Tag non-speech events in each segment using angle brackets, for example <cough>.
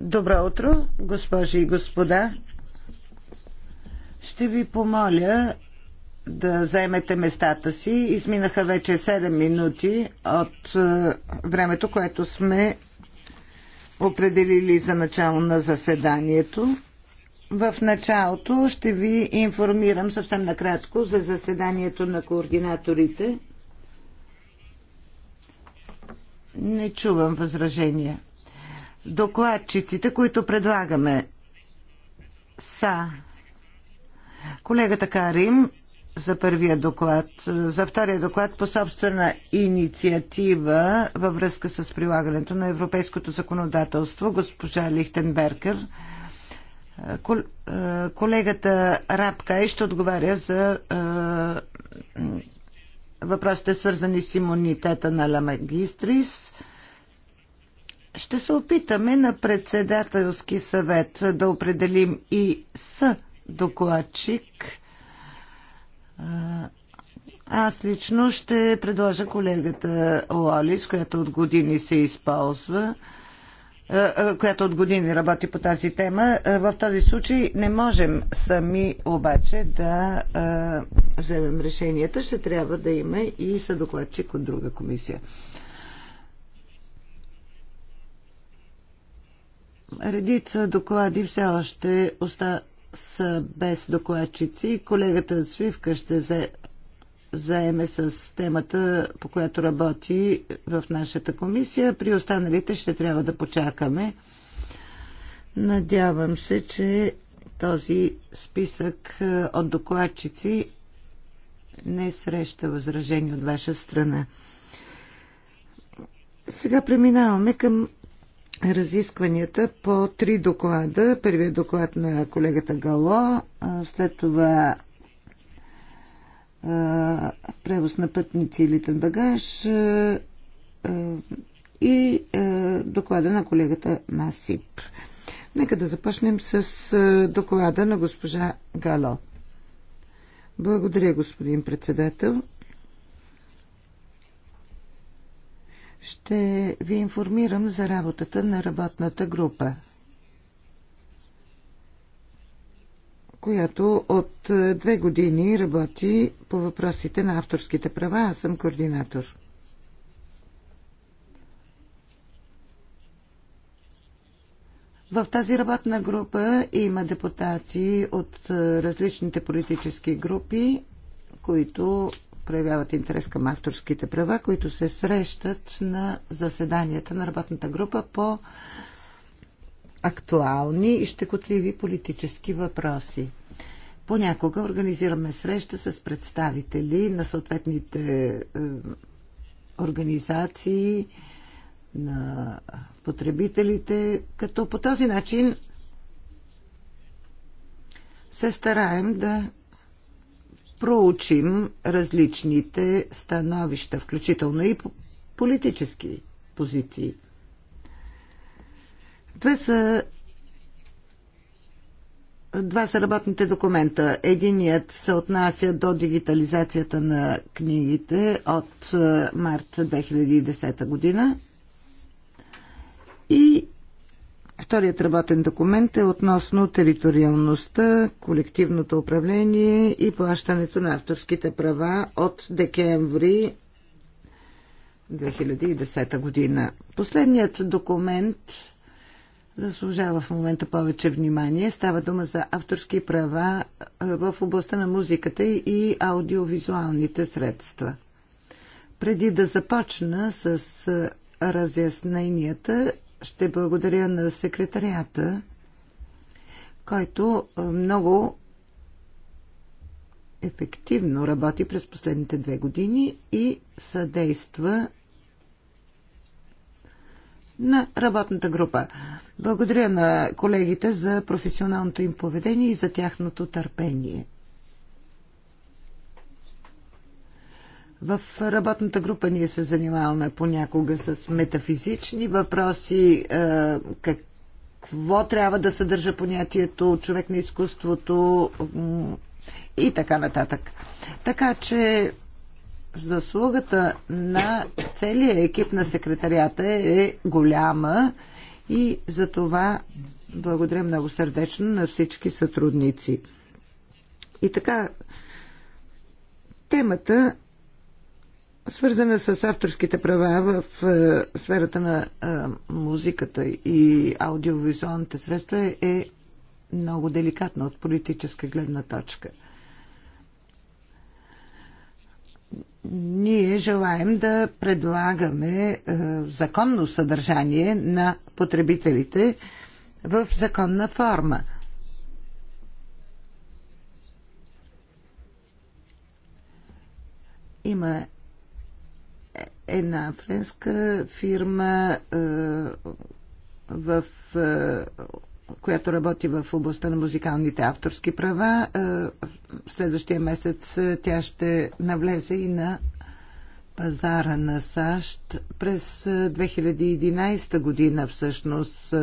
Добро утро, госпожи и господа. Ще ви помоля да заемете местата си. Изминаха вече 7 минути от е, времето, което сме определили за начало на заседанието. В началото ще ви информирам съвсем накратко за заседанието на координаторите – Не чувам възражения. Докладчиците, които предлагаме, са колегата Карим за първия доклад, за втория доклад по собствена инициатива във връзка с прилагането на европейското законодателство, госпожа Лихтенбергер. Е, колегата Рапкай ще отговаря за е, въпросите свързани с имунитета на Ла Магистрис. Ще се опитаме на председателски съвет да определим и с докладчик. Аз лично ще предложа колегата Лолис, която от години се използва която от години работи по тази тема. В този случай не можем сами обаче да вземем решенията. Ще трябва да има и съдокладчик от друга комисия. Редица доклади все още оста... са без докладчици. Колегата Свивка ще, за заеме с темата, по която работи в нашата комисия. При останалите ще трябва да почакаме. Надявам се, че този списък е, от докладчици не среща възражение от ваша страна. Сега преминаваме към разискванията по три доклада. Първият доклад на колегата Гало, след това превоз на пътници или тън багаж и доклада на колегата Масип. Нека да започнем с доклада на госпожа Гало. Благодаря, господин председател. Ще ви информирам за работата на работната група. която от е, две години работи по въпросите на авторските права. Аз съм координатор. В тази работна група има депутати от е, различните политически групи, които проявяват интерес към авторските права, които се срещат на заседанията на работната група по актуални и щекотливи политически въпроси. Понякога организираме среща с представители на съответните е, организации, на потребителите, като по този начин се стараем да проучим различните становища, включително и политически позиции. Две са Два са работните документа. Единият се отнася до дигитализацията на книгите от е, март 2010 година. И вторият работен документ е относно териториалността, колективното управление и плащането на авторските права от декември 2010 година. Последният документ заслужава в момента повече внимание. Става дума за авторски права в областта на музиката и аудиовизуалните средства. Преди да започна с разясненията, ще благодаря на секретарията, който много ефективно работи през последните две години и съдейства на работната група. Благодаря на колегите за професионалното им поведение и за тяхното търпение. В работната група ние се занимаваме понякога с метафизични въпроси, е, какво трябва да съдържа понятието човек на изкуството и така нататък. Така че заслугата на целия екип на секретарията е голяма и за това благодаря много сърдечно на всички сътрудници. И така, темата свързана с авторските права в е, сферата на е, музиката и аудиовизуалните средства е, е много деликатна от политическа гледна точка – ние желаем да предлагаме е, законно съдържание на потребителите в законна форма. Има една френска фирма е, в е, която работи в областта на музикалните авторски права. Е, следващия месец е, тя ще навлезе и на пазара на САЩ. През 2011 е, година всъщност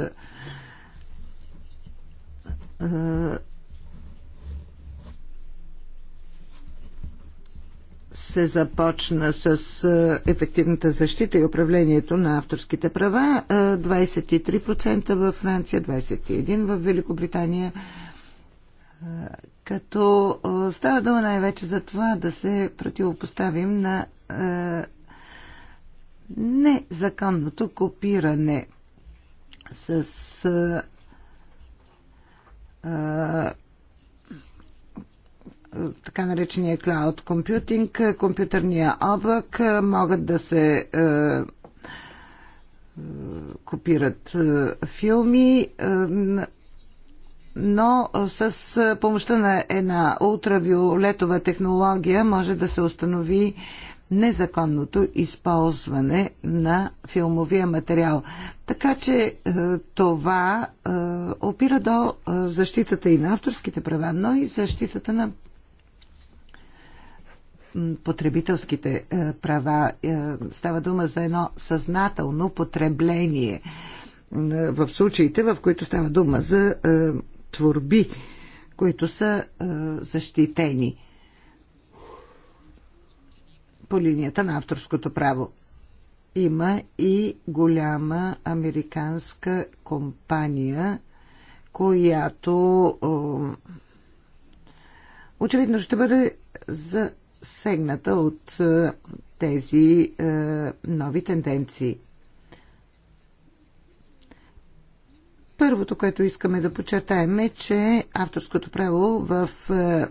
се започна с е, ефективната защита и управлението на авторските права. 23% е, във Франция, 21% в Великобритания. Е, като става дума най-вече за това да се противопоставим на незаконното копиране с така наречения cloud computing, компютърния облак, могат да се копират филми, но с помощта на една ултравиолетова технология може да се установи незаконното използване на филмовия материал. Така че това опира до защитата и на авторските права, но и защитата на потребителските е, права. Е, става дума за едно съзнателно потребление е, в случаите, в които става дума за творби, които са защитени по линията на авторското право. Има и голяма американска компания, която очевидно ще бъде за засегната от е, тези е, нови тенденции. Първото, което искаме да подчертаем е, че авторското право в е,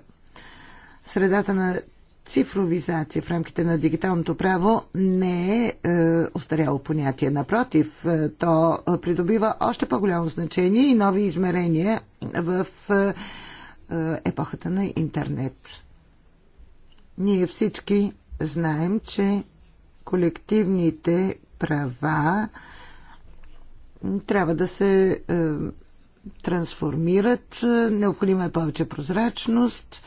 средата на цифровизация в рамките на дигиталното право не е, е устаряло понятие. Напротив, е, то придобива още по-голямо значение и нови измерения в е, епохата на интернет. Ние всички знаем, че колективните права трябва да се е, трансформират. Необходима е повече прозрачност,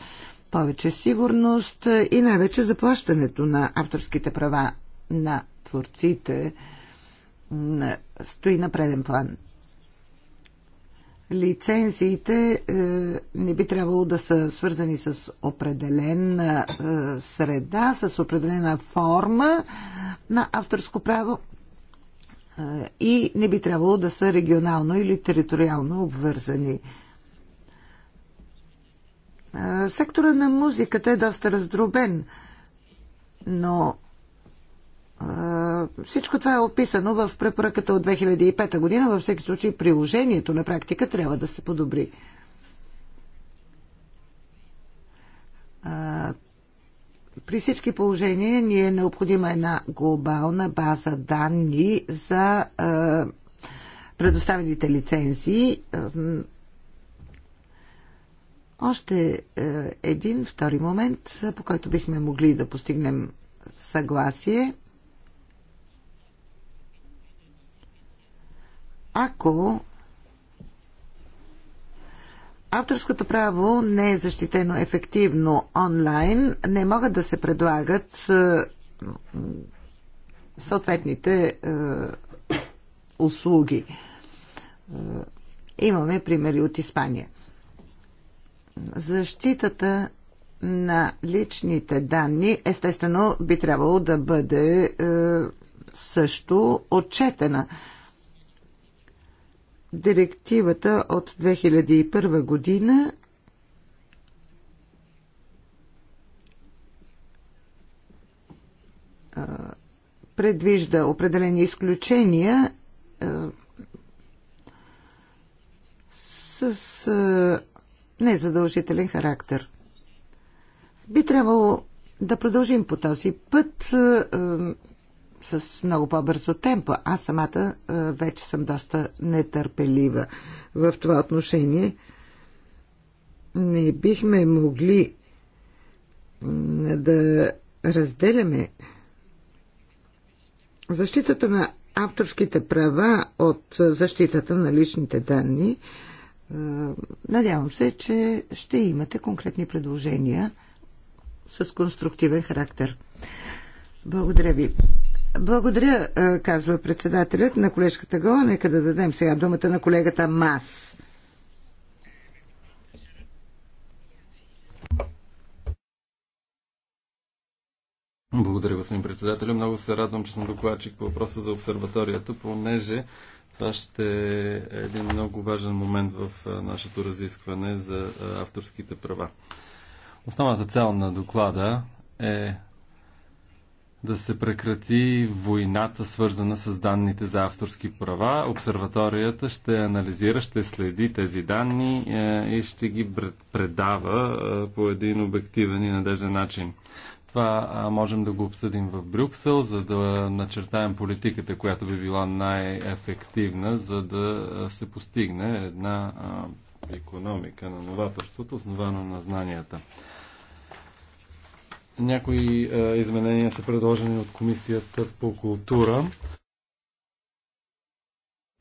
повече сигурност и най-вече заплащането на авторските права на творците стои на преден план лицензиите е, не би трябвало да са свързани с определена е, среда, с определена форма на авторско право е, и не би трябвало да са регионално или териториално обвързани. Сектора на музиката е доста раздробен, но всичко това е описано в препоръката от 2005 година. Във всеки случай приложението на практика трябва да се подобри. При всички положения ни е необходима една глобална база данни за предоставените лицензии. Още един, втори момент, по който бихме могли да постигнем съгласие. ако авторското право не е защитено ефективно онлайн, не могат да се предлагат е, съответните е, услуги. Е, имаме примери от Испания. Защитата на личните данни, естествено, би трябвало да бъде е, също отчетена директивата от 2001 година предвижда определени изключения с незадължителен характер. Би трябвало да продължим по този път с много по-бързо темпо. Аз самата вече съм доста нетърпелива в това отношение. Не бихме могли да разделяме защитата на авторските права от защитата на личните данни. Надявам се, че ще имате конкретни предложения с конструктивен характер. Благодаря ви. Благодаря, е, казва председателят на колежката Гола. Нека да дадем сега думата на колегата Мас. Благодаря, господин председател. Много се радвам, че съм докладчик по въпроса за обсерваторията, понеже това ще е един много важен момент в е, нашето разискване за е, авторските права. Основната цел на доклада е да се прекрати войната, свързана с данните за авторски права. Обсерваторията ще анализира, ще следи тези данни е, и ще ги предава е, по един обективен и надежден начин. Това можем да го обсъдим в Брюксел, за да начертаем политиката, която би била най-ефективна, за да е, се постигне една економика на новаторството, основана на знанията. Някои а, е, изменения са предложени от Комисията по култура,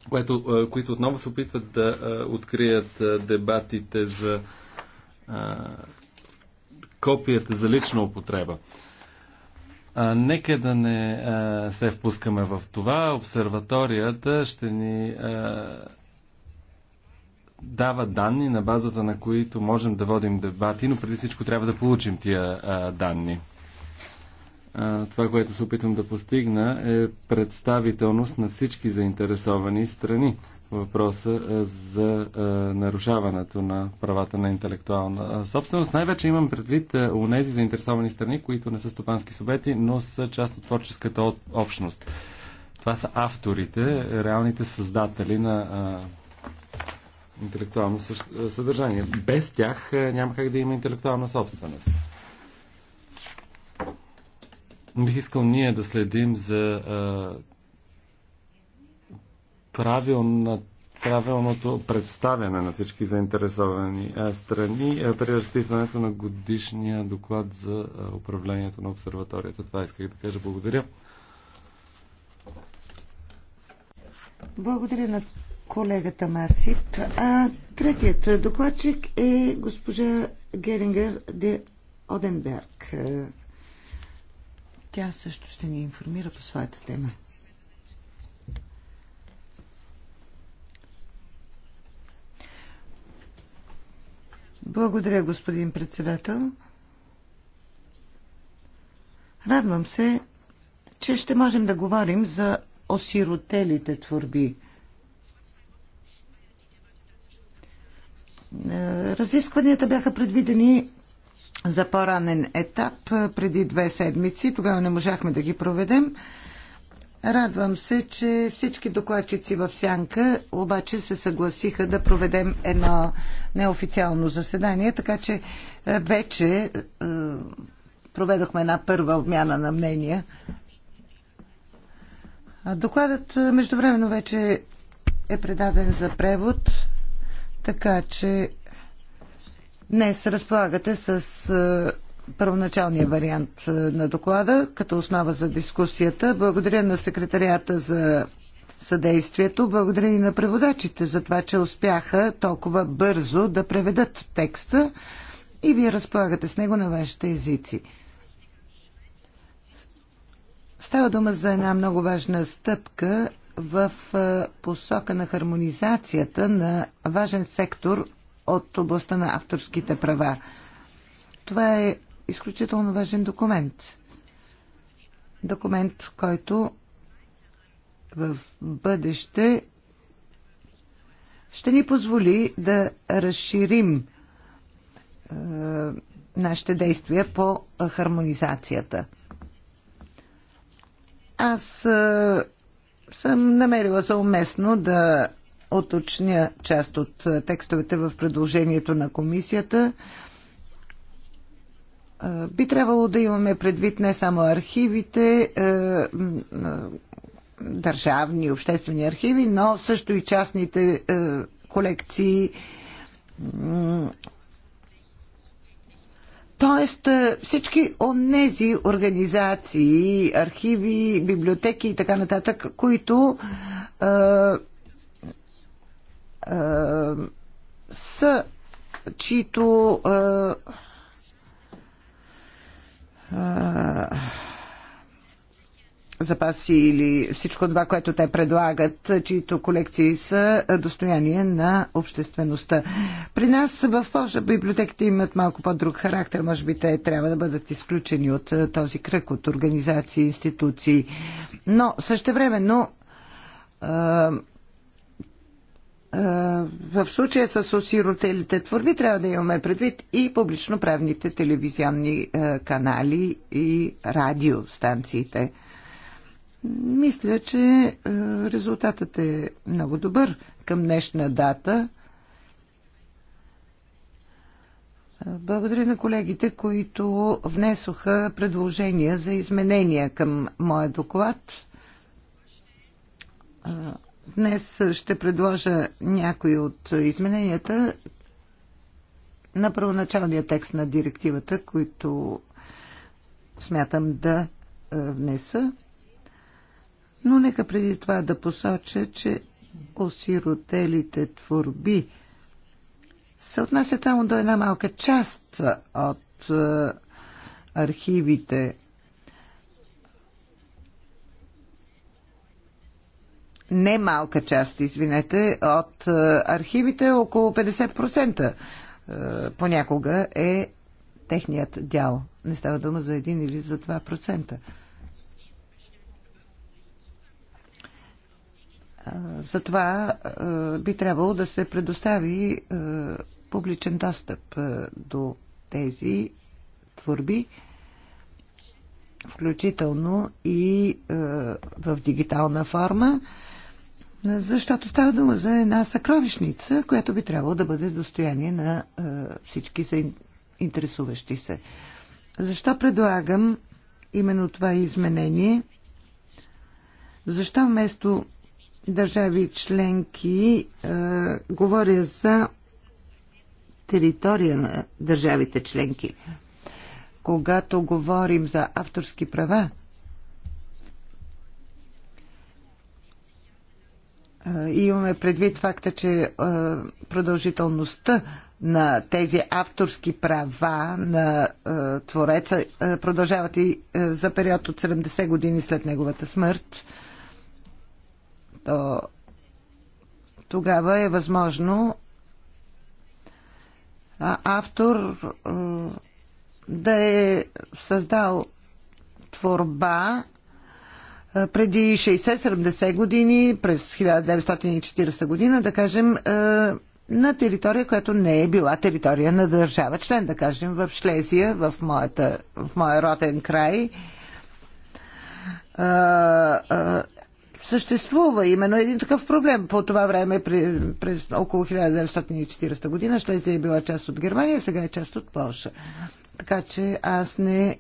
което, а, е, които отново се опитват да а, е, открият а, дебатите за а, копията за лична употреба. А, нека да не а, се впускаме в това. Обсерваторията ще ни а, дава данни, на базата на които можем да водим дебати, но преди всичко трябва да получим тия а, данни. А, това, което се опитвам да постигна е представителност на всички заинтересовани страни въпроса за а, нарушаването на правата на интелектуална собственост. Най-вече имам предвид у нези заинтересовани страни, които не са стопански субети, но са част от творческата общност. Това са авторите, реалните създатели на а, интелектуално съдържание. Без тях няма как да има интелектуална собственост. Бих искал ние да следим за правилната правилното представяне на всички заинтересовани страни при разписването на годишния доклад за управлението на обсерваторията. Това исках да кажа. Благодаря. Благодаря на колегата Масип. А третият докладчик е госпожа Герингер де Оденберг. Тя също ще ни информира по своята тема. Благодаря, господин председател. Радвам се, че ще можем да говорим за осиротелите творби – Е, разискванията бяха предвидени за по-ранен етап е, преди две седмици. Тогава не можахме да ги проведем. Радвам се, че всички докладчици в Сянка обаче се съгласиха да проведем едно неофициално заседание, така че е, вече проведохме една първа обмяна на мнения. Докладът междувременно вече е предаден за превод. Така че днес разполагате с е, първоначалния вариант е, на доклада като основа за дискусията. Благодаря на секретарията за съдействието. Благодаря и на преводачите за това, че успяха толкова бързо да преведат текста и вие разполагате с него на вашите езици. Става дума за една много важна стъпка в е, посока на хармонизацията на важен сектор от областта на авторските права. Това е изключително важен документ. Документ, който в бъдеще ще ни позволи да разширим е, нашите действия по хармонизацията. Аз е, съм намерила за уместно да оточня част от текстовете в предложението на комисията. Би трябвало да имаме предвид не само архивите, държавни, обществени архиви, но също и частните колекции, Тоест всички онези организации, архиви, библиотеки и така нататък, които а, а, са, чието а, запаси или всичко това, което те предлагат, чието колекции са достояние на обществеността. При нас в Польша библиотеките имат малко по-друг характер. Може би те трябва да бъдат изключени от е, този кръг от организации, институции. Но същевременно е, е, в случая с осиротелите творби трябва да имаме предвид и публично-правните телевизионни канали и радиостанциите. Мисля, че е, резултатът е много добър към днешна дата. Благодаря на колегите, които внесоха предложения за изменения към моя доклад. Е, днес ще предложа някои от измененията на първоначалния текст на директивата, които смятам да е, внеса. Но нека преди това да посоча, че осиротелите творби се отнасят само до една малка част от е, архивите. Не малка част, извинете, от е, архивите около 50% е, понякога е техният дял. Не става дума за един или за 2%. Затова би трябвало да се предостави публичен достъп до тези творби, включително и в дигитална форма, защото става дума за една съкровищница, която би трябвало да бъде достояние на всички заинтересуващи се. Защо предлагам именно това изменение? Защо вместо държави членки, а, е, говоря за територия на държавите членки. Когато говорим за авторски права, е, имаме предвид факта, че е, продължителността на тези авторски права на твореца продължават и за период от 70 години след неговата смърт тогава е възможно автор да е създал творба преди 60-70 години, през 1940 година, да кажем, на територия, която не е била територия на държава член, да кажем, в Шлезия, в, моята, в моя роден край съществува именно един такъв проблем. По това време, през около 1940 година, Шлезия е била част от Германия, сега е част от Польша. Така че аз не е,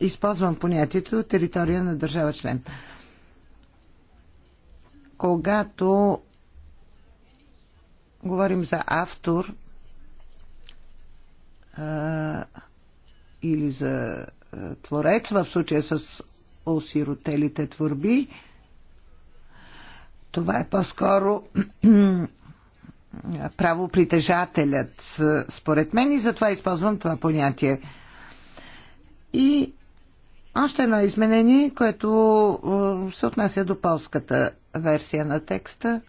използвам понятието територия на държава член. Когато говорим за автор е, или за е, творец, в случая с осиротелите творби, това е по-скоро <clears throat> правопритежателят, според мен, и затова използвам това понятие. И още едно изменение, което е, се отнася до полската версия на текста.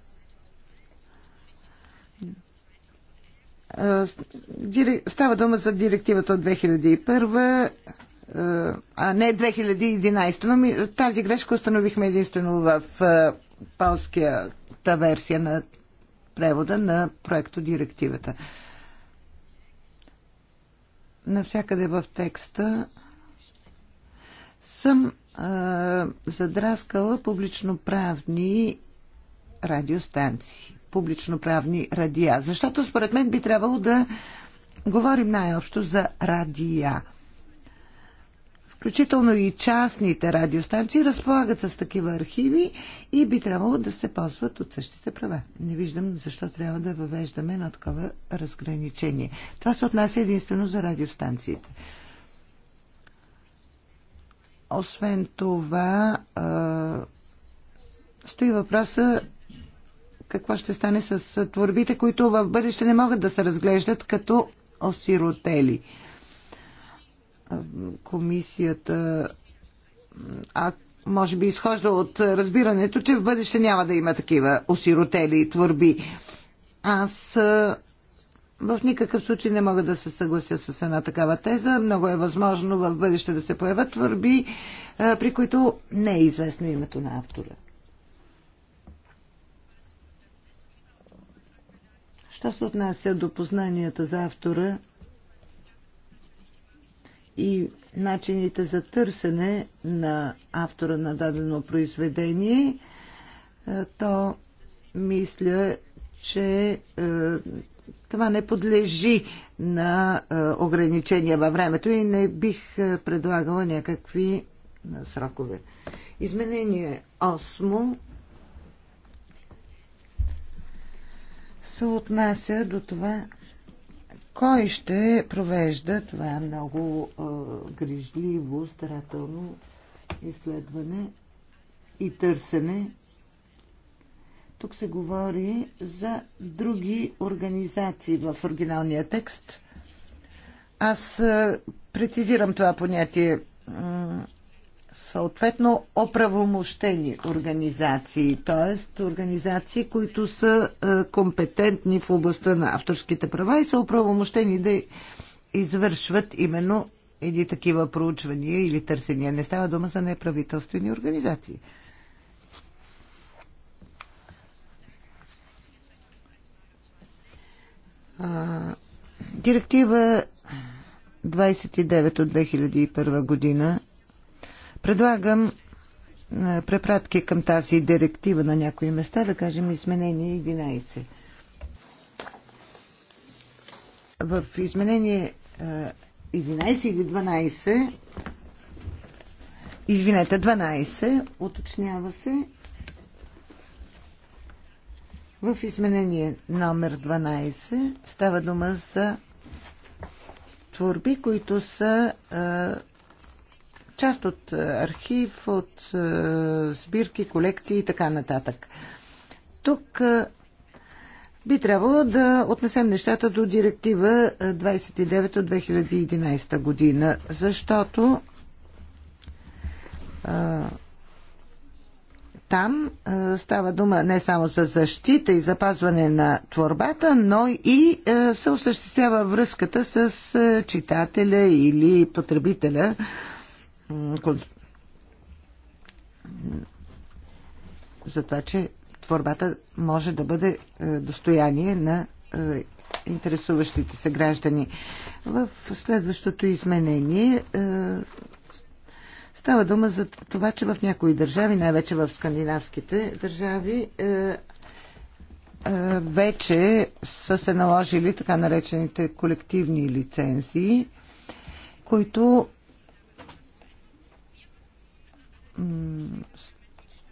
Е, става дума за директивата от 2001, е, а не 2011, но тази грешка установихме единствено в полската версия на превода на проекто директивата. Навсякъде в текста съм а, задраскала публичноправни радиостанции, публичноправни радиа, защото според мен би трябвало да говорим най-общо за радиа включително и частните радиостанции, разполагат с такива архиви и би трябвало да се ползват от същите права. Не виждам защо трябва да въвеждаме едно такова разграничение. Това се отнася единствено за радиостанциите. Освен това, стои въпроса какво ще стане с творбите, които в бъдеще не могат да се разглеждат като осиротели комисията а може би изхожда от разбирането, че в бъдеще няма да има такива осиротели и твърби. Аз в никакъв случай не мога да се съглася с една такава теза. Много е възможно в бъдеще да се появят твърби, при които не е известно името на автора. Що се отнася до познанията за автора, и начините за търсене на автора на дадено произведение, е, то мисля, че е, това не подлежи на е, ограничения във времето и не бих предлагала някакви срокове. Изменение 8 се отнася до това кой ще провежда това много а, грижливо, старателно изследване и търсене? Тук се говори за други организации в оригиналния текст. Аз а, прецизирам това понятие съответно оправомощени организации, т.е. организации, които са е, компетентни в областта на авторските права и са оправомощени да извършват именно едни такива проучвания или търсения. Не става дума за неправителствени организации. директива 29 от 2001 година Предлагам препратки към тази директива на някои места, да кажем изменение 11. В изменение 11 или 12, извинете, 12, уточнява се, в изменение номер 12 става дума за творби, които са а, част от е, архив, от е, сбирки, колекции и така нататък. Тук е, би трябвало да отнесем нещата до директива 29 от 2011 година, защото а, там а, става дума не само за защита и запазване на творбата, но и а, се осъществява връзката с читателя или потребителя. А, за това, че творбата може да бъде е, достояние на е, интересуващите се граждани. В следващото изменение е, става дума за това, че в някои държави, най-вече в скандинавските държави, вече са се наложили така наречените колективни лицензии, които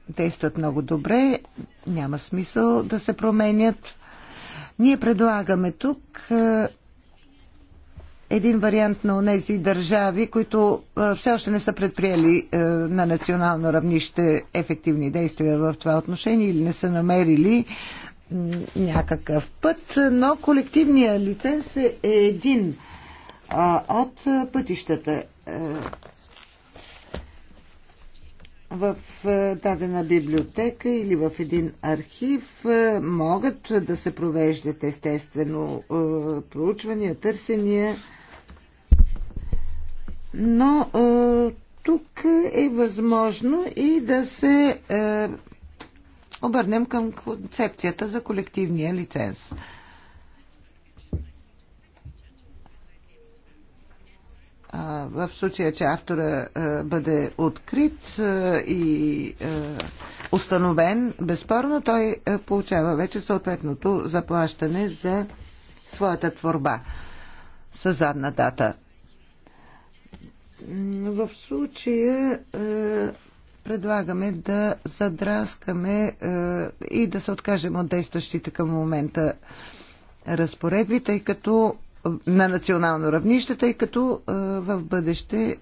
действат много добре, няма смисъл да се променят. Ние предлагаме тук е, един вариант на тези държави, които е, все още не са предприели е, на национално равнище ефективни действия в това отношение или не са намерили някакъв път, но колективният лиценз е един от пътищата в е, дадена библиотека или в един архив е, могат да се провеждат естествено е, проучвания, търсения, но тук е възможно и да се обърнем към концепцията за колективния лиценз. в случая, че автора бъде открит и установен, безспорно той получава вече съответното заплащане за своята творба с задна дата. В случая предлагаме да задраскаме и да се откажем от действащите към момента разпоредби, тъй като на национално равнище, тъй като в бъдеще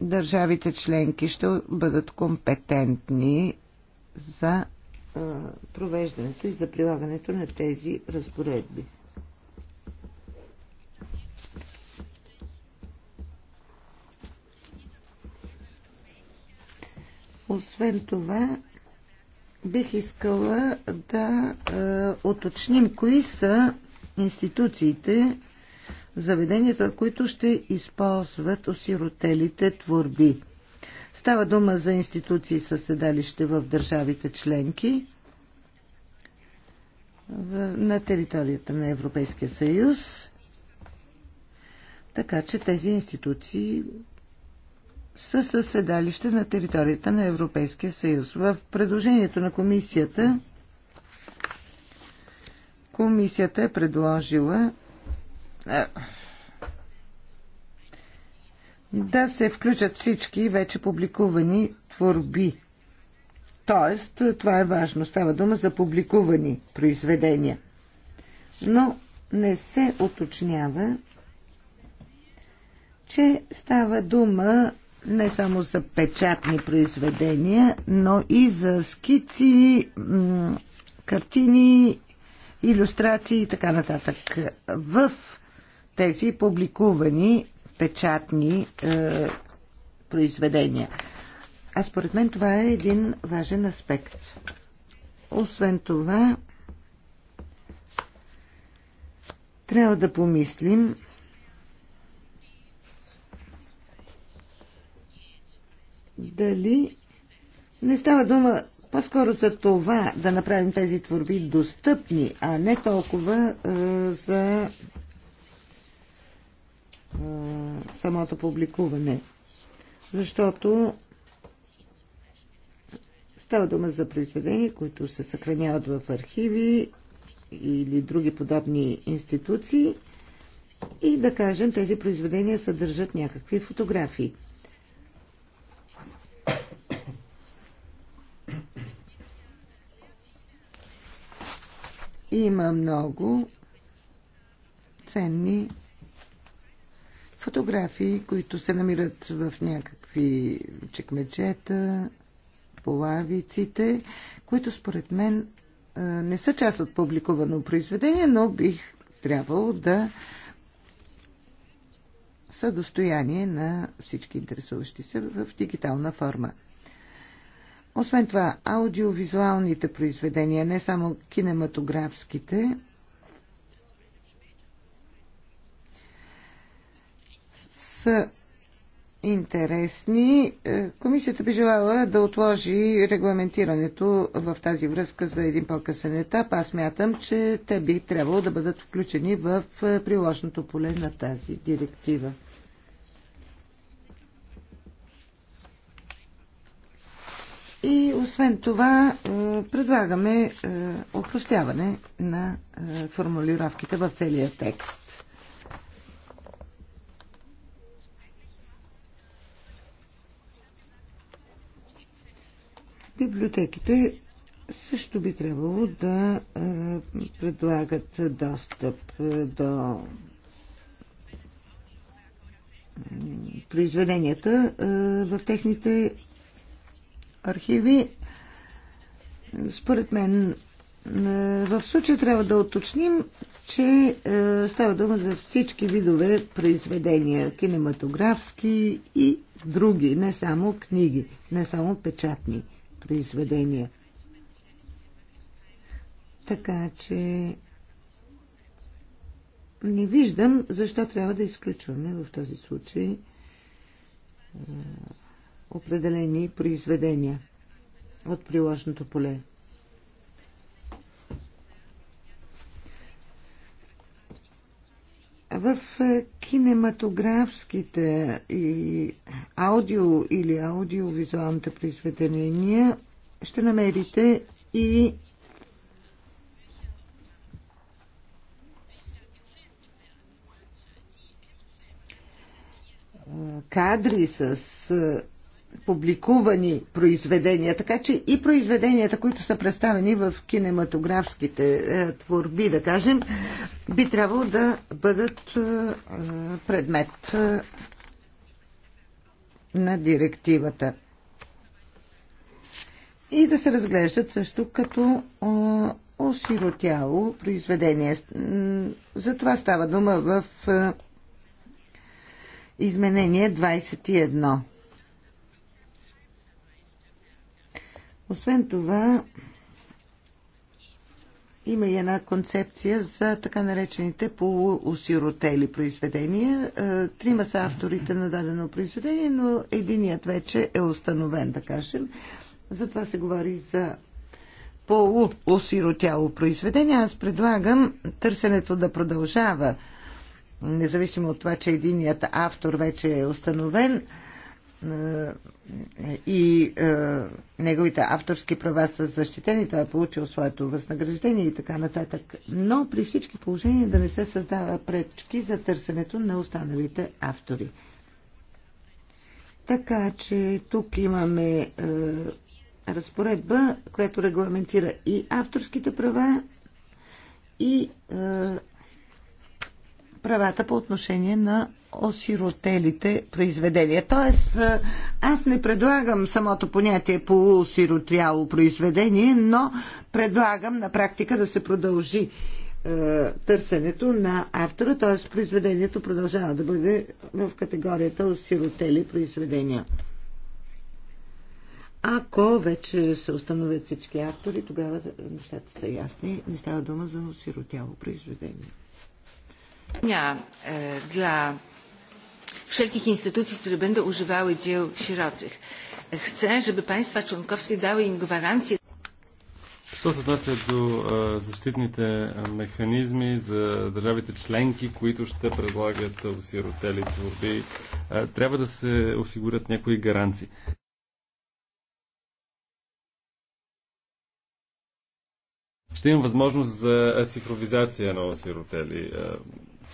държавите членки ще бъдат компетентни за провеждането и за прилагането на тези разпоредби. Освен това, Бих искала да е, уточним кои са институциите, заведенията, които ще използват осиротелите творби. Става дума за институции със седалище в държавите членки на територията на Европейския съюз. Така че тези институции са със седалище на територията на Европейския съюз. В предложението на комисията комисията е предложила да се включат всички вече публикувани творби. Тоест, това е важно. Става дума за публикувани произведения. Но не се уточнява, че става дума не само за печатни произведения, но и за скици, картини, иллюстрации и така нататък. В тези публикувани печатни е, произведения. А според мен това е един важен аспект. Освен това, трябва да помислим дали не става дума по-скоро за това да направим тези творби достъпни, а не толкова а, е, за а, е, самото публикуване. Защото става дума за произведения, които се съхраняват в архиви или други подобни институции и да кажем, тези произведения съдържат някакви фотографии. Има много ценни фотографии, които се намират в някакви чекмеджета, по лавиците, които според мен не са част от публикувано произведение, но бих трябвало да са достояние на всички интересуващи се в дигитална форма. Освен това, аудиовизуалните произведения, не само кинематографските, са интересни. Е, комисията би желала да отложи регламентирането в тази връзка за един по-късен етап. Аз мятам, че те би трябвало да бъдат включени в е, приложното поле на тази директива. И освен това предлагаме е, опростяване на е, формулировките в целия текст. Библиотеките също би трябвало да е, предлагат достъп до произведенията в техните архиви. Според мен е, в случая трябва да уточним, че е, става дума за всички видове произведения, кинематографски и други, не само книги, не само печатни произведения. Така че не виждам защо трябва да изключваме в този случай е, определени произведения от приложното поле. В е, кинематографските и аудио или аудиовизуалните произведения ще намерите и кадри с е, публикувани произведения, така че и произведенията, които са представени в кинематографските е, творби, да кажем, би трябвало да бъдат е, предмет е, на директивата. И да се разглеждат също като е, осиротяло произведение. За това става дума в е, изменение 21. Освен това, има и една концепция за така наречените полуосиротели произведения. Е, трима са авторите на дадено произведение, но единият вече е установен, да кажем. Затова се говори за полуосиротяло произведение. Аз предлагам търсенето да продължава, независимо от това, че единият автор вече е установен. Е, и е, неговите авторски права са защитени, той е получил своето възнаграждение и така нататък. Но при всички положения да не се създава пречки за търсенето на останалите автори. Така че тук имаме е, разпоредба, която регламентира и авторските права, и е, правата по отношение на осиротелите произведения. Тоест, аз не предлагам самото понятие полуосиротяло произведение, но предлагам на практика да се продължи е, търсенето на автора, т.е. произведението продължава да бъде в категорията осиротели произведения. Ако вече се установят всички автори, тогава нещата са ясни. Не става дума за осиротяло произведение. E, dla wszelkich instytucji, które będą używały dzieł sierocych. Chcę, żeby państwa członkowskie dały im gwarancję. Що се отнася до а, е, защитните механизми за държавите членки, които ще предлагат осиротели творби, е, трябва да се осигурят някои гаранции. Ще имам възможност за цифровизация на осиротели е,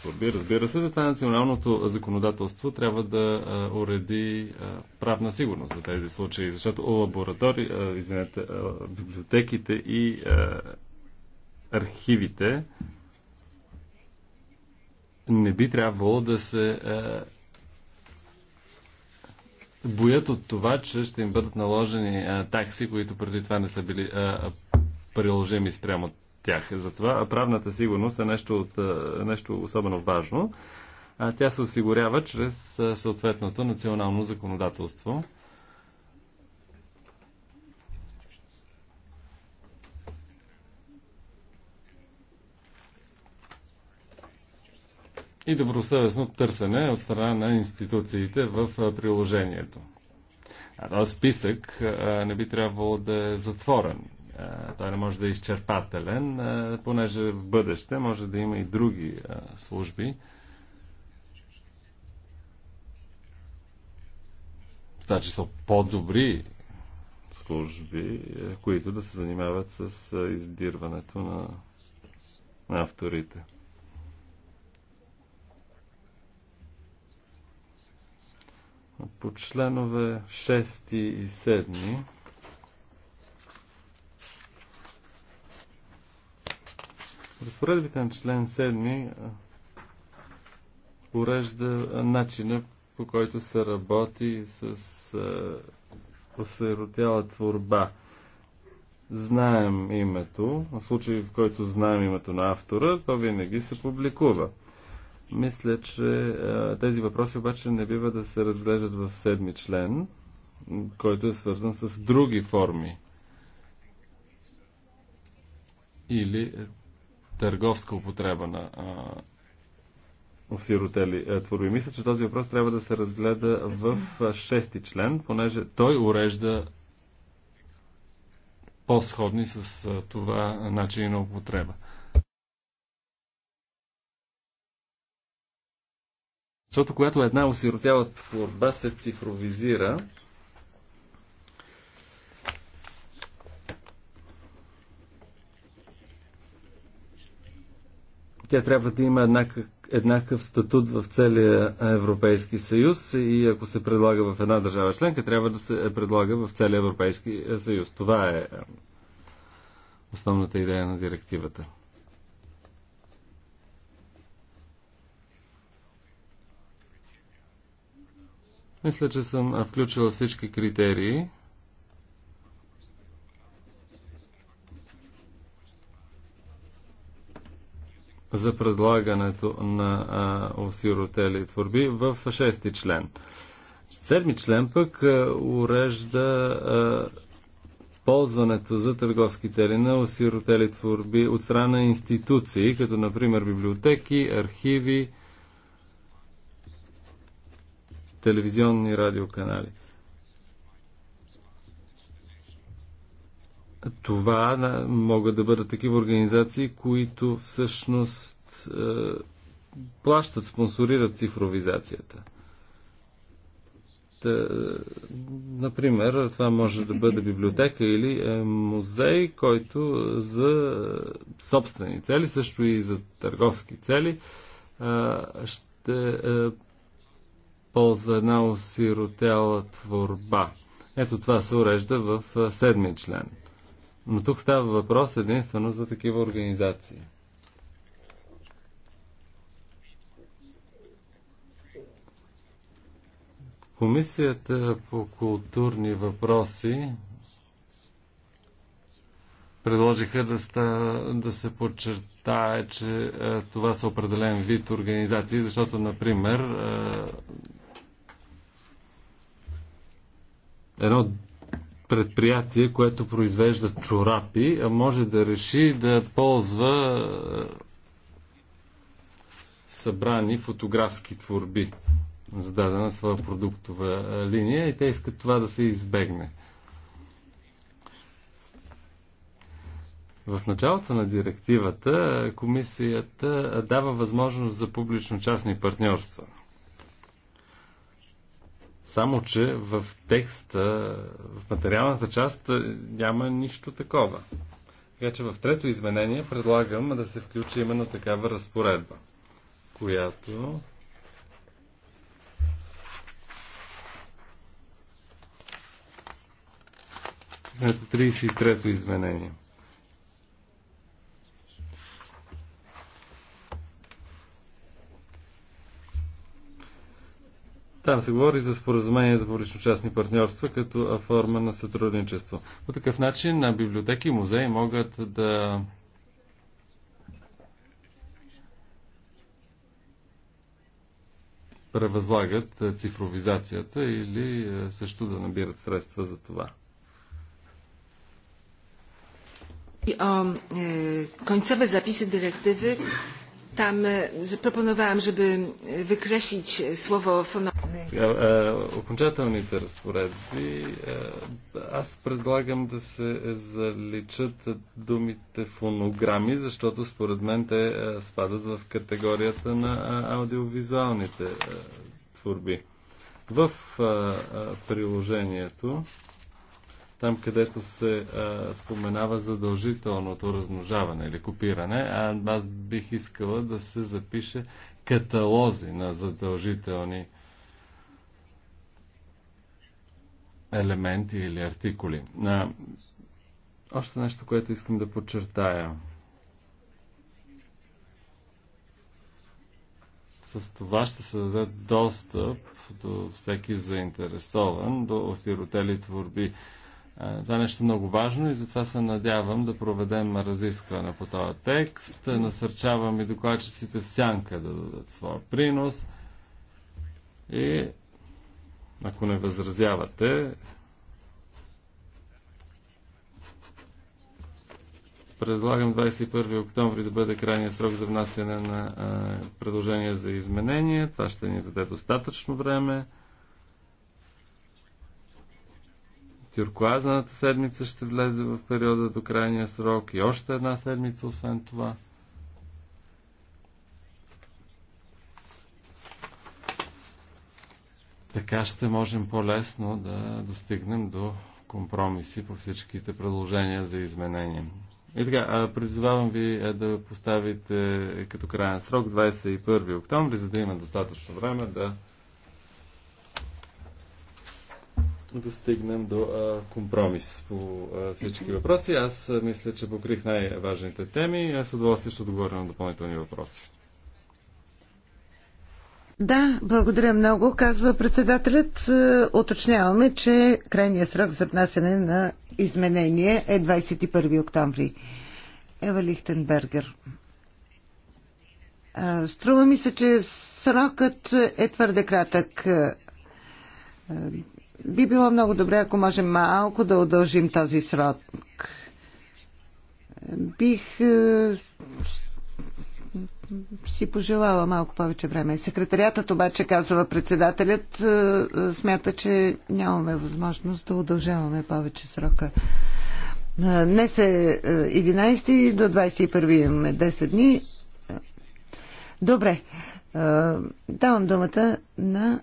творби, разбира се. Затова националното законодателство трябва да уреди правна сигурност за тези случаи, защото лаборатори, извинете, библиотеките и архивите не би трябвало да се боят от това, че ще им бъдат наложени такси, които преди това не са били приложими спрямо тях. Затова правната сигурност е нещо, от, е, нещо особено важно. Тя се осигурява чрез е, съответното национално законодателство. и добросъвестно търсене от страна на институциите в е, приложението. този списък не би трябвало да е затворен той не може да е изчерпателен, понеже в бъдеще може да има и други служби. Това, че са по-добри служби, които да се занимават с издирването на, на авторите. По членове 6 и 7 Разпоредбите на член 7 урежда начина по който се работи с осиротяла творба. Знаем името, в случай в който знаем името на автора, то винаги се публикува. Мисля, че тези въпроси обаче не бива да се разглеждат в седми член, който е свързан с други форми или е, търговска употреба на осиротели е, творби. Мисля, че този въпрос трябва да се разгледа в шести член, понеже той урежда по-сходни с това начин на употреба. Защото когато една осиротяла творба се цифровизира, Тя трябва да има еднакъв, еднакъв статут в целия Европейски съюз и ако се предлага в една държава членка, трябва да се предлага в целия Европейски съюз. Това е, е основната идея на директивата. Мисля, че съм включила всички критерии. за предлагането на осиротели творби в шести член. Седми член пък урежда ползването за търговски цели на осиротели творби от страна на институции, като например библиотеки, архиви, телевизионни радиоканали. Това да, могат да бъдат такива организации, които всъщност е, плащат, спонсорират цифровизацията. Та, например, това може да бъде библиотека или е, музей, който за собствени цели, също и за търговски цели, е, ще е, ползва една осиротела творба. Ето това се урежда в е, седми член. Но тук става въпрос единствено за такива организации. Комисията по културни въпроси предложиха да, ста, да се подчертае, че е, това са определен вид организации, защото, например, е, едно предприятие, което произвежда чорапи, а може да реши да ползва е, събрани фотографски творби за дадена своя продуктова е, линия и те искат това да се избегне. В началото на директивата е, комисията дава възможност за публично-частни партньорства – само, че в текста, в материалната част е, няма нищо такова. Така че в трето изменение предлагам да се включи именно такава разпоредба, която Знаете, 33-то изменение – Там се говори за споразумение за публично-частни партньорства като форма на сътрудничество. По такъв начин на библиотеки и музеи могат да превъзлагат цифровизацията или е, също да набират средства за това. końcowe е, zapisy dyrektywy tam е, zaproponowałam, żeby e, wykreślić e, słowo сега, а, е, окончателните разпоредби. Е, аз предлагам да се заличат думите фонограми, защото според мен те е, спадат в категорията на аудиовизуалните творби. В приложението, там където се споменава задължителното размножаване или копиране, аз бих искала да се запише каталози на задължителни а, елементи или артикули. А, още нещо, което искам да подчертая. С това ще се даде достъп до всеки заинтересован, до осиротели творби. Това е нещо много важно и затова се надявам да проведем разискване по този текст. Насърчавам и докладчиците в сянка да дадат своя принос. И ако не възразявате, предлагам 21 октомври да бъде крайния срок за внасяне на а, предложения за изменение. Това ще ни даде достатъчно време. Тюркуазната седмица ще влезе в периода до крайния срок и още една седмица освен това. Така ще можем по-лесно да достигнем до компромиси по всичките предложения за изменения. И така, призовавам ви е, да поставите е, като крайен срок 21 октомври, за да има достатъчно време да достигнем до а, компромис по а, всички въпроси. Аз а, мисля, че покрих най-важните теми и с удоволствие ще отговоря на допълнителни въпроси. Да, благодаря много, казва председателят. Оточняваме, е, че крайният срок за внасяне на изменение е 21 октомври. Ева Лихтенбергер. Е, струва ми се, че срокът е твърде кратък. Е, би било много добре, ако можем малко да удължим този срок. Бих си пожелала малко повече време. Секретариатът обаче, казва председателят, е, е, смята, че нямаме възможност да удължаваме повече срока. Е, днес е 11 до 21 имаме 10 дни. Добре. Давам думата на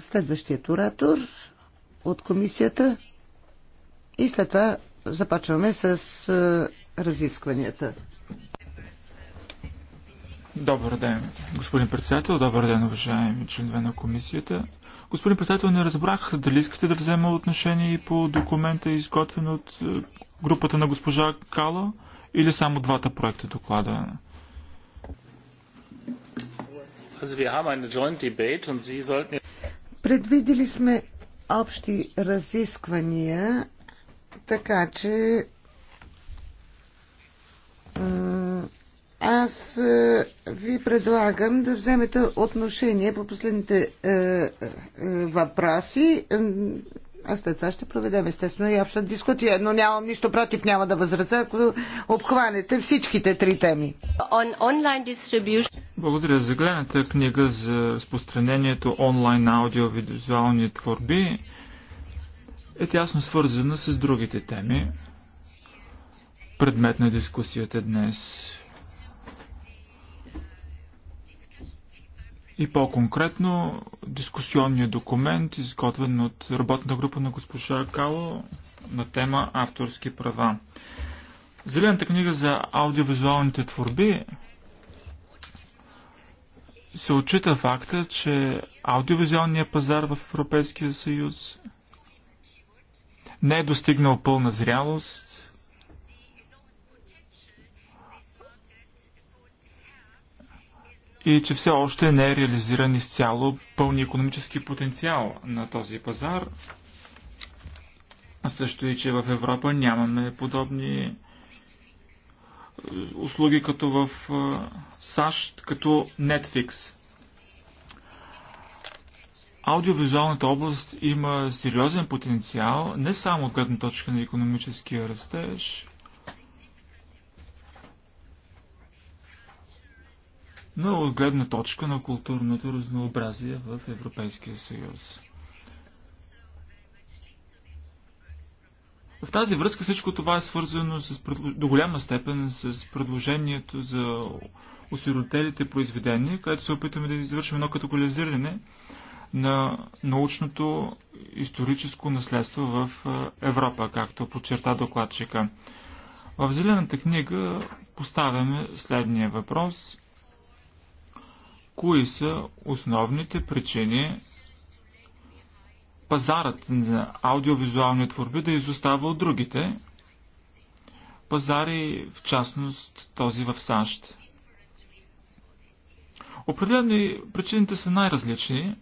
следващият оратор от комисията и след това започваме с разискванията. Добър ден, господин председател. Добър ден, уважаеми членове на комисията. Господин председател, не разбрах дали искате да взема отношение и по документа, изготвен от е, групата на госпожа Кала или само двата проекта доклада. Предвидели сме общи разисквания, така че е, аз е, ви предлагам да вземете отношение по последните е, е въпроси. аз след това ще проведем естествено и обща дискутия, но нямам нищо против, няма да възраза, ако обхванете всичките три теми. On Благодаря за гледната книга за разпространението онлайн аудиовизуални творби е тясно свързана с другите теми, предмет на дискусията днес. И по-конкретно, дискусионният документ, изготвен от работната група на госпожа Кало на тема авторски права. Зелената книга за аудиовизуалните творби се отчита факта, че аудиовизуалният пазар в Европейския съюз не е достигнал пълна зрялост, и че все още не е реализиран изцяло пълни економически потенциал на този пазар. също и, че в Европа нямаме подобни е, услуги като в е, САЩ, като Netflix. Аудиовизуалната област има сериозен потенциал, не само от гледна точка на економическия растеж, но от гледна точка на културното разнообразие в Европейския съюз. В тази връзка всичко това е свързано с, до голяма степен с предложението за осиротелите произведения, където се опитваме да извършим едно категоризиране на научното историческо наследство в Европа, както подчерта докладчика. В Зелената книга поставяме следния въпрос кои са основните причини пазарът на аудиовизуални творби да изостава от другите пазари, в частност този в САЩ. Определени причините са най-различни.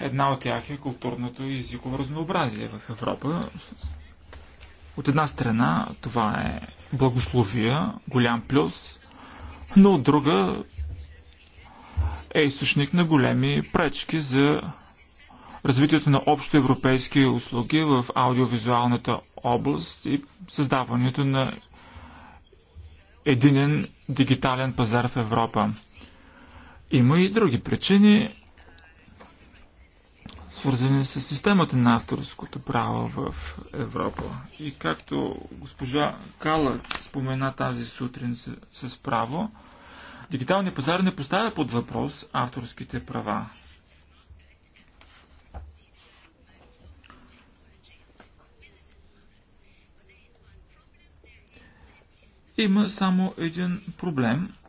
Една от тях е културното и езиково разнообразие в Европа. От една страна това е благословия, голям плюс, но от друга е източник на големи пречки за развитието на общо европейски услуги в аудиовизуалната област и създаването на единен дигитален пазар в Европа. Има и други причини, свързани с системата на авторското право в Европа. И както госпожа Кала спомена тази сутрин с, с право, дигиталният пазар не поставя под въпрос авторските права. Има само един проблем –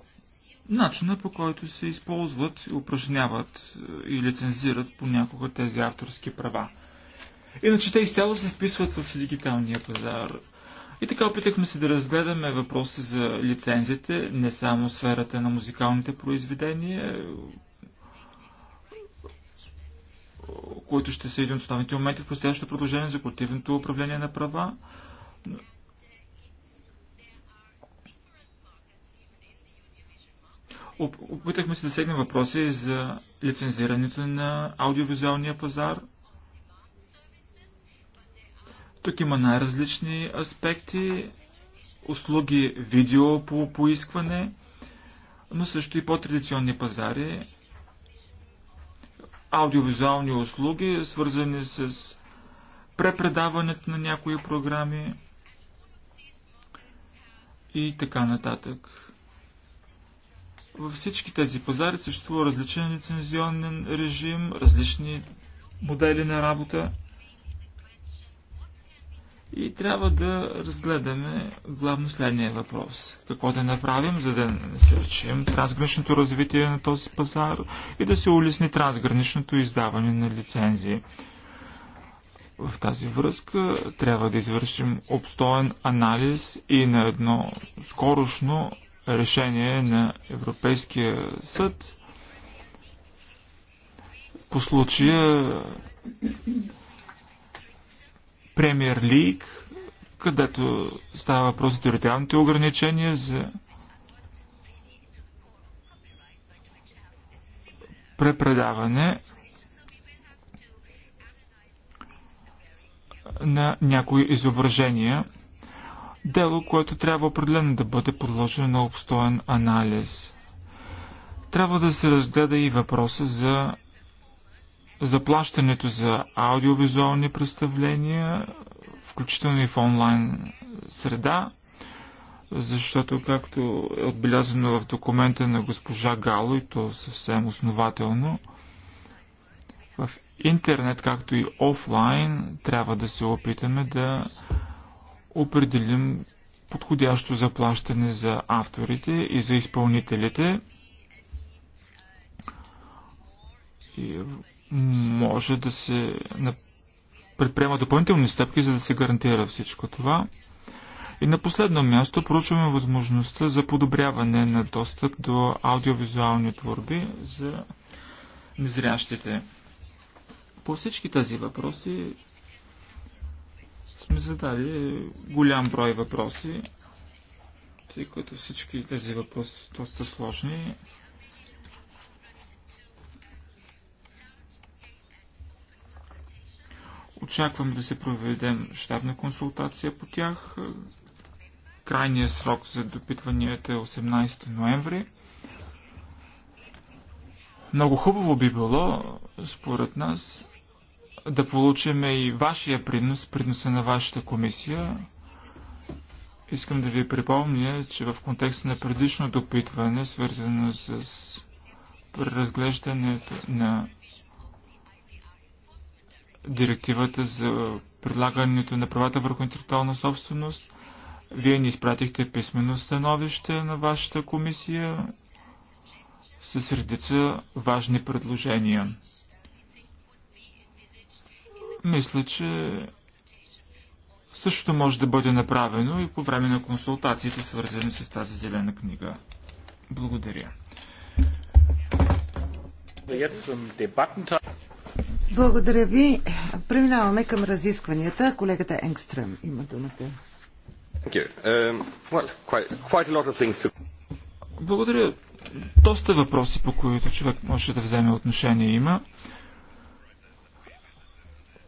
начина по който се използват, упражняват е, и лицензират понякога тези авторски права. Иначе те изцяло се вписват в дигиталния пазар. И така опитахме се да разгледаме въпроси за лицензите, не само сферата на музикалните произведения, които ще са един от основните моменти в последващото продължение за колективното управление на права, Опитахме се да сегнем въпроси за лицензирането на аудиовизуалния пазар. Тук има най-различни аспекти, услуги видео по поискване, но също и по-традиционни пазари, аудиовизуални услуги, свързани с препредаването на някои програми и така нататък. Във всички тези пазари съществува различен лицензионен режим, различни модели на работа. И трябва да разгледаме главно следния въпрос. Какво да направим, за да насърчим трансграничното развитие на този пазар и да се улесни трансграничното издаване на лицензии. В тази връзка трябва да извършим обстоен анализ и на едно скорошно решение на Европейския съд по случая Премьер Лиг, където става въпрос за териториалните ограничения, за препредаване на някои изображения – дело, което трябва определено да бъде подложено на обстоен анализ. Трябва да се разгледа и въпроса за заплащането за аудиовизуални представления, включително и в онлайн среда, защото, както е отбелязано в документа на госпожа Гало, и то съвсем основателно, в интернет, както и офлайн, трябва да се опитаме да определим подходящо заплащане за авторите и за изпълнителите. И може да се предприема допълнителни стъпки, за да се гарантира всичко това. И на последно място проучваме възможността за подобряване на достъп до аудиовизуални творби за незрящите. По всички тези въпроси сме задали голям брой въпроси, тъй като всички тези въпроси са доста сложни. Очаквам да се проведем щабна консултация по тях. Крайният срок за допитванията е 18 ноември. Много хубаво би било, според нас, да получим и вашия принос, приноса на вашата комисия. Искам да ви припомня, че в контекста на предишно допитване, свързано с преразглеждането на директивата за предлагането на правата върху интелектуална собственост, вие ни изпратихте писмено становище на вашата комисия с редица важни предложения. Мисля, че същото може да бъде направено и по време на консултациите, свързани с тази зелена книга. Благодаря. Благодаря ви. Преминаваме към разискванията. Колегата Енгстрем има думата. Um, Благодаря. Доста въпроси, по които човек може да вземе отношение има.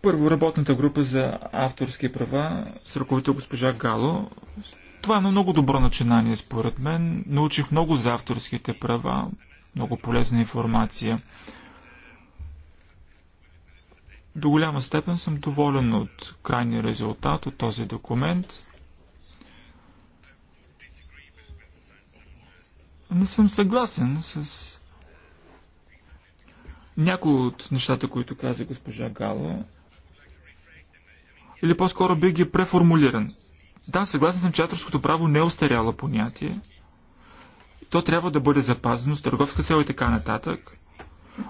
Първо, работната група за авторски права с ръководител госпожа Гало. Това е едно много добро начинание, според мен. Научих много за авторските права, много полезна информация. До голяма степен съм доволен от крайния резултат от този документ. Не съм съгласен с някои от нещата, които каза госпожа Гало или по-скоро би ги преформулиран. Да, съгласен съм, че авторското право не е остаряло понятие. То трябва да бъде запазено с търговска цел и така нататък.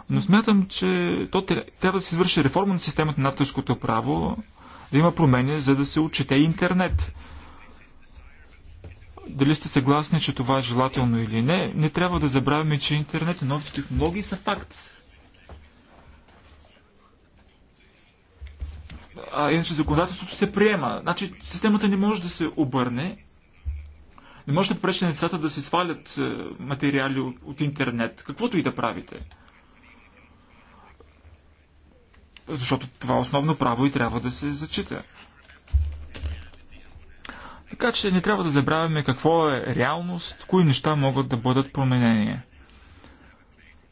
Но смятам, че то трябва да се извърши реформа на системата на авторското право, да има промени, за да се отчете интернет. Дали сте съгласни, че това е желателно или не, не трябва да забравяме, че интернет и новите технологии са факт. а, иначе законодателството се приема. Значи системата не може да се обърне. Не може да пречи на децата да се свалят е, материали от, от интернет, каквото и да правите. Защото това е основно право и трябва да се зачита. Така че не трябва да забравяме какво е реалност, кои неща могат да бъдат променени.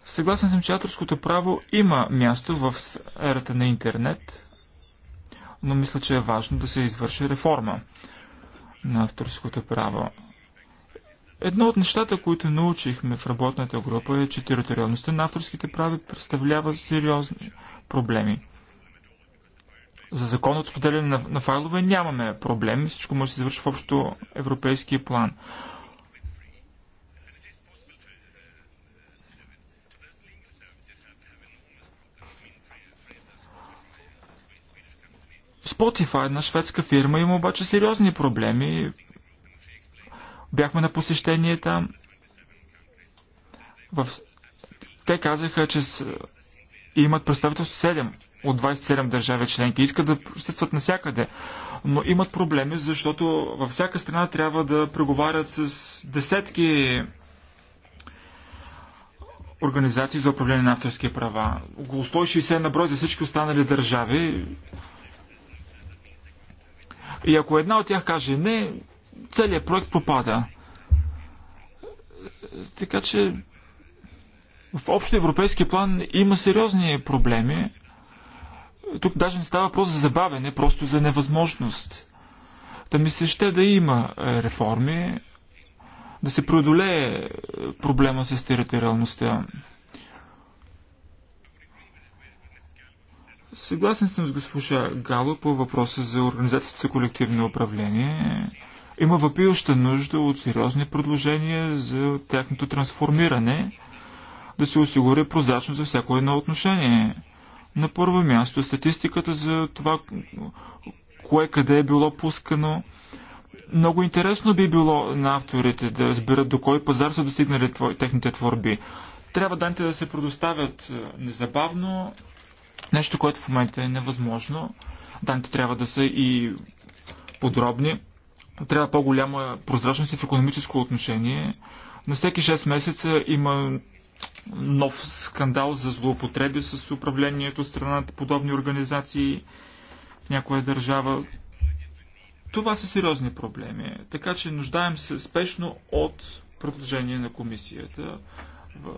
Съгласен съм, че авторското право има място в сферата на интернет но мисля, че е важно да се извърши реформа на авторското право. Едно от нещата, които научихме в работната група е, че териториалността на авторските прави представлява сериозни проблеми. За закон от споделяне на, на файлове нямаме проблеми, всичко може да се извърши в общо европейския план. Spotify, една шведска фирма, има обаче сериозни проблеми. Бяхме на посещение там. В... Те казаха, че с... имат представителство 7 от 27 държави членки. Искат да присъстват навсякъде. Но имат проблеми, защото във всяка страна трябва да преговарят с десетки организации за управление на авторски права. Около 160 на брой за всички останали държави и ако една от тях каже не, целият проект попада. Така че в общо европейски план има сериозни проблеми. Тук даже не става просто за забавене, просто за невъзможност. Да ми се ще да има е, реформи, да се преодолее е, проблема с териториалността. Съгласен съм с госпожа Гало по въпроса за Организацията за колективно управление. Има въпиваща нужда от сериозни предложения за тяхното трансформиране, да се осигури прозрачност за всяко едно отношение. На първо място статистиката за това, кое къде е било пускано. Много интересно би било на авторите да разберат до кой пазар са достигнали техните творби. Трябва данните да се предоставят е, незабавно, Нещо, което в момента е невъзможно. Данните трябва да са и подробни. Трябва по-голяма прозрачност и в економическо отношение. На всеки 6 месеца има нов скандал за злоупотреби с управлението страната, подобни организации в някоя държава. Това са сериозни проблеми, така че нуждаем се спешно от продължение на комисията в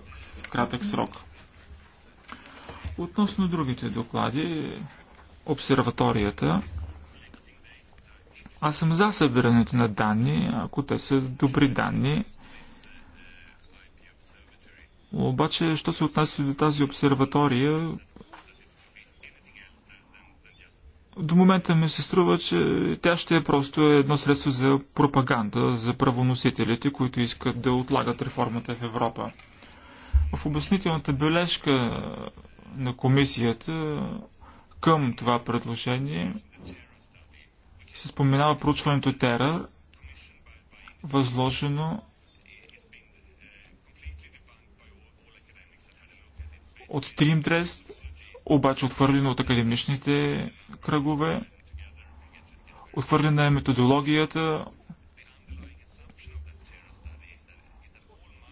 кратък срок. Относно другите доклади, обсерваторията, аз съм за събирането на данни, ако те са добри данни. Обаче, що се отнася до тази обсерватория, до момента ми се струва, че тя ще е просто едно средство за пропаганда за правоносителите, които искат да отлагат реформата в Европа. В обяснителната бележка на комисията към това предложение се споменава проучването ТЕРА, възложено от Стримдрес, обаче отвърлено от академичните кръгове. Отхвърлена е методологията,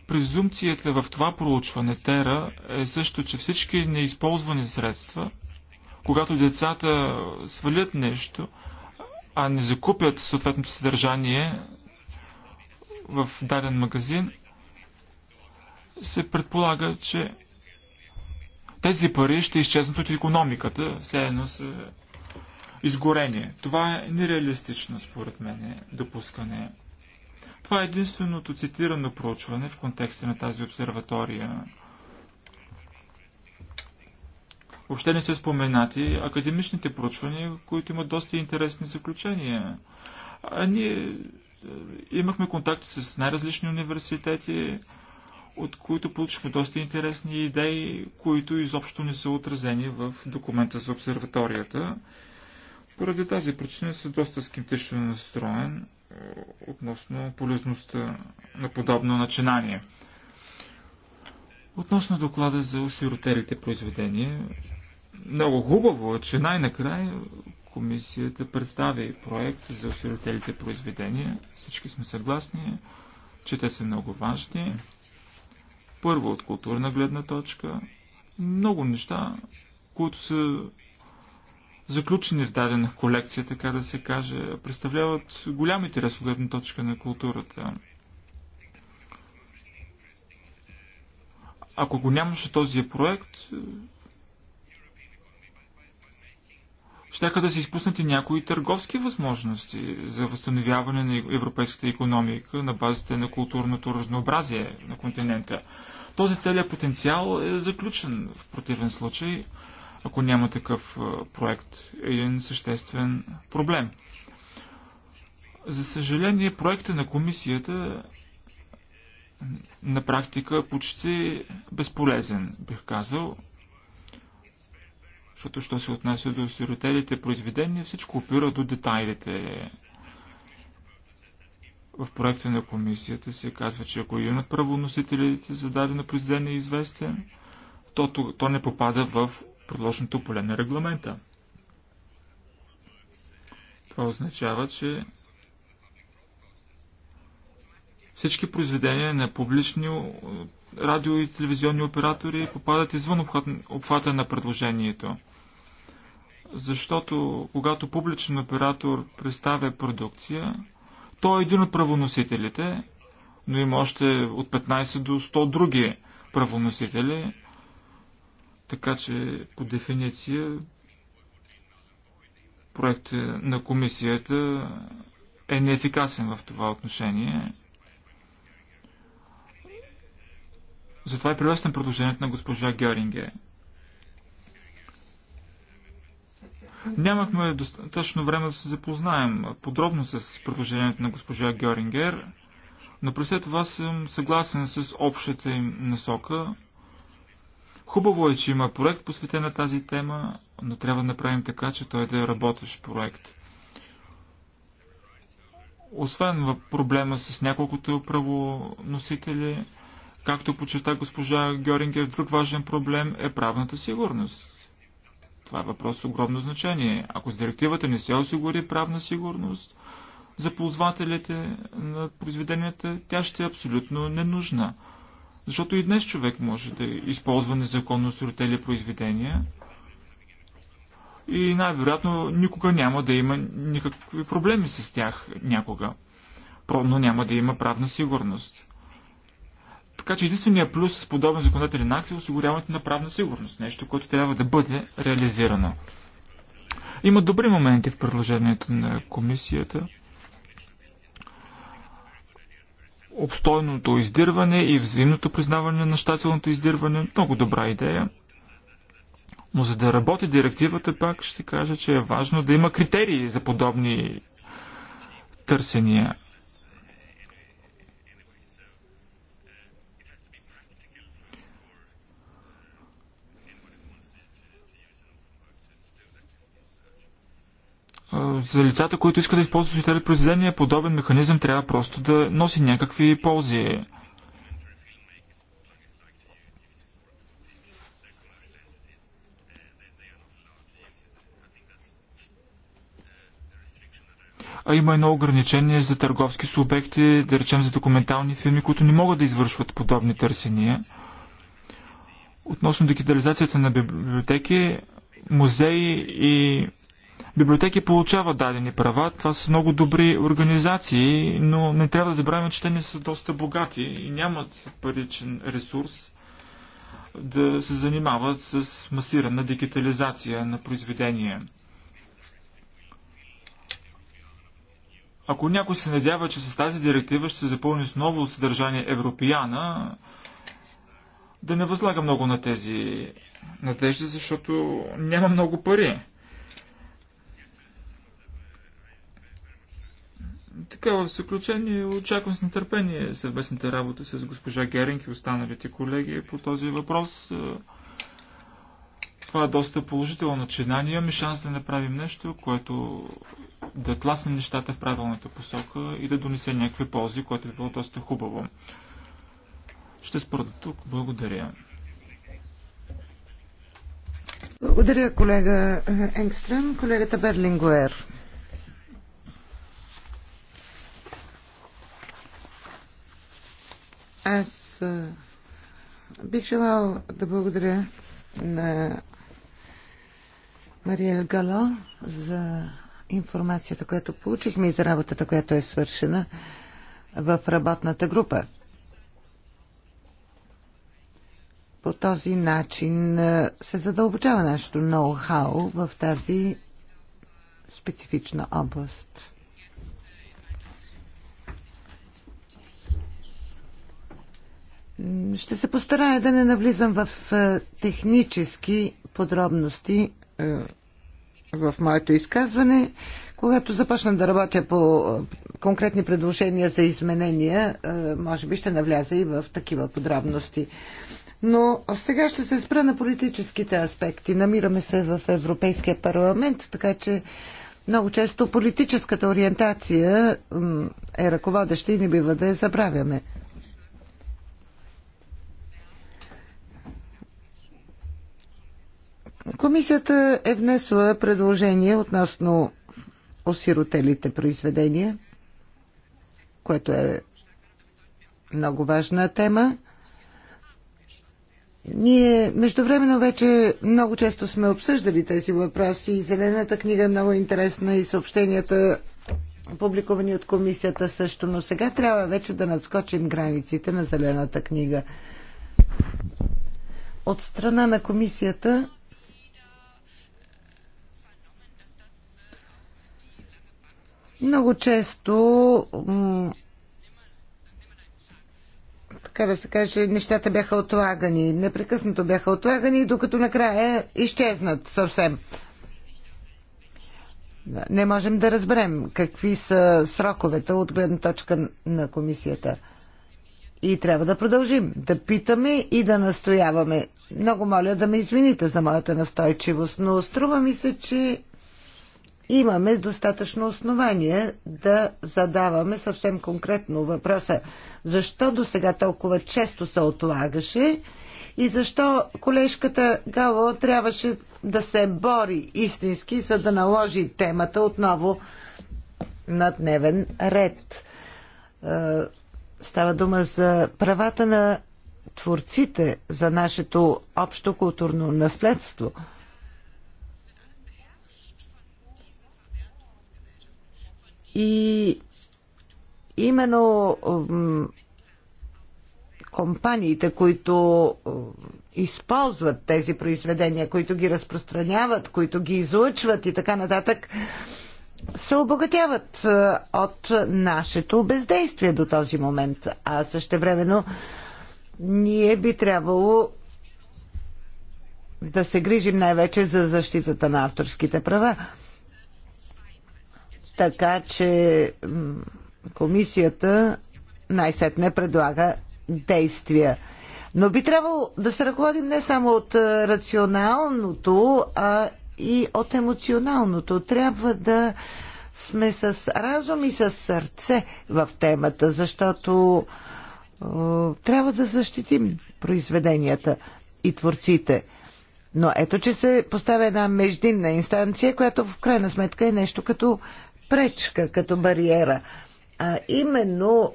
Презумцията в това проучване ТЕРА е също, че всички неизползвани средства, когато децата свалят нещо, а не закупят съответното съдържание в даден магазин, се предполага, че тези пари ще изчезнат от економиката, все едно са изгорение. Това е нереалистично, според мен, е допускане. Това е единственото цитирано проучване в контекста на тази обсерватория. Въобще не са споменати академичните проучвания, които имат доста интересни заключения. А ние е, имахме контакти с най-различни университети, от които получихме доста интересни идеи, които изобщо не са отразени в документа за обсерваторията. Поради тази причина са доста скептично настроен относно полезността на подобно начинание. Относно доклада за осиротелите произведения, много хубаво е, че най-накрая комисията представи проект за осиротелите произведения. Всички сме съгласни, че те са много важни. Първо от културна гледна точка. Много неща, които са заключени в дадена колекция, така да се каже, представляват голям интерес от гледна точка на културата. Ако го нямаше този проект, щяха да се изпуснат и някои търговски възможности за възстановяване на европейската економика на базата на културното разнообразие на континента. Този целият потенциал е заключен в противен случай – ако няма такъв проект. Един съществен проблем. За съжаление, проекта на комисията на практика почти безполезен, бих казал. Защото, що се отнася до сиротелите произведения, всичко опира до детайлите. В проекта на комисията се казва, че ако един от правоносителите за дадено произведение е известен, то, то, то не попада в предложеното поле на регламента. Това означава, че всички произведения на публични радио и телевизионни оператори попадат извън обхвата на предложението. Защото когато публичен оператор представя продукция, той е един от правоносителите, но има още от 15 до 100 други правоносители, така че по дефиниция проект на комисията е неефикасен в това отношение. Затова е приветствам предложението на госпожа Геринге. Нямахме достатъчно време да се запознаем подробно с предложението на госпожа Герингер, но при след това съм съгласен с общата им насока. Хубаво е, че има проект посветен на тази тема, но трябва да направим така, че той да е работещ проект. Освен в проблема с няколкото правоносители, както почета госпожа Георингер, друг важен проблем е правната сигурност. Това е въпрос с огромно значение. Ако с директивата не се осигури правна сигурност за ползвателите на произведенията, тя ще е абсолютно ненужна. Защото и днес човек може да използва незаконно сортели произведения и най-вероятно никога няма да има никакви проблеми с тях някога. Но няма да има правна сигурност. Така че единственият плюс с подобен законодателен акт е осигуряването на правна сигурност. Нещо, което трябва да бъде реализирано. Има добри моменти в предложението на комисията. обстойното издирване и взаимното признаване на щателното издирване. Много добра идея. Но за да работи директивата, пак ще кажа, че е важно да има критерии за подобни търсения. за лицата, които искат да използват социален произведения, подобен механизъм трябва просто да носи някакви ползи. А има едно ограничение за търговски субекти, да речем за документални фирми, които не могат да извършват подобни търсения. Относно дигитализацията на библиотеки, музеи и библиотеки получават дадени права. Това са много добри организации, но не трябва да забравяме, че те не са доста богати и нямат паричен ресурс да се занимават с масирана дигитализация на произведения. Ако някой се надява, че с тази директива ще се запълни с ново съдържание Европеяна, да не възлага много на тези надежди, защото няма много пари. Така, в заключение очаквам с нетърпение съвместната работа с госпожа Геринг и останалите колеги по този въпрос. Е, това е доста положително начинание. Имаме шанс да направим нещо, което да тласне нещата в правилната посока и да донесе някакви ползи, което е било доста хубаво. Ще спра тук. Благодаря. Благодаря, колега Енгстрем. Колегата Берлингуер. Аз бих желал да благодаря на Мариел Гало за информацията, която получихме и за работата, която е свършена в работната група. По този начин се задълбочава нашето ноу-хау в тази специфична област. Ще се постарая да не навлизам в е, технически подробности е, в моето изказване. Когато започна да работя по е, конкретни предложения за изменения, може би ще навляза и в такива подробности. Но сега ще се спра на политическите аспекти. Намираме се в Европейския парламент, така че много често политическата ориентация е ръководеща и не бива да я забравяме. Комисията е внесла предложение относно осиротелите произведения, което е много важна тема. Ние междувременно вече много често сме обсъждали тези въпроси. Зелената книга е много интересна и съобщенията, публикувани от комисията също, но сега трябва вече да надскочим границите на Зелената книга. От страна на комисията Много често така да се каже, нещата бяха отлагани, непрекъснато бяха отлагани, докато накрая изчезнат съвсем. Не можем да разберем какви са сроковете от гледна точка на комисията. И трябва да продължим, да питаме и да настояваме. Много моля да ме извините за моята настойчивост, но струва ми се, че имаме достатъчно основание да задаваме съвсем конкретно въпроса защо до сега толкова често се отлагаше и защо колежката Гало трябваше да се бори истински, за да наложи темата отново на дневен ред. Е, става дума за правата на творците, за нашето общо културно наследство – И именно компаниите, които използват тези произведения, които ги разпространяват, които ги излъчват и така нататък, се обогатяват е, от нашето бездействие до този момент. А също времено ние би трябвало да се грижим най-вече за защитата на авторските права така че комисията най-сетне предлага действия. Но би трябвало да се ръководим не само от е, рационалното, а и от емоционалното. Трябва да сме с разум и с сърце в темата, защото е, трябва да защитим произведенията и творците. Но ето, че се поставя една междинна инстанция, която в крайна сметка е нещо като пречка, като бариера. А именно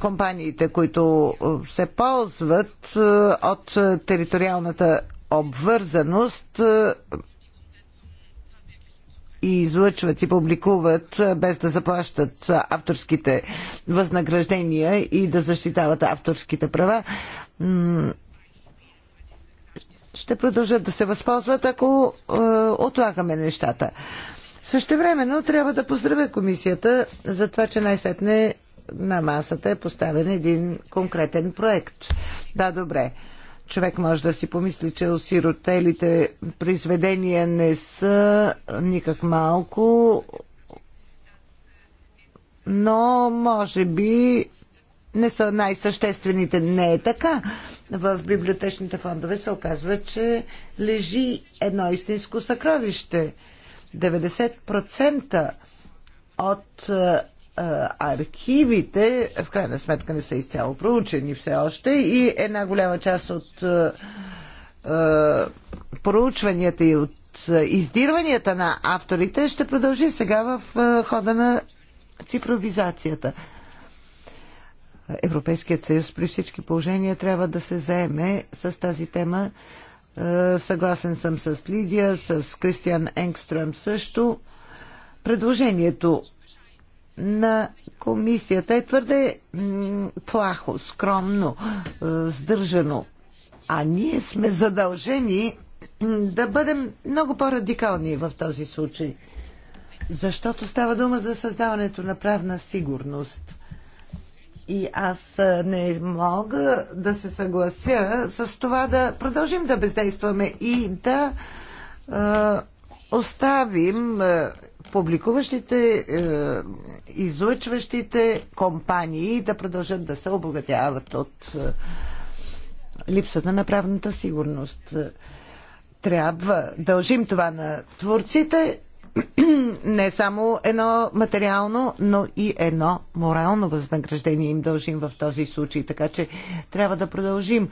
компаниите, които се ползват от териториалната обвързаност и излъчват и публикуват без да заплащат авторските възнаграждения и да защитават авторските права, ще продължат да се възползват, ако отлагаме нещата. Същевременно трябва да поздравя комисията за това, че най-сетне на масата е поставен един конкретен проект. Да, добре. Човек може да си помисли, че осиротелите произведения не са никак малко, но може би не са най-съществените. Не е така. В библиотечните фондове се оказва, че лежи едно истинско съкровище – 90% от е, е, архивите в крайна сметка не са изцяло проучени все още и една голяма част от е, проучванията и от издирванията на авторите ще продължи сега в хода на цифровизацията. Европейският съюз при всички положения трябва да се заеме с тази тема, е, съгласен съм с Лидия, с Кристиан Енгстрем също. Предложението на комисията е твърде плахо, скромно, е, сдържано. А ние сме задължени да бъдем много по-радикални в този случай. Защото става дума за създаването на правна сигурност. И аз не мога да се съглася с това да продължим да бездействаме и да е, оставим е, публикуващите, е, излъчващите компании да продължат да се обогатяват от е, липсата на правната сигурност. Трябва, дължим това на творците <clears throat> не само едно материално, но и едно морално възнаграждение им дължим в този случай. Така че трябва да продължим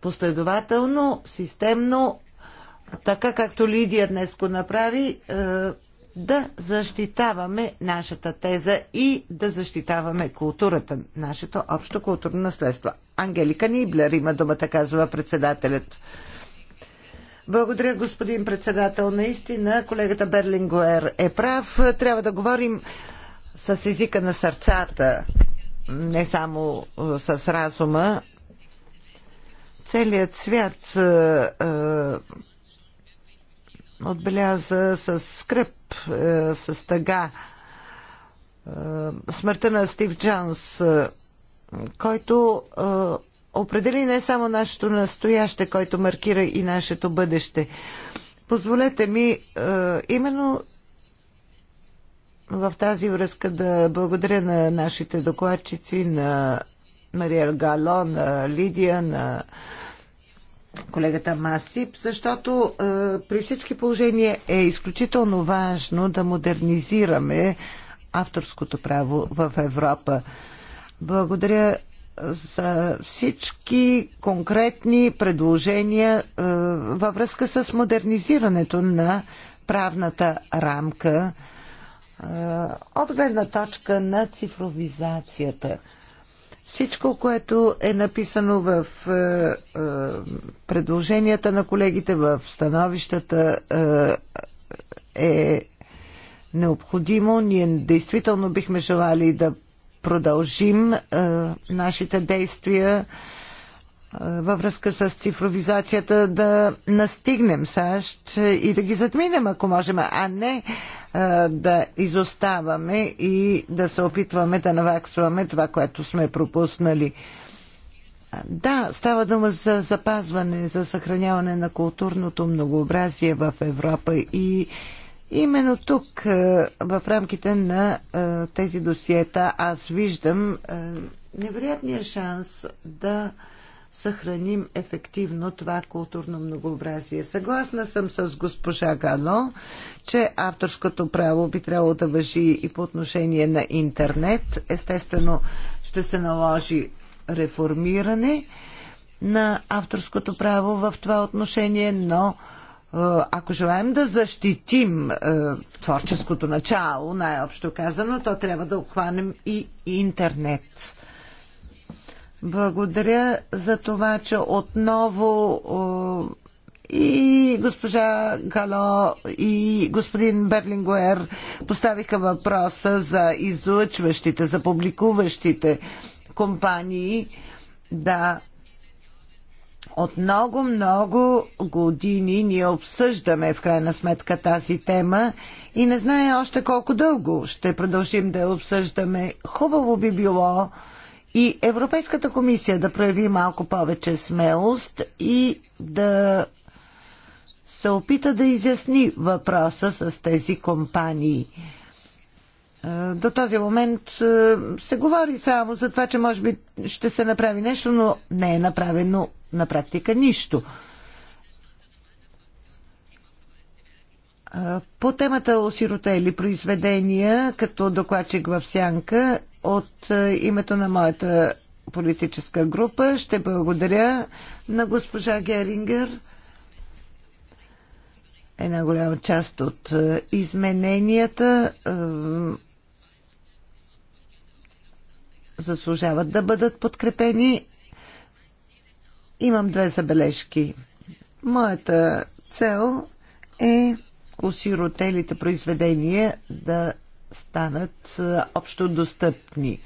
последователно, системно, така както Лидия днес го направи, е, да защитаваме нашата теза и да защитаваме културата, нашето общо културно наследство. Ангелика Ниблер има думата, казва председателят. Благодаря, господин председател. Наистина, колегата Берлингуер е прав. Трябва да говорим с езика на сърцата, не само е, с разума. Целият свят е, е, отбеляза с скръп, е, с тъга е, смъртта на Стив Джанс, е, който определи не само нашето настояще, който маркира и нашето бъдеще. Позволете ми е, именно в тази връзка да благодаря на нашите докладчици, на Мария Гало, на Лидия, на колегата Масип, защото е, при всички положения е изключително важно да модернизираме авторското право в Европа. Благодаря за всички конкретни предложения е, във връзка с модернизирането на правната рамка е, от гледна точка на цифровизацията. Всичко, което е написано в е, предложенията на колегите, в становищата е необходимо. Ние действително бихме желали да продължим е, нашите действия е, във връзка с цифровизацията да настигнем САЩ и да ги затминем, ако можем, а не е, да изоставаме и да се опитваме да наваксваме това, което сме пропуснали. Да, става дума за запазване, за съхраняване на културното многообразие в Европа и Именно тук, е, в рамките на е, тези досиета, аз виждам е, невероятния шанс да съхраним ефективно това културно многообразие. Съгласна съм с госпожа Гано, че авторското право би трябвало да въжи и по отношение на интернет. Естествено, ще се наложи реформиране на авторското право в това отношение, но е, ако желаем да защитим е, творческото начало, най-общо казано, то трябва да обхванем и интернет. Благодаря за това, че отново е, и госпожа Гало и господин Берлингуер поставиха въпроса за излъчващите, за публикуващите компании. Да, от много-много години ние обсъждаме в крайна сметка тази тема и не знае още колко дълго ще продължим да я обсъждаме. Хубаво би било и Европейската комисия да прояви малко повече смелост и да се опита да изясни въпроса с тези компании до този момент се говори само за това, че може би ще се направи нещо, но не е направено на практика нищо. По темата или произведения, като докладчик в сянка, от името на моята политическа група ще благодаря на госпожа Герингер. Една голяма част от измененията заслужават да бъдат подкрепени. Имам две забележки. Моята цел е осиротелите произведения да станат общо достъпни.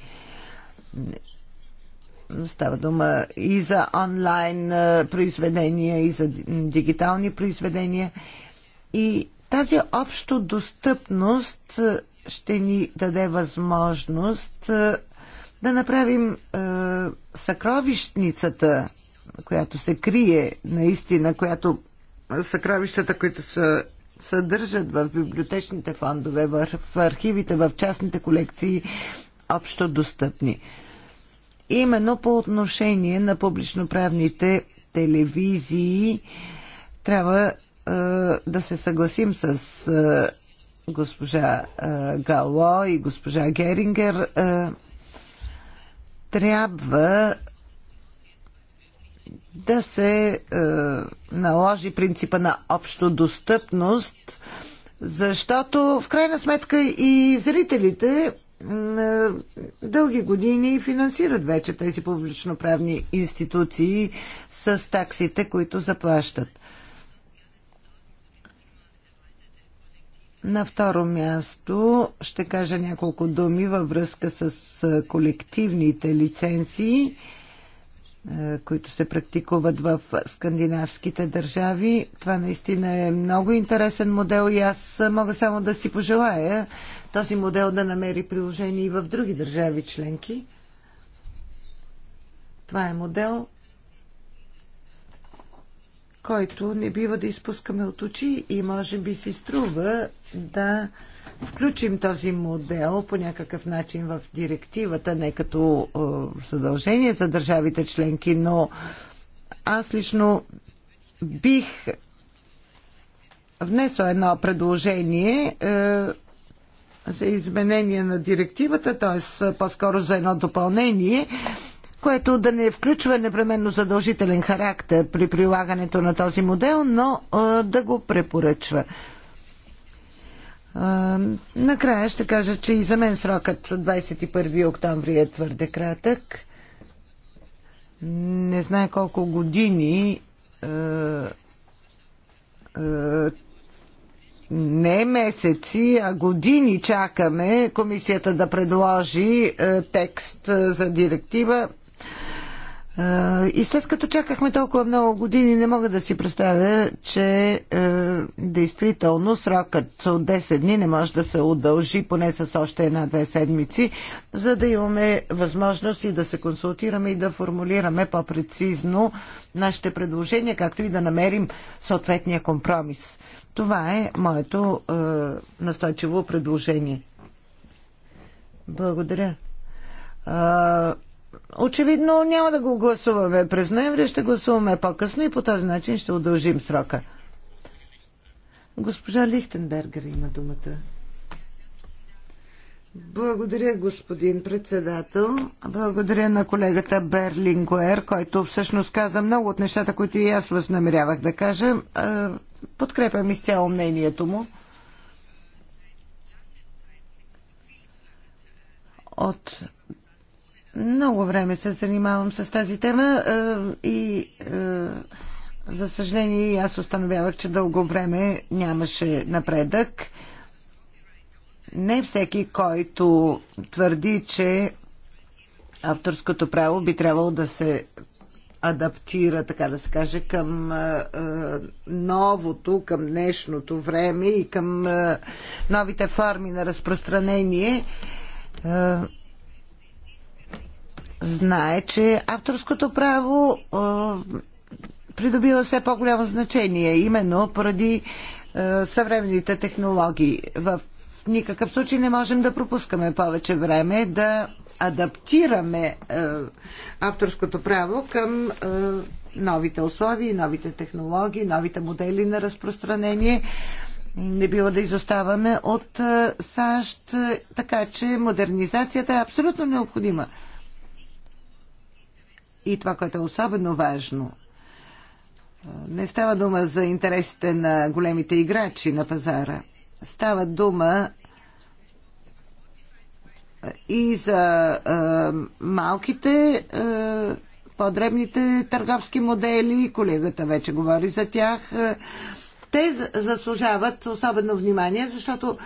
Става дума и за онлайн произведения, и за дигитални произведения. И тази общо достъпност ще ни даде възможност да направим е, съкровищницата, която се крие наистина, която съкровищата, които се съдържат в библиотечните фондове, в архивите, в частните колекции, общо достъпни. Именно по отношение на публичноправните телевизии трябва е, да се съгласим с е, госпожа е, Гало и госпожа Герингер. Е, трябва да се е, наложи принципа на общо достъпност, защото в крайна сметка и зрителите е, дълги години финансират вече тези публично-правни институции с таксите, които заплащат. На второ място ще кажа няколко думи във връзка с колективните лицензии, които се практикуват в скандинавските държави. Това наистина е много интересен модел и аз мога само да си пожелая този модел да намери приложение и в други държави членки. Това е модел, който не бива да изпускаме от очи и може би си струва да включим този модел по някакъв начин в директивата, не като задължение за държавите членки, но аз лично бих внесла едно предложение за изменение на директивата, т.е. по-скоро за едно допълнение което да не включва непременно задължителен характер при прилагането на този модел, но да го препоръчва. Накрая ще кажа, че и за мен срокът 21 октомври е твърде кратък. Не знае колко години не месеци, а години чакаме комисията да предложи текст за директива. И след като чакахме толкова много години, не мога да си представя, че е, действително срокът от 10 дни не може да се удължи поне с още една-две седмици, за да имаме възможност и да се консултираме и да формулираме по-прецизно нашите предложения, както и да намерим съответния компромис. Това е моето е, настойчиво предложение. Благодаря. Очевидно няма да го гласуваме през ноември, ще гласуваме по-късно и по този начин ще удължим срока. Госпожа Лихтенбергер има думата. Благодаря, господин председател. Благодаря на колегата Берлингуер, който всъщност каза много от нещата, които и аз възнамерявах да кажа. Е, подкрепям изцяло мнението му. От много време се занимавам с тази тема и за съжаление и аз установявах, че дълго време нямаше напредък. Не всеки, който твърди, че авторското право би трябвало да се адаптира, така да се каже, към а, новото, към днешното време и към а, новите форми на разпространение знае, че авторското право придобива все по-голямо значение, именно поради съвременните технологии. В никакъв случай не можем да пропускаме повече време да адаптираме авторското право към новите условия, новите технологии, новите модели на разпространение. Не бива да изоставаме от САЩ, така че модернизацията е абсолютно необходима и това, което е особено важно. Не става дума за интересите на големите играчи на пазара. Става дума и за е, малките, е, по-дребните търговски модели, колегата вече говори за тях. Те заслужават особено внимание, защото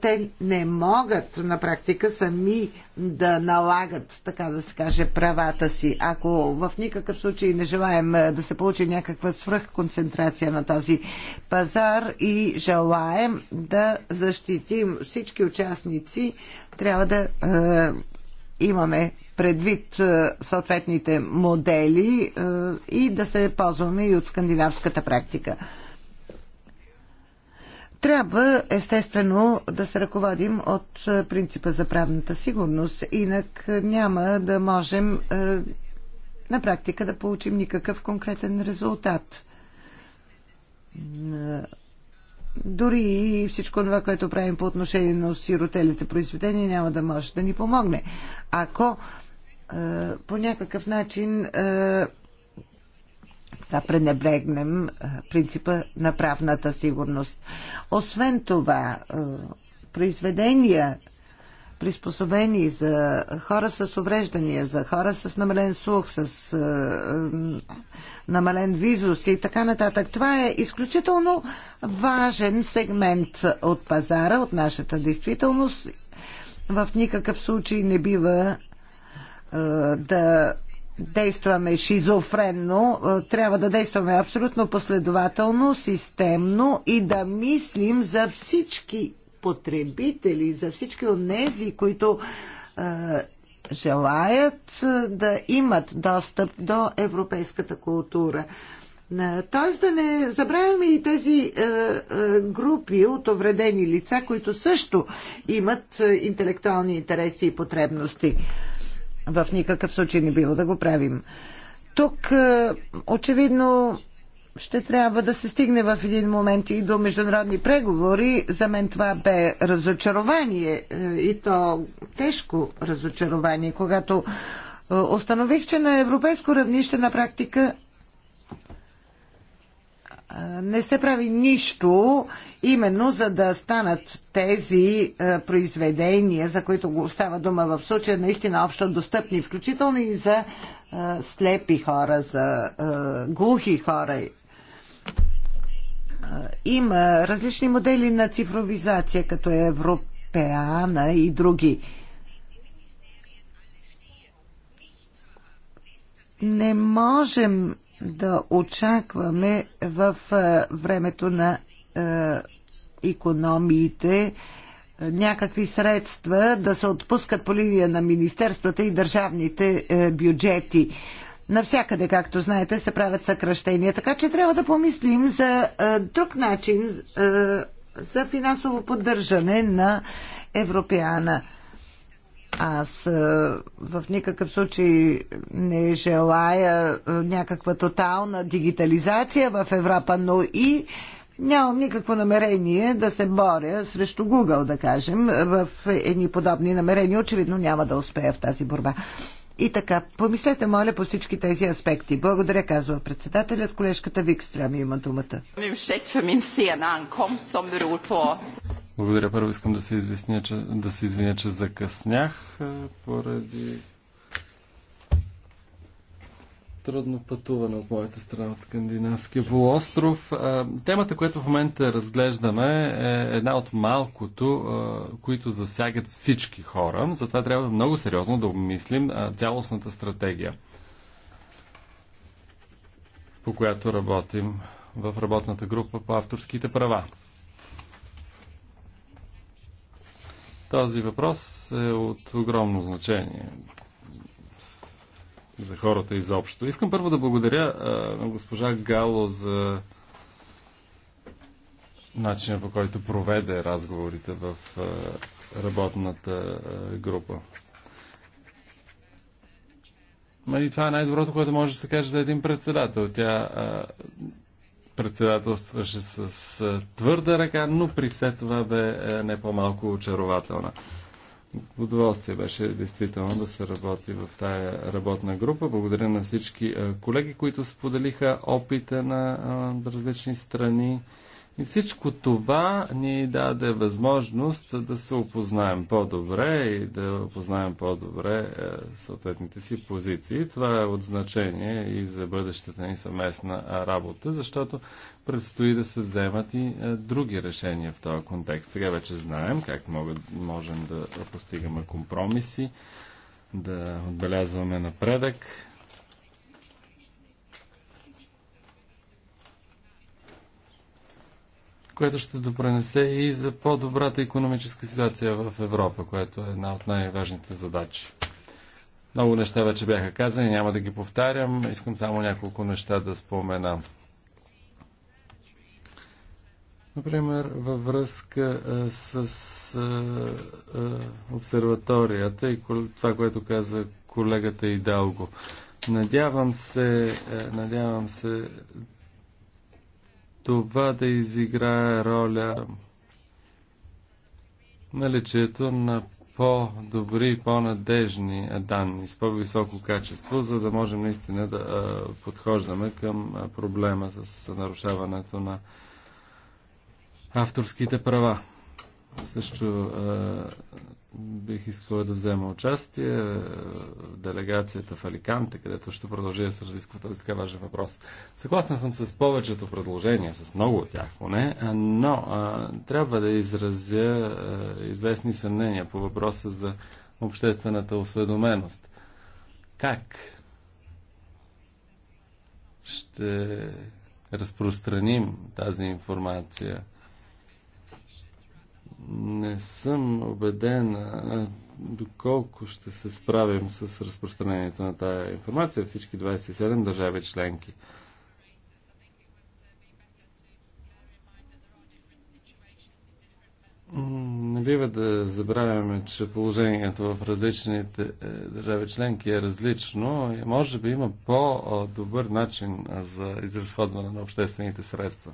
те не могат на практика сами да налагат, така да се каже, правата си. Ако в никакъв случай не желаем да се получи някаква свръхконцентрация на този пазар и желаем да защитим всички участници, трябва да е, имаме предвид е, съответните модели е, и да се ползваме и от скандинавската практика трябва естествено да се ръководим от е, принципа за правната сигурност, инак е, няма да можем е, на практика да получим никакъв конкретен резултат. Дори и всичко това, което правим по отношение на сиротелите произведения, няма да може да ни помогне. Ако по някакъв начин да пренебрегнем е, принципа на правната сигурност. Освен това, е, произведения, приспособени за хора с увреждания, за хора с намален слух, с е, намален визус и така нататък. Това е изключително важен сегмент от пазара, от нашата действителност. В никакъв случай не бива да действаме шизофренно, е, трябва да действаме абсолютно последователно, системно и да мислим за всички потребители, за всички от нези, които е, желаят е, да имат достъп до европейската култура. Е, тоест да не забравяме и тези е, е, групи от увредени лица, които също имат интелектуални интереси и потребности. В никакъв случай не било да го правим. Тук е, очевидно ще трябва да се стигне в един момент и до международни преговори. За мен това бе разочарование е, и то тежко разочарование, когато е, установих, че на европейско равнище на практика не се прави нищо, именно за да станат тези произведения, за които го става дума в случая, наистина общо достъпни, включително и за слепи хора, за глухи хора. Има различни модели на цифровизация, като Европеана и други. Не можем да очакваме в е, времето на економиите е, някакви средства да се отпускат по линия на министерствата и държавните е, бюджети. Навсякъде, както знаете, се правят съкръщения, така че трябва да помислим за друг начин за финансово поддържане на Европеана. Аз е, в никакъв случай не желая е, някаква тотална дигитализация в Европа, но и нямам никакво намерение да се боря срещу Google, да кажем. В едни подобни намерения очевидно няма да успея в тази борба. И така, помислете, моля, по всички тези аспекти. Благодаря, казва председателят. Колежката Викстрам има думата. Благодаря. Първо искам да се, извиня, че, да се извиня, че закъснях поради трудно пътуване от моята страна от Скандинавския полуостров. Темата, която в момента разглеждаме, е една от малкото, които засягат всички хора. Затова трябва много сериозно да обмислим цялостната стратегия, по която работим в работната група по авторските права. Този въпрос е от огромно значение за хората изобщо. Искам първо да благодаря на госпожа Гало за начина по който проведе разговорите в работната група. Ма това е най-доброто, което може да се каже за един председател. Тя а, председателстваше с, а, твърда ръка, но при все това бе не по-малко очарователна удоволствие беше действително да се работи в тая работна група. Благодаря на всички е, колеги, които споделиха опита на е, различни страни. И всичко това ни даде възможност да се опознаем по-добре и да опознаем по-добре е, съответните си позиции. Това е от значение и за бъдещата ни съвместна работа, защото предстои да се вземат и е, други решения в този контекст. Сега вече знаем как можем да постигаме компромиси, да отбелязваме напредък. което ще допренесе и за по-добрата економическа ситуация в Европа, което е една от най-важните задачи. Много неща вече бяха казани, няма да ги повтарям. Искам само няколко неща да спомена. Например, във връзка а, с а, а, обсерваторията и това, което каза колегата Идалго. Надявам се, надявам се това да изиграе роля наличието на по-добри, по-надежни данни с по-високо качество, за да можем наистина да подхождаме към проблема с нарушаването на авторските права. Също бих искал да взема участие в делегацията в Аликанте, където ще продължи да се разисква този така важен въпрос. Съгласен съм с повечето предложения, с много от тях поне, но а, трябва да изразя а, известни съмнения по въпроса за обществената осведоменост. Как ще разпространим тази информация? не съм убеден доколко ще се справим с разпространението на тази информация всички 27 държави членки. Не бива да забравяме, че положението в различните е, държави членки е различно и може би има по-добър начин за изразходване на обществените средства.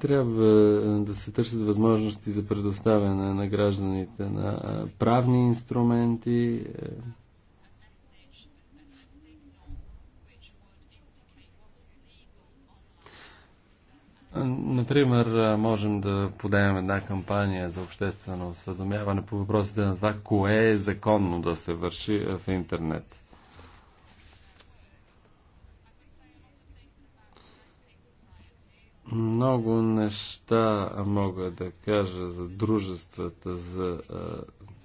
Трябва е, да се търсят възможности за предоставяне на гражданите на е, правни инструменти, е. Например, можем да подаем една кампания за обществено осведомяване по въпросите на това, кое е законно да се върши в интернет. Много неща мога да кажа за дружествата, за а,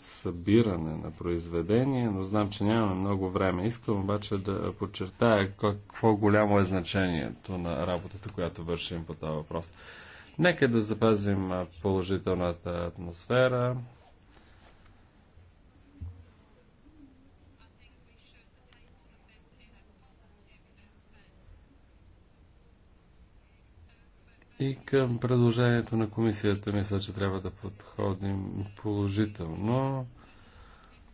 събиране на произведения, но знам, че нямаме много време. Искам обаче да подчертая какво голямо е значението на работата, която вършим по този въпрос. Нека да запазим положителната атмосфера, И към предложението на комисията мисля, че трябва да подходим положително,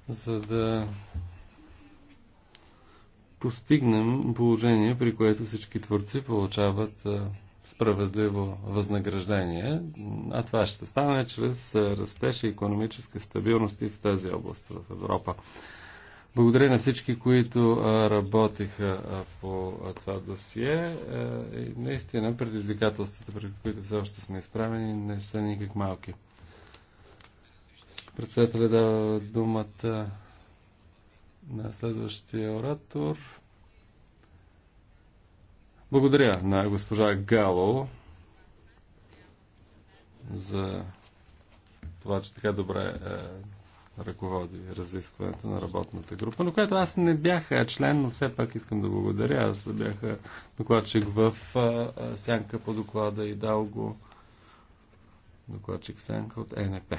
за да постигнем положение, при което всички творци получават справедливо възнаграждение, а това ще стане чрез растеж и економическа стабилност и в тази област в Европа. Благодаря на всички, които работиха по това досие. И наистина предизвикателствата, пред които все още сме изправени, не са никак малки. Председателя дава думата на следващия оратор. Благодаря на госпожа Гало за това, че така добре е ръководи разискването на работната група, на което аз не бях член, но все пак искам да благодаря. Аз бях докладчик в сянка по доклада и дал го докладчик сянка от НП.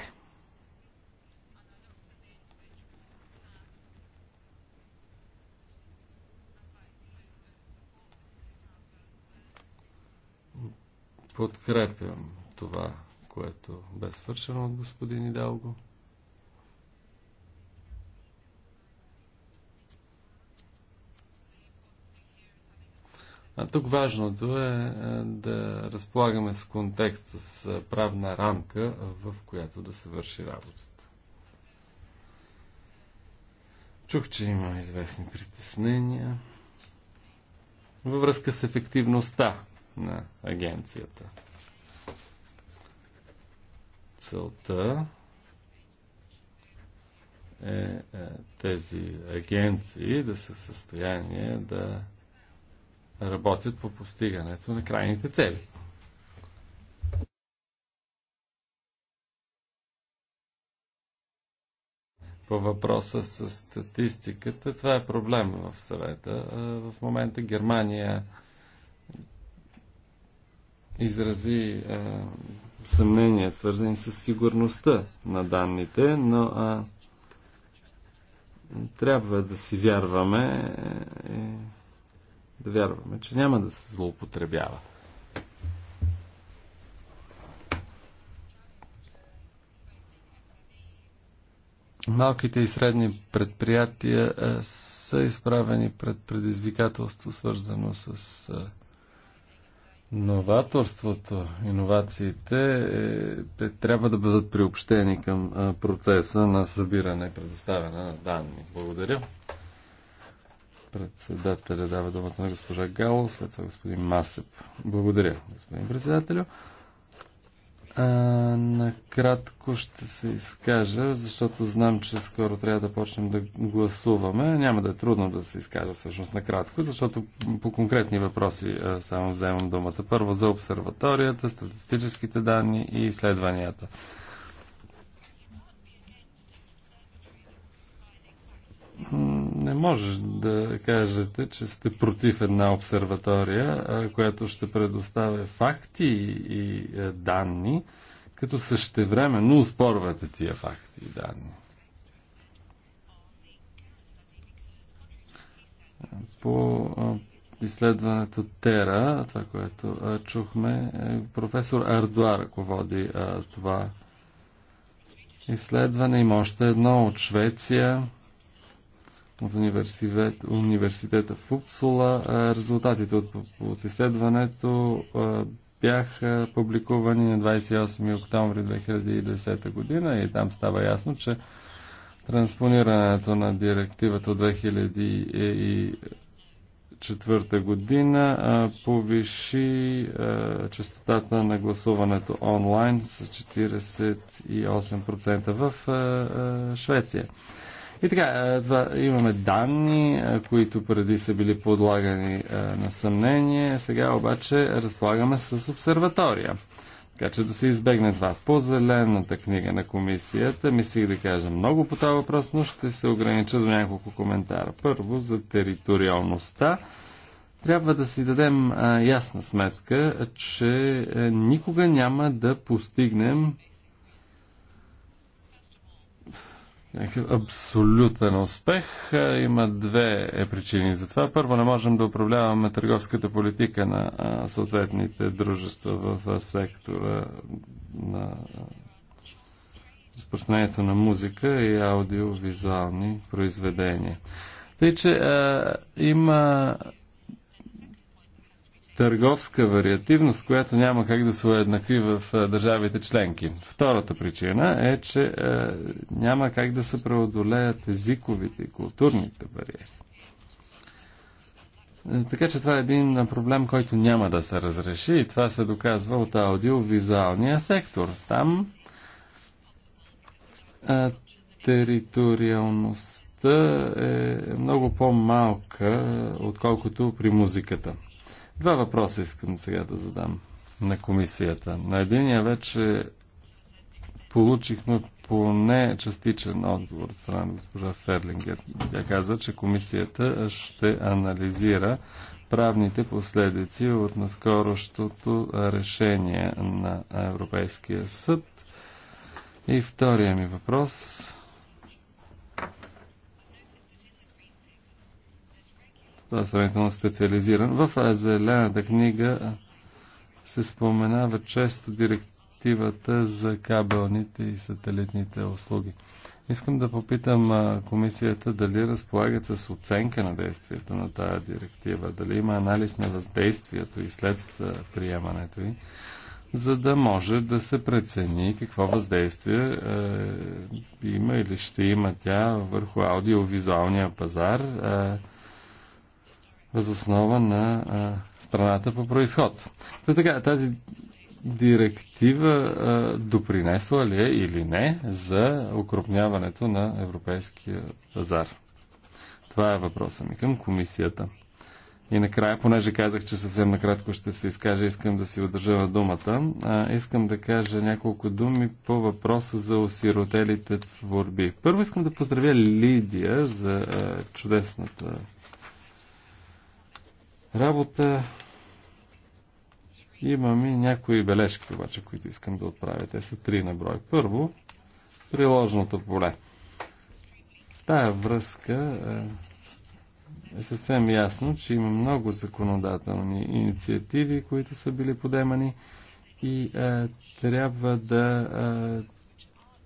Подкрепям това, което бе свършено от господин Идалго. А тук важното е, е да разполагаме с контекст, с е, правна рамка, е, в която да се върши работата. Чух, че има известни притеснения във връзка с ефективността на агенцията. Целта е тези агенции да са в състояние да работят по постигането на крайните цели. По въпроса с статистиката, това е проблем в съвета. В момента Германия изрази е, съмнения, свързани с сигурността на данните, но а, трябва да си вярваме. Е, е, да вярваме, че няма да се злоупотребява. Малките и средни предприятия е, са изправени пред предизвикателство, свързано с е, новаторството, иновациите е, Те трябва да бъдат приобщени към процеса на събиране и предоставяне на данни. Благодаря. Председателя дава думата на госпожа Гало, след това господин Масеп. Благодаря, господин председателю. А, накратко ще се изкажа, защото знам, че скоро трябва да почнем да гласуваме. Няма да е трудно да се изкажа всъщност накратко, защото по конкретни въпроси а, само вземам думата. Първо за обсерваторията, статистическите данни и изследванията не може да кажете, че сте против една обсерватория, която ще предоставя факти и е, данни, като същевременно успорвате тия факти и данни. По изследването Тера, това, което чухме, е, професор ако води това изследване. Има още едно от Швеция от университет, университета в Упсула. Резултатите от, от изследването бяха публикувани на 28 октомври 2010 година и там става ясно, че транспонирането на директивата от 2004 година повиши частотата на гласуването онлайн с 48% в Швеция. И така, е, това, имаме данни, е, които преди са били подлагани е, на съмнение, сега обаче разполагаме с обсерватория. Така че да се избегне това. По зелената книга на комисията мислих да кажа много по това въпрос, но ще се огранича до няколко коментара. Първо за териториалността. Трябва да си дадем а, ясна сметка, че никога няма да постигнем някакъв абсолютен успех. Е, има две е, причини за това. Първо, не можем да управляваме търговската политика на съответните дружества в сектора на разпространението на музика и аудиовизуални произведения. Тъй, че а, има търговска вариативност, която няма как да се уеднакви в държавите членки. Втората причина е, че няма как да се преодолеят езиковите и културните бариери. Е, така че това е един проблем, който няма да се разреши и това се доказва от аудиовизуалния сектор. Там а, териториалността е много по-малка, отколкото при музиката. Два въпроса искам сега да задам на комисията. На единия вече получихме поне частичен отговор от страна на госпожа Ферлингер. Тя каза, че комисията ще анализира правните последици от наскорощото решение на Европейския съд. И втория ми въпрос е сравнително специализиран. В Зелената книга се споменава често директивата за кабелните и сателитните услуги. Искам да попитам комисията дали разполагат с оценка на действието на тази директива, дали има анализ на въздействието и след приемането й, за да може да се прецени какво въздействие е, има или ще има тя върху аудиовизуалния пазар. Е, възоснова на а, страната по происход. Та така, тази директива а, допринесла ли е или не за укрупняването на европейския пазар? Това е въпроса ми към комисията. И накрая, понеже казах, че съвсем накратко ще се изкажа, искам да си удържа думата. А, искам да кажа няколко думи по въпроса за осиротелите творби. Първо искам да поздравя Лидия за а, чудесната работа. Имам и някои бележки, обаче, които искам да отправя. Те са три на брой. Първо, приложното поле. В тая връзка е, е съвсем ясно, че има много законодателни инициативи, които са били подемани и е, трябва да е,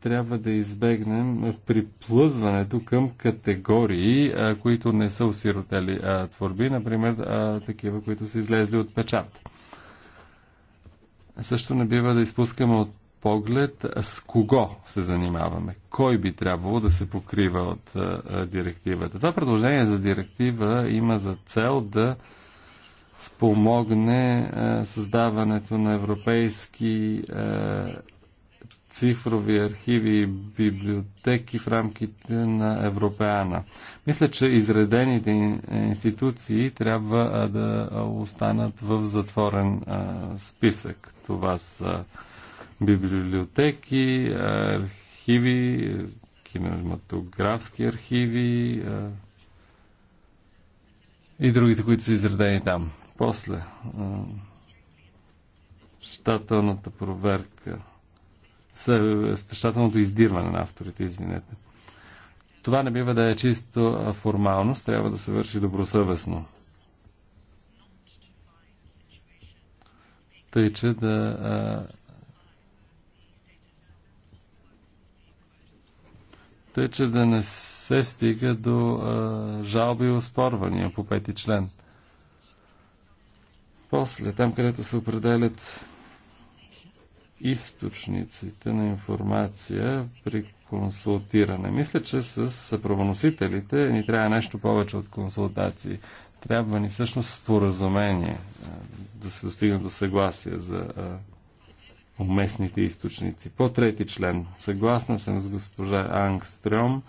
трябва да избегнем приплъзването към категории, които не са осиротели творби, например такива, които са излезли от печат. Също не бива да изпускаме от поглед с кого се занимаваме, кой би трябвало да се покрива от директивата. Това предложение за директива има за цел да спомогне създаването на европейски цифрови архиви и библиотеки в рамките на Европеана. Мисля, че изредените институции трябва да останат в затворен списък. Това са библиотеки, архиви, кинематографски архиви и другите, които са изредени там. После щателната проверка – същателното издирване на авторите, извинете. Това не бива да е чисто формалност, трябва да се върши добросъвестно. Тъй, че да а, тъй, че да не се стига до а, жалби и оспорвания по пети член. После, там където се определят източниците на информация при консултиране. Мисля, че с правоносителите ни трябва нещо повече от консултации. Трябва ни всъщност споразумение да се достигне до съгласие за уместните източници. По трети член. Съгласна съм с госпожа Ангстрем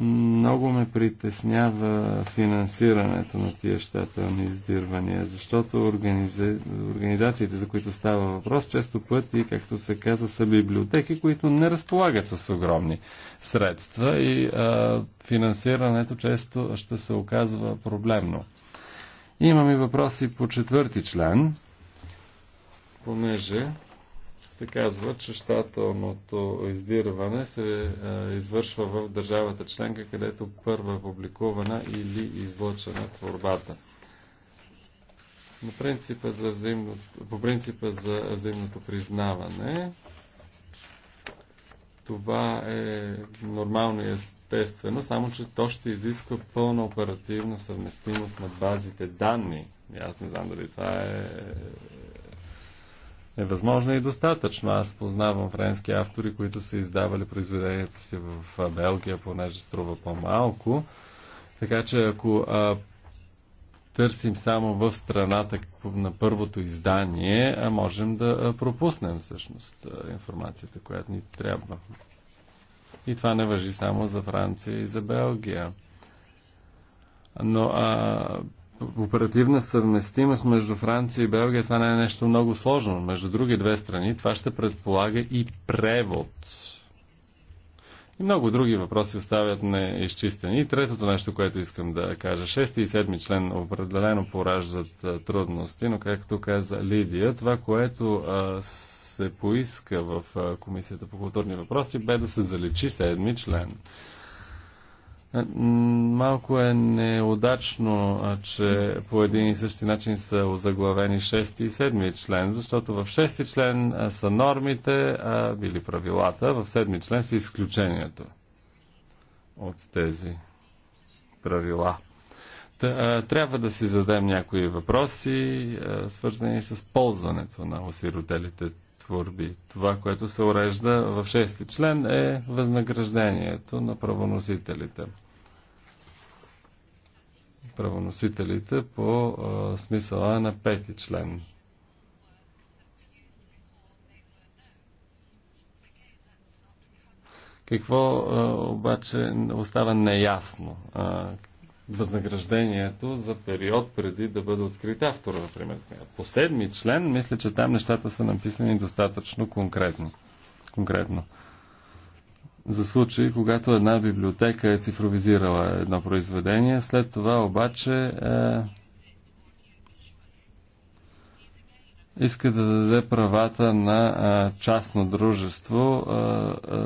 много ме притеснява финансирането на тия щателни издирвания, защото организа... организациите, за които става въпрос, често пъти, както се каза, са библиотеки, които не разполагат с огромни средства и а, финансирането често ще се оказва проблемно. Имам и въпроси по четвърти член, понеже се казва, че щателното издирване се а, е, извършва в държавата членка, където първа е публикувана или излъчена творбата. На принципа за взаимно, по принципа за взаимното признаване, това е нормално и естествено, само че то ще изисква пълна оперативна съвместимост на базите данни. Аз не знам дали това е е възможно и достатъчно. Аз познавам френски автори, които са издавали произведението си в Белгия, понеже струва по-малко. Така че ако а, търсим само в страната на първото издание, а можем да пропуснем всъщност информацията, която ни трябва. И това не въжи само за Франция и за Белгия. Но а, оперативна съвместимост между Франция и Белгия, това не е нещо много сложно. Между други две страни, това ще предполага и превод. И много други въпроси оставят неизчистени. И третото нещо, което искам да кажа. Шести и седми член определено пораждат трудности, но както каза Лидия, това, което а, се поиска в Комисията по културни въпроси, бе да се заличи седми член. Малко е неудачно, че по един и същи начин са озаглавени 6 и 7 член, защото в 6 член са нормите а, били правилата, в 7 член са изключението от тези правила. Трябва да си зададем някои въпроси, свързани с ползването на осиротелите творби. Това, което се урежда в 6 член е възнаграждението на правоносителите правоносителите по а, смисъла на пети член. Какво а, обаче остава неясно? А, възнаграждението за период преди да бъде открит автора, например. По седми член, мисля, че там нещата са написани достатъчно конкретно. конкретно за случаи, когато една библиотека е цифровизирала едно произведение, след това обаче е, иска да даде правата на е, частно дружество е, е,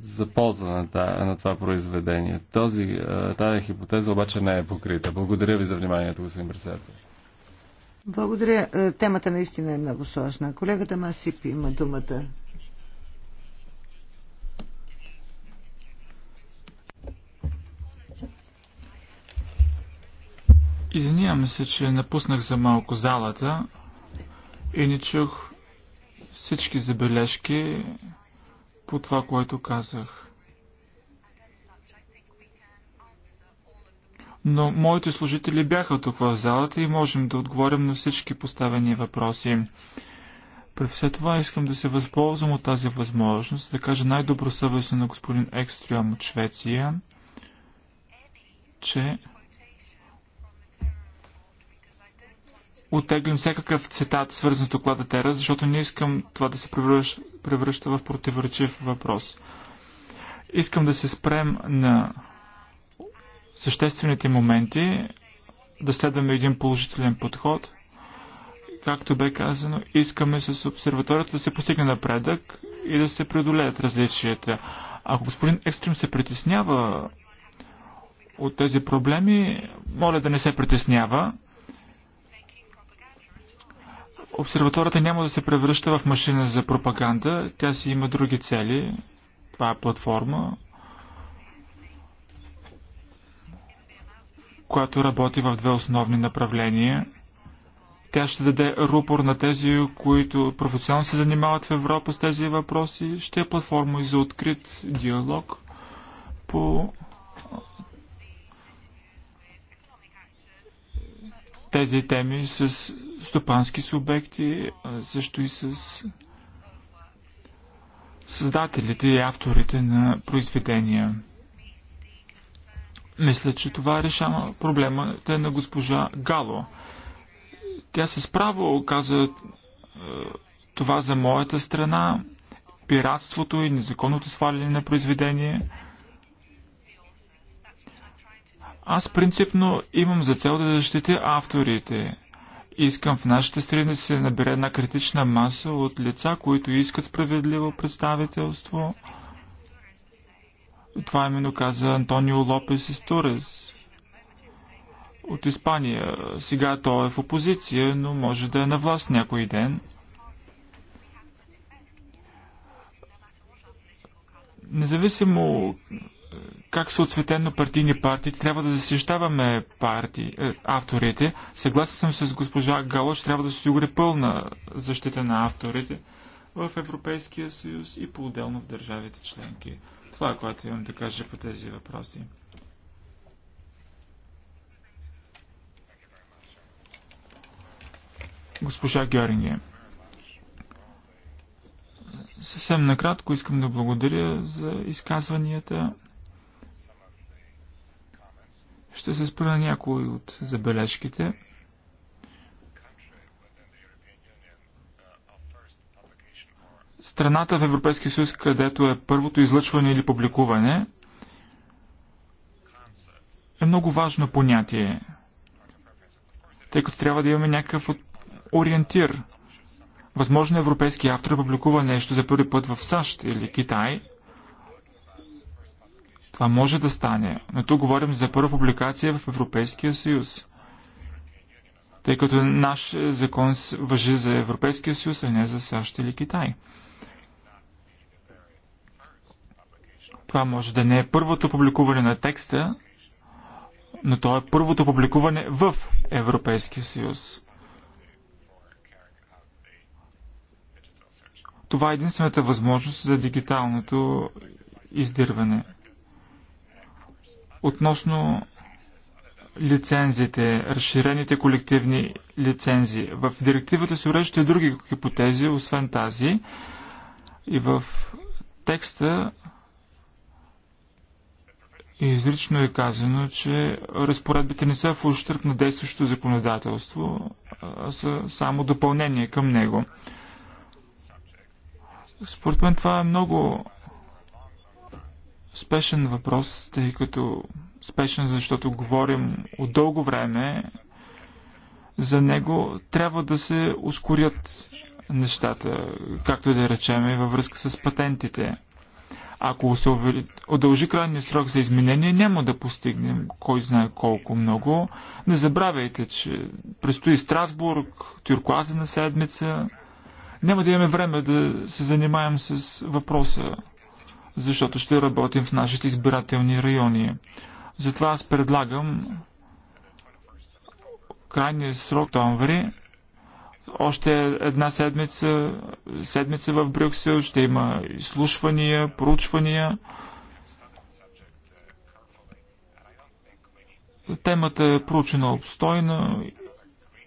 за ползване на, на това произведение. Този, е, тази хипотеза обаче не е покрита. Благодаря ви за вниманието, господин председател. Благодаря. Е, темата наистина е много сложна. Колегата Масип има думата. Извинявам се, че напуснах за малко залата и не чух всички забележки по това, което казах. Но моите служители бяха тук в залата и можем да отговорим на всички поставени въпроси. При все това искам да се възползвам от тази възможност да кажа най-добросъвестно на господин Екстрюм от Швеция, че оттеглим всякакъв цитат, свързан с доклада Тера, защото не искам това да се превръща, превръща в противоречив въпрос. Искам да се спрем на съществените моменти, да следваме един положителен подход. Както бе казано, искаме с обсерваторията да се постигне напредък и да се преодолеят различията. Ако господин Екстрим се притеснява от тези проблеми, моля да не се притеснява. Обсерваторията няма да се превръща в машина за пропаганда, тя си има други цели. Това е платформа, която работи в две основни направления. Тя ще даде рупор на тези, които професионално се занимават в Европа с тези въпроси. Ще е платформа и за открит диалог по тези теми с стопански субекти, също и с създателите и авторите на произведения. Мисля, че това решава проблемата на госпожа Гало. Тя се справо каза е, това за моята страна, пиратството и незаконното сваляне на произведение. Аз принципно имам за цел да защитя авторите. Искам в нашите страни да се набере една критична маса от лица, които искат справедливо представителство. Това именно каза Антонио Лопес Исторес от Испания. Сега той е в опозиция, но може да е на власт някой ден. Независимо как са отсветено партийни партии. Трябва да защищаваме партии, е, авторите. Съгласен съм с госпожа Галош, трябва да се осигури пълна защита на авторите в Европейския съюз и по-отделно в държавите членки. Това е което имам да кажа по тези въпроси. Госпожа Георгия. Съвсем накратко искам да благодаря за изказванията. Ще се спра на някои от забележките. Страната в Европейския съюз, където е първото излъчване или публикуване, е много важно понятие, тъй като трябва да имаме някакъв ориентир. Възможно европейски автор публикува нещо за първи път в САЩ или Китай – това може да стане, но тук говорим за първа публикация в Европейския съюз. Тъй като наш закон въжи за Европейския съюз, а не за САЩ или Китай. Това може да не е първото публикуване на текста, но то е първото публикуване в Европейския съюз. Това е единствената възможност за дигиталното издирване. Относно лицензите, разширените колективни лицензи. В директивата се уреждат и други хипотези, освен тази. И в текста изрично е казано, че разпоредбите не са в ущърп на действащото законодателство, а са само допълнение към него. Според мен това е много спешен въпрос, тъй като спешен, защото говорим от дълго време за него, трябва да се ускорят нещата, както да речеме, във връзка с патентите. Ако се удължи крайния срок за изменение, няма да постигнем кой знае колко много. Не забравяйте, че предстои Страсбург, тюркуазена седмица. Няма да имаме време да се занимаем с въпроса защото ще работим в нашите избирателни райони. Затова аз предлагам крайния срок октомври. Още една седмица, седмица в Брюксел ще има изслушвания, проучвания. Темата е проучена обстойна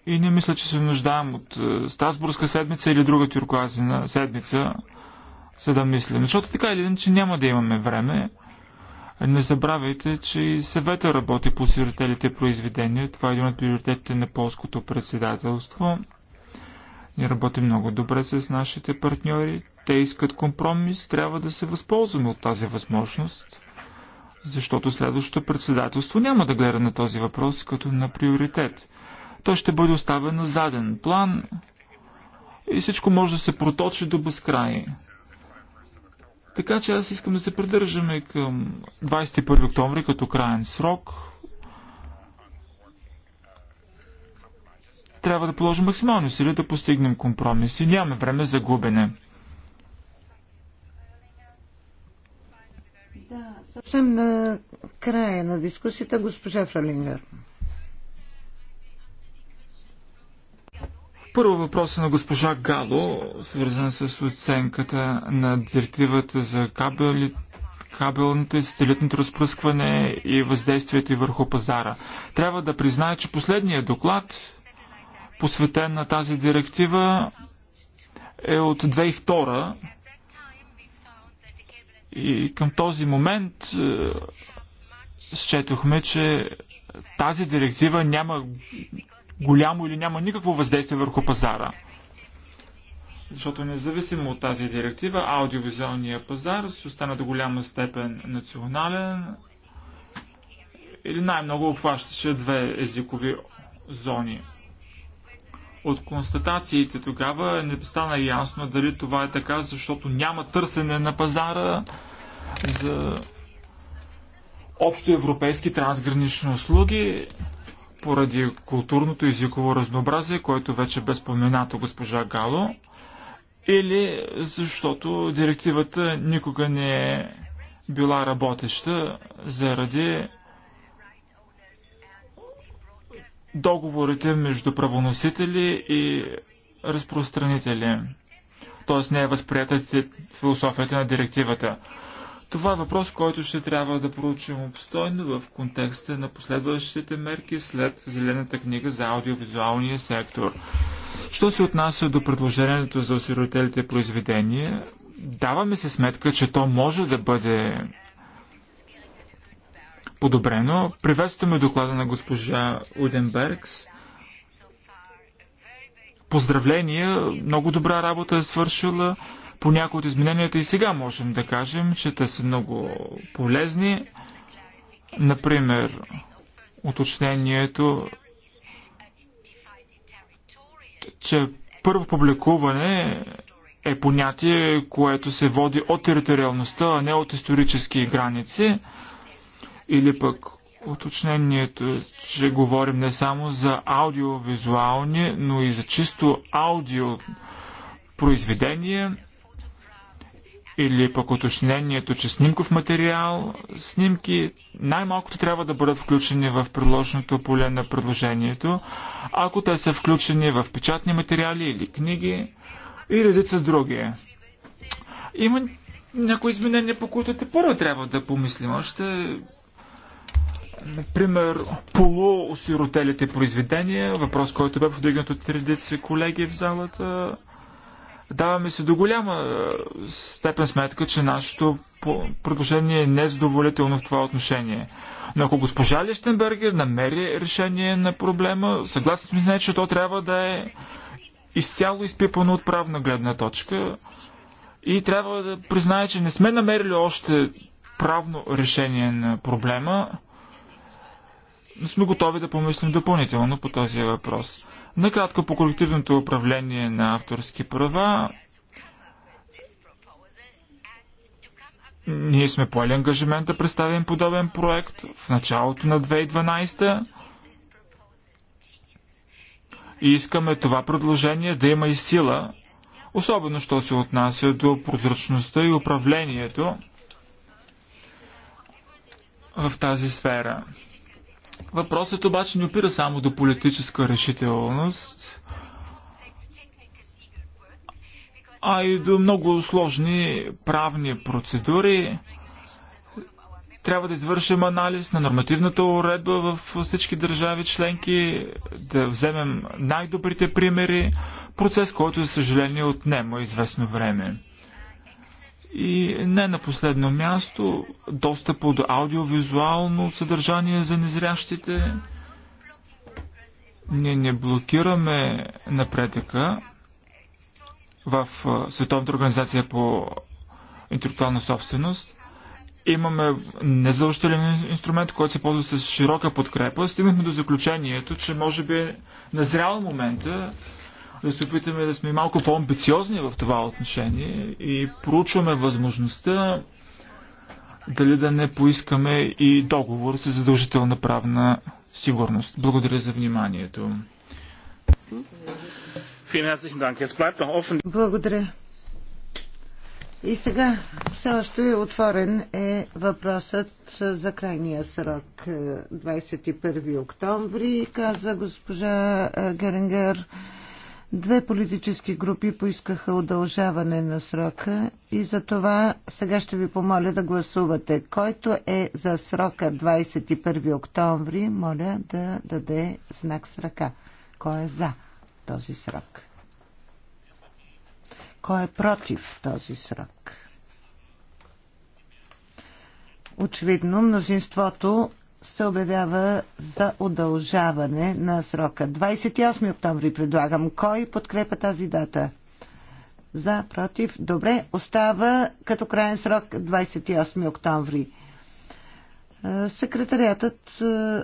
и не мисля, че се нуждаем от е, Стасбургска седмица или друга тюркоазина седмица за да мислим. Защото така или иначе няма да имаме време. Не забравяйте, че и съвета работи по сиротелите произведения. Това е един от приоритетите на полското председателство. Ние работим много добре с нашите партньори. Те искат компромис. Трябва да се възползваме от тази възможност, защото следващото председателство няма да гледа на този въпрос като на приоритет. Той ще бъде оставен на заден план и всичко може да се проточи до безкрай. Така че аз искам да се придържаме към 21 октомври като крайен срок. Трябва да положим максимални усилия да постигнем компромиси. Нямаме време за губене. Да, съвсем на края на дискусията госпожа Фролингър. Първо въпрос е на госпожа Гало, свързан с оценката на директивата за кабели, кабелното и сателитното разпръскване и въздействието и върху пазара. Трябва да призная, че последният доклад, посветен на тази директива, е от 2002 и към този момент е, счетохме, че тази директива няма голямо или няма никакво въздействие върху пазара. Защото независимо от тази директива, аудиовизуалният пазар ще остане до голяма степен национален или най-много обхващаше две езикови зони. От констатациите тогава не стана ясно дали това е така, защото няма търсене на пазара за общо европейски трансгранични услуги, поради културното езиково разнообразие, което вече бе споменато госпожа Гало, или защото директивата никога не е била работеща заради договорите между правоносители и разпространители. Т.е. не е възприятата философията на директивата. Това е въпрос, който ще трябва да проучим обстойно в контекста на последващите мерки след Зелената книга за аудиовизуалния сектор. Що се отнася до предложението за осиротелите произведения, даваме се сметка, че то може да бъде подобрено. Приветстваме доклада на госпожа Уденбергс. Поздравления, много добра работа е свършила. По някои от измененията и сега можем да кажем, че те са много полезни. Например, уточнението, че първо публикуване е понятие, което се води от териториалността, а не от исторически граници. Или пък уточнението, че говорим не само за аудиовизуални, но и за чисто аудио произведение или пък уточнението, че снимков материал, снимки най-малкото трябва да бъдат включени в приложеното поле на предложението, ако те са включени в печатни материали или книги и редица други. Има някои изменения, по които те първо трябва да помислим. Още Например, полуосиротелите произведения, въпрос, който бе повдигнат от редици колеги в залата. Даваме се до голяма е, степен сметка, че нашето предложение е незадоволително в това отношение. Но ако госпожа Лещенбергер намери решение на проблема, съгласен сме с нея, че то трябва да е изцяло изпипано от правна гледна точка и трябва да признае, че не сме намерили още правно решение на проблема, но сме готови да помислим допълнително по този въпрос. Накратко по колективното управление на авторски права. Ние сме поели ангажимент да представим подобен проект в началото на 2012 и искаме това предложение да има и сила, особено що се отнася до прозрачността и управлението в тази сфера. Въпросът обаче не опира само до политическа решителност, а и до много сложни правни процедури. Трябва да извършим анализ на нормативната уредба в всички държави членки, да вземем най-добрите примери, процес, който за съжаление отнема известно време. И не на последно място, достъпа до аудиовизуално съдържание за незрящите. Ние не блокираме напредъка в Световната организация по интелектуална собственост. Имаме незадължителен инструмент, който се ползва с широка подкрепа. Стигнахме до заключението, че може би е назрял момента да се опитаме да сме малко по-амбициозни в това отношение и проучваме възможността дали да не поискаме и договор с задължителна правна сигурност. Благодаря за вниманието. Благодаря. И сега все още е отворен е въпросът за крайния срок е, 21 октомври, каза госпожа е, Геренгер. Две политически групи поискаха удължаване на срока и за това сега ще ви помоля да гласувате. Който е за срока 21 октомври, моля да даде знак с ръка. Кой е за този срок? Кой е против този срок? Очевидно, мнозинството се обявява за удължаване на срока. 28 октомври предлагам. Кой подкрепа тази дата? За, против. Добре, остава като крайен срок 28 октомври. Е, секретариатът е,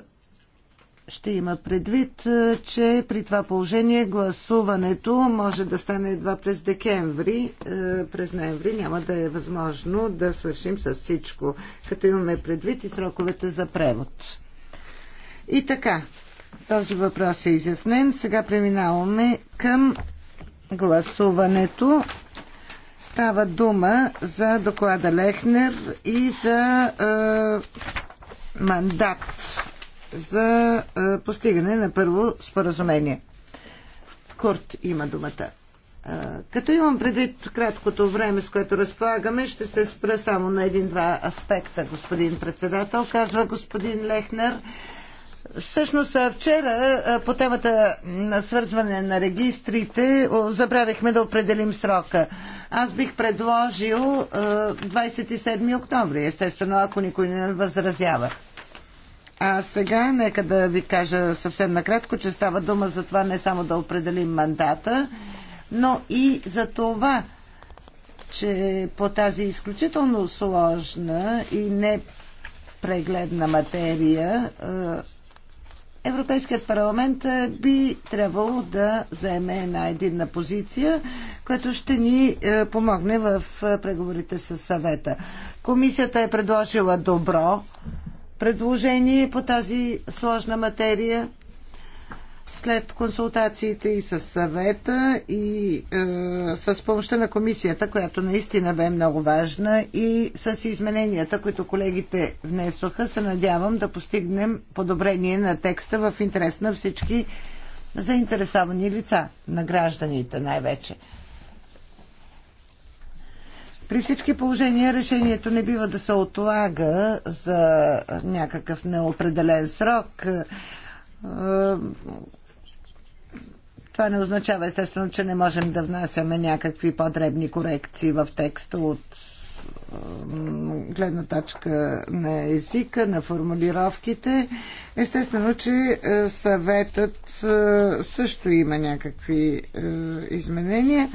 ще има предвид, е, че при това положение гласуването може да стане едва през декември. Е, през ноември няма да е възможно да свършим с всичко, като имаме предвид и сроковете за превод. И така, този въпрос е изяснен. Сега преминаваме към гласуването. Става дума за доклада Лехнер и за е, мандат за е, постигане на първо споразумение. Курт има думата. Е, като имам предвид краткото време, с което разполагаме, ще се спра само на един-два аспекта, господин председател, казва господин Лехнер. Всъщност е, вчера по темата на свързване на регистрите забравихме да определим срока. Аз бих предложил 27 октомври, естествено, ако никой не възразява. А сега нека да ви кажа съвсем накратко, че става дума за това не само да определим мандата, но и за това, че по тази изключително сложна и непрегледна материя е, Европейският парламент би трябвало да заеме една единна позиция, която ще ни е, помогне в е, преговорите с съвета. Комисията е предложила добро предложение по тази сложна материя след консултациите и с съвета и е, с помощта на комисията, която наистина бе много важна и с измененията, които колегите внесоха, се надявам да постигнем подобрение на текста в интерес на всички заинтересовани лица, на гражданите най-вече. При всички положения решението не бива да се отлага за някакъв неопределен срок. Е, това не означава естествено, че не можем да внасяме някакви по-дребни корекции в текста от гледна точка на езика, на формулировките. Естествено, че е, съветът е, също има някакви изменения.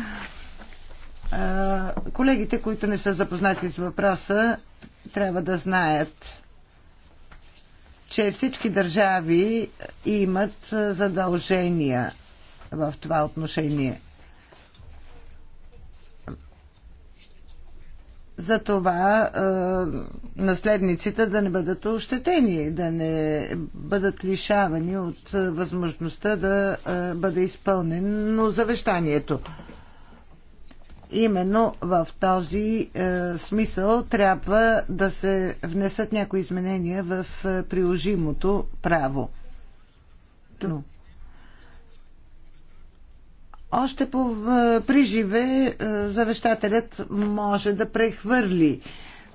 Колегите, които не са запознати с въпроса, трябва да знаят, че всички държави имат задължения в това отношение. за това е, наследниците да не бъдат ощетени, да не бъдат лишавани от възможността да е, бъде изпълнено завещанието. Именно в този е, смисъл трябва да се внесат някои изменения в е, приложимото право. Но. Още по, е, приживе е, завещателят може да прехвърли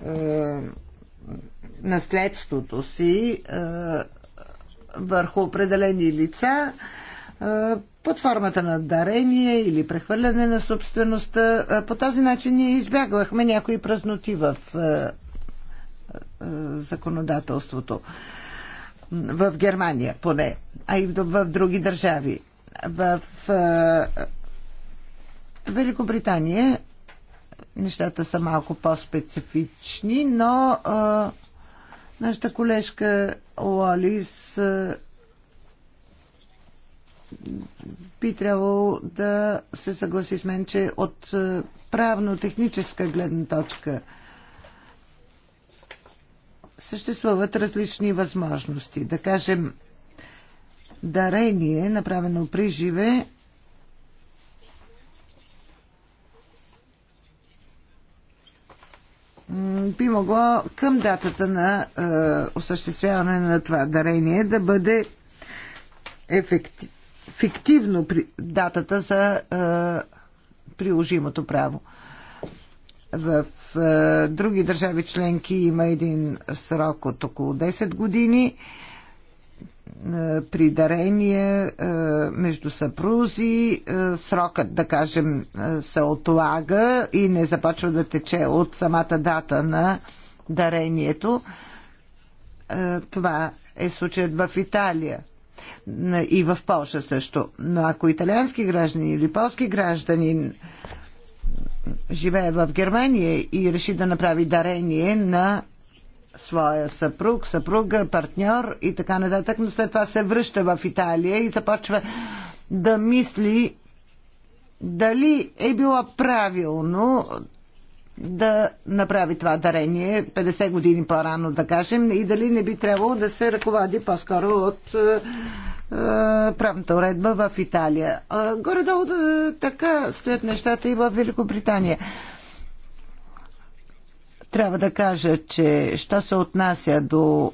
е, наследството си е, върху определени лица. Е, под формата на дарение или прехвърляне на собствеността. По този начин ние избягвахме някои празноти в законодателството. В Германия поне, а и в други държави. В Великобритания нещата са малко по-специфични, но нашата колежка Лолис би трябвало да се съгласи с мен, че от е, правно-техническа гледна точка съществуват различни възможности. Да кажем, дарение, направено при живе, би могло към датата на е, осъществяване на това дарение да бъде ефекти, фиктивно при, датата за приложимото право. В а, други държави членки има един срок от около 10 години а, при дарение а, между съпрузи. А, срокът, да кажем, а, се отлага и не започва да тече от самата дата на дарението. А, това е случаят в Италия и в Польша също. Но ако италиански граждани или полски граждани живее в Германия и реши да направи дарение на своя съпруг, съпруга, партньор и така нататък, но след това се връща в Италия и започва да мисли дали е било правилно да направи това дарение 50 години по-рано, да кажем, и дали не би трябвало да се ръководи по-скоро от е, е правната уредба в Италия. горе-долу да, е, така стоят нещата и в Великобритания. Трябва да кажа, че що се отнася до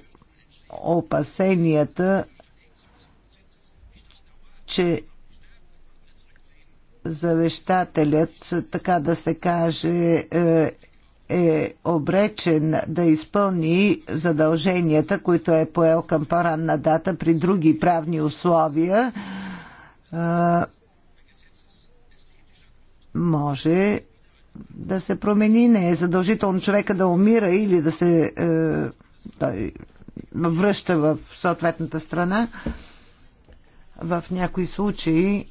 опасенията, че завещателят, така да се каже, е, е обречен да изпълни задълженията, които е поел към по-ранна дата при други правни условия, е, може да се промени. Не е задължително човека да умира или да се е, той връща в съответната страна. В някои случаи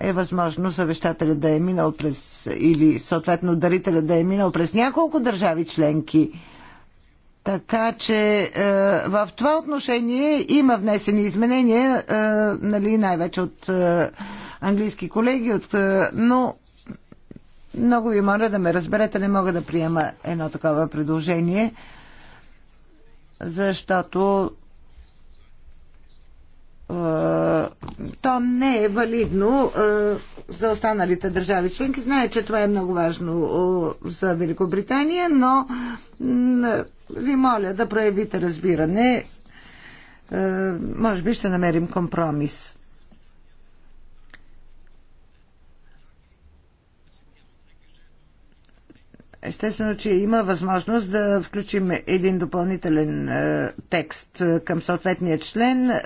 е възможно завещателят да е минал през или съответно дарителя да е минал през няколко държави членки. Така че е, в това отношение има внесени изменения, е, нали, най-вече от е, английски колеги, от, е, но много ви моля да ме разберете, не мога да приема едно такова предложение, защото то не е валидно за останалите държави членки. Знае, че това е много важно за Великобритания, но ви моля да проявите разбиране. Може би ще намерим компромис. Естествено, че има възможност да включим един допълнителен е, текст е, към съответния член е,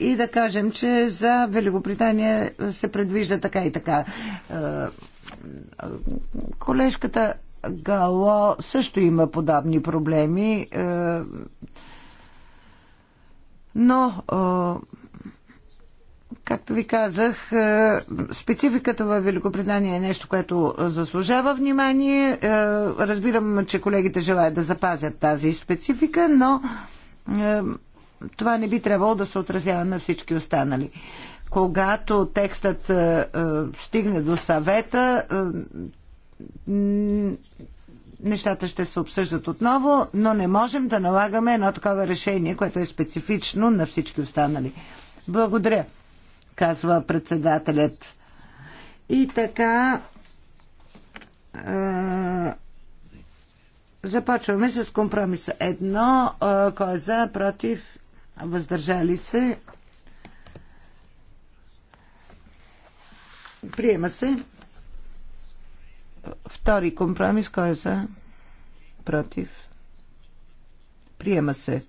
и да кажем, че за Великобритания се предвижда така и така. Е, колежката Гало също има подобни проблеми, е, но. Е, Както ви казах, е, спецификата в Великобритания е нещо, което заслужава внимание. Е, разбирам, че колегите желаят да запазят тази специфика, но е, това не би трябвало да се отразява на всички останали. Когато текстът стигне до съвета, нещата ще се обсъждат отново, но не можем да налагаме едно такова решение, което е специфично на всички останали. Благодаря казва председателят. И така. А, започваме с компромиса. Едно, а, кой е за, против, въздържали се. Приема се. Втори компромис, кой е за, против. Приема се.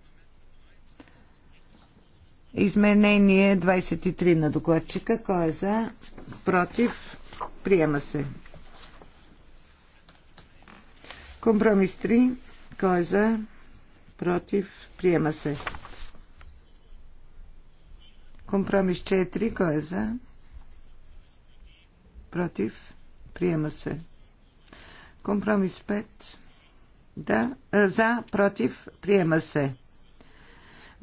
Изменение 23 на докладчика. Кой е за? Против? Приема се. Компромис 3. Кой е за? Против? Приема се. Компромис 4. Кой е за? Против? Приема се. Компромис 5. Да. За? Против? Приема се.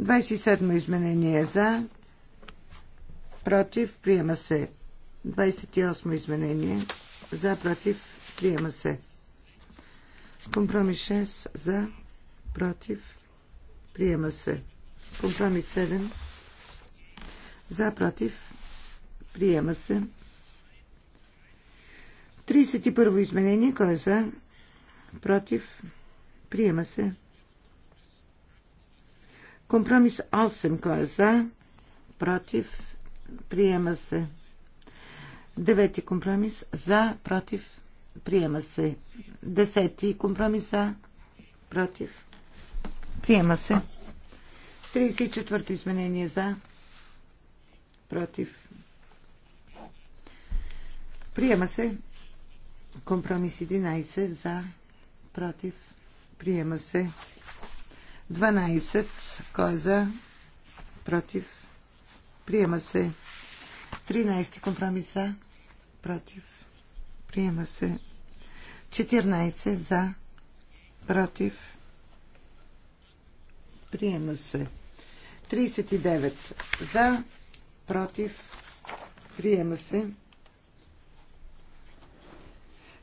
27 изменение е за, против, приема се. 28 изменение за, против, приема се. Компромис 6 за, против, приема се. Компромис 7 за, против, приема се. 31 изменение, кой е за, против, приема се. Компромис 8. Кой е за? Против. Приема се. Девети компромис. За. Против. Приема се. Десети компромис. За. Против. Приема се. 34-то изменение за. Против. Приема се. Компромис 11 за. Против. Приема се. 12. Кой е за? Против. Приема се. 13. Компромиса. Против. Приема се. 14. За. Против. Приема се. 39. За. Против. Приема се.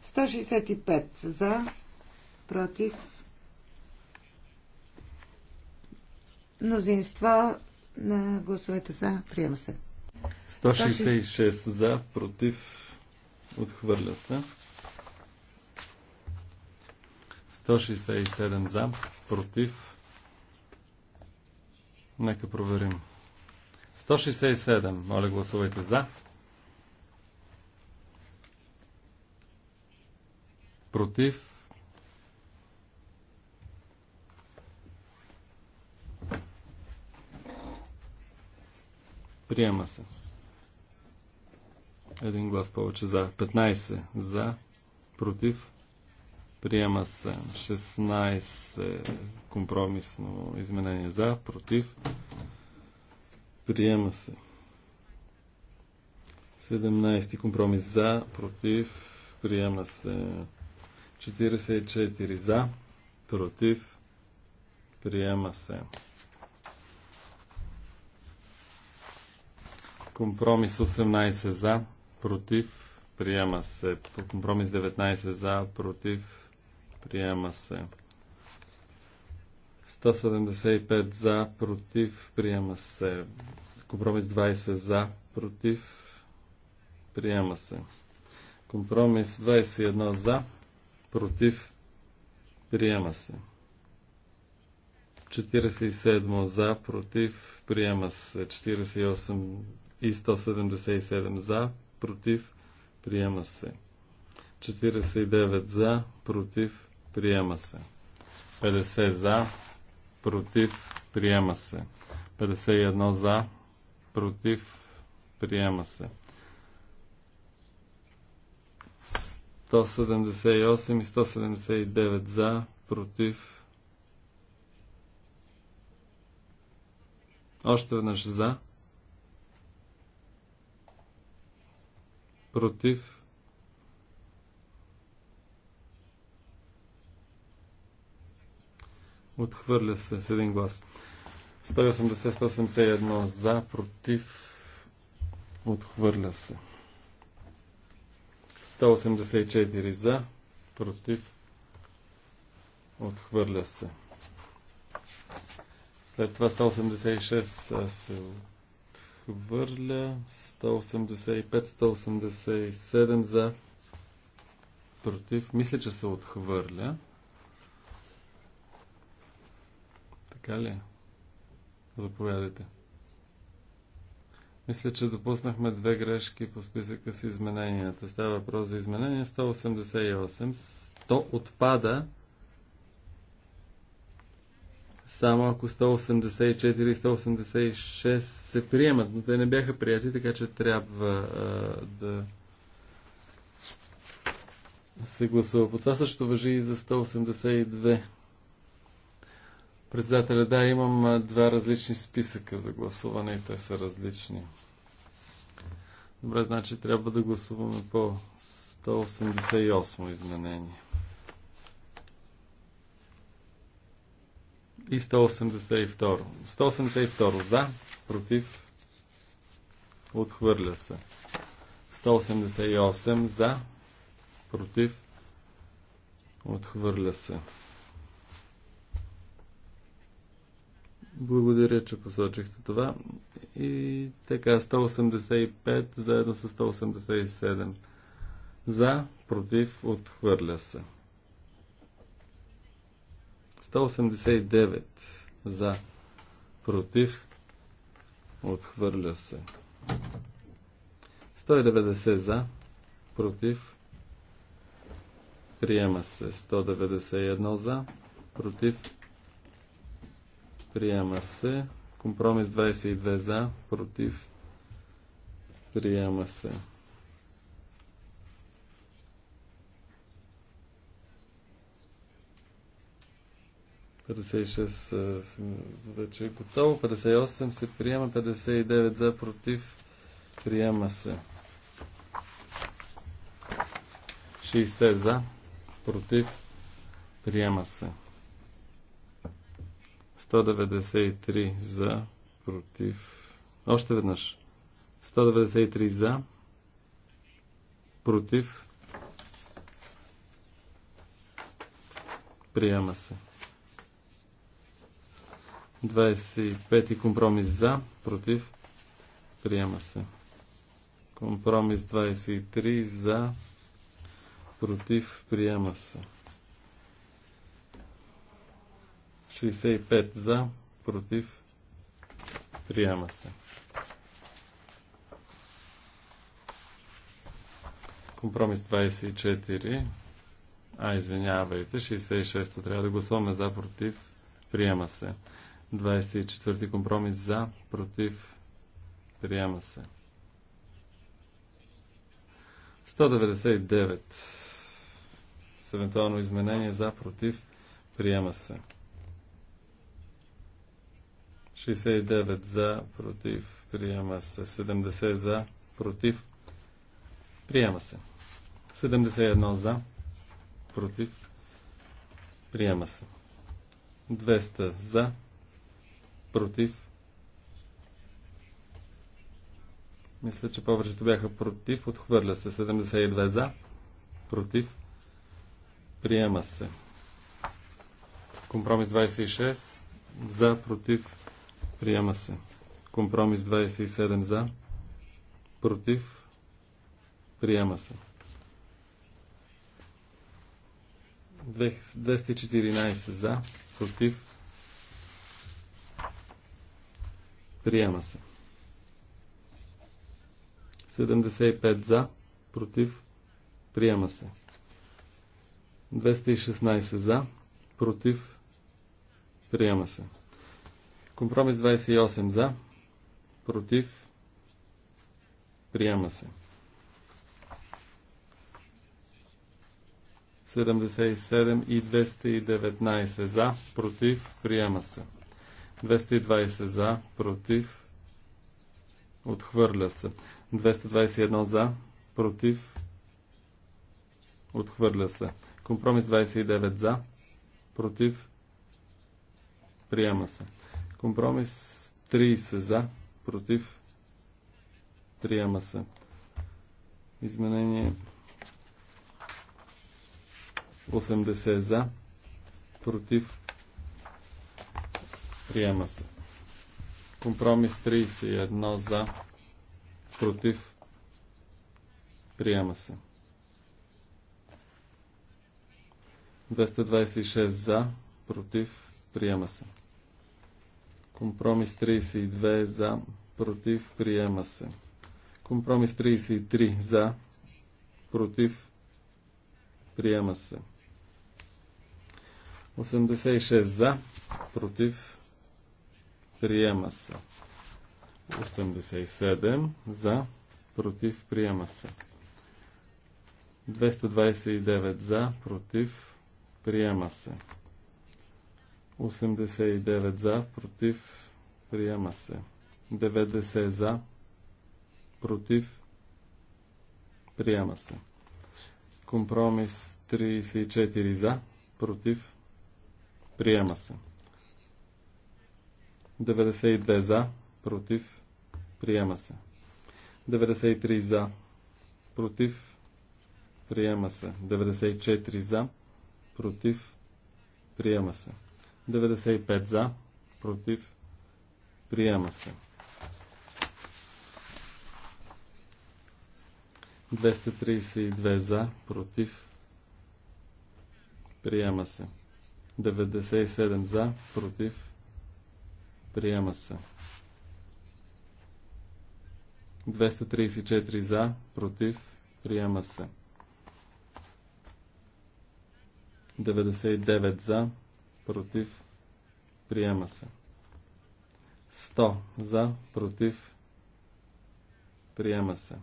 165. За. Против. Мнозинство на гласовете за. Приема се. 166 за, против, отхвърля се. 167 за, против. Нека проверим. 167, моля гласувайте за. Против. Приема се. Един глас повече за. 15 за. Против. Приема се. 16 компромисно изменение за. Против. Приема се. 17 компромис за. Против. Приема се. 44 за. Против. Приема се. Компромис 18 за, против, приема се. Компромис 19 за, против, приема се. 175 за, против, приема се. Компромис 20 за, против, приема се. Компромис 21 за, против, приема се. 47 за, против, приема се. 48 и 177 за, против, приема се. 49 за, против, приема се. 50 за, против, приема се. 51 за, против, приема се. 178 и 179 за, против. Още веднъж за, против, отхвърля се с един глас. 180-181 за, против, отхвърля се. 184 за, против, отхвърля се. След това 186 се отхвърля 185-187 за против. Мисля, че се отхвърля. Така ли? Заповядайте. Мисля, че допуснахме две грешки по списъка с измененията. Става въпрос за изменение 188. 100 отпада само ако 184 и 186 се приемат, но те не бяха прияти, така че трябва а, да се гласува. По това също въжи и за 182. Председателя, да, имам два различни списъка за гласуване и те са различни. Добре, значи трябва да гласуваме по 188 изменение. и 182. 182 за, против, отхвърля се. 188 за, против, отхвърля се. Благодаря, че посочихте това. И така, 185 заедно с 187. За, против, отхвърля се. 189 за, против, отхвърля се. 190 за, против, приема се. 191 за, против, приема се. Компромис 22 за, против, приема се. 56 вече е готово. 58 се приема. 59 за против. Приема се. 60 за против. Приема се. 193 за против. Още веднъж. 193 за против. Приема се. 25 компромис за, против, приема се. Компромис 23 за, против, приема се. 65 за, против, приема се. Компромис 24. А, извинявайте, 66-то трябва да гласуваме за, против, приема се. 24 компромис за, против, приема се. 199 с евентуално изменение за, против, приема се. 69 за, против, приема се. 70 за, против, приема се. 71 за, против, приема се. 200 за, против, против. Мисля, че повечето бяха против. Отхвърля се 72 за, против. Приема се. Компромис 26 за, против. Приема се. Компромис 27 за, против. Приема се. 214 за, против. Приема се. 75 за, против, приема се. 216 за, против, приема се. Компромис 28 за, против, приема се. 77 и 219 за, против, приема се. 220 за, против, отхвърля се. 221 за, против, отхвърля се. Компромис 29 за, против, приема се. Компромис 30 за, против, приема се. Изменение 80 за, против, Приема се. Компромис 31 за. Против. Приема се. 226 за. Против. Приема се. Компромис 32 за. Против. Приема се. Компромис 33 за. Против. Приема се. 86 за. Против. Приема се. 87 за. Против. Приема се. 229 за. Против. Приема се. 89 за. Против. Приема се. 90 за. Против. Приема се. Компромис 34 за. Против. Приема се. 92 за, против, приема се. 93 за, против, приема се. 94 за, против, приема се. 95 за, против, приема се. 232 за, против, приема се. 97 за, против, Приема се. 234 за, против, приема се. 99 за, против, приема се. 100 за, против, приема се.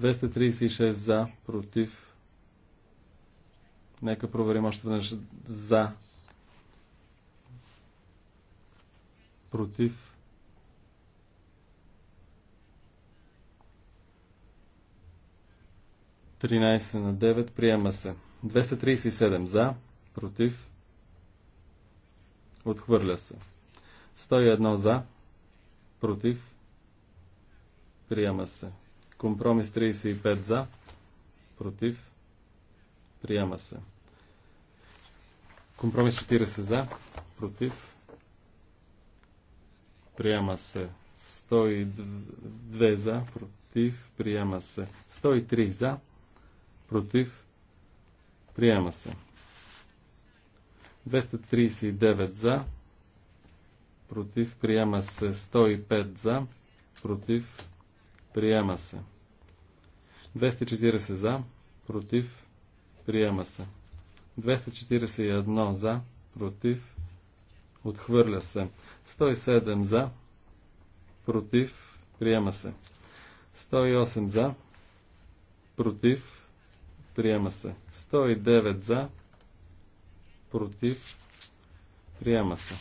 236 за, против. Нека проверим още веднъж за против, Тринайсет на 9 приема се. 237 за, против, отхвърля се. 101 за, против, приема се. Компромис 35 за, против, приема се. Компромис 40 за, против, Приема се 102 за, против, приема се 103 за, против, приема се 239 за, против, приема се 105 за, против, приема се 240 за, против, приема се 241 за, против, Отхвърля се. 107 за. Против. Приема се. 108 за. Против. Приема се. 109 за. Против. Приема се.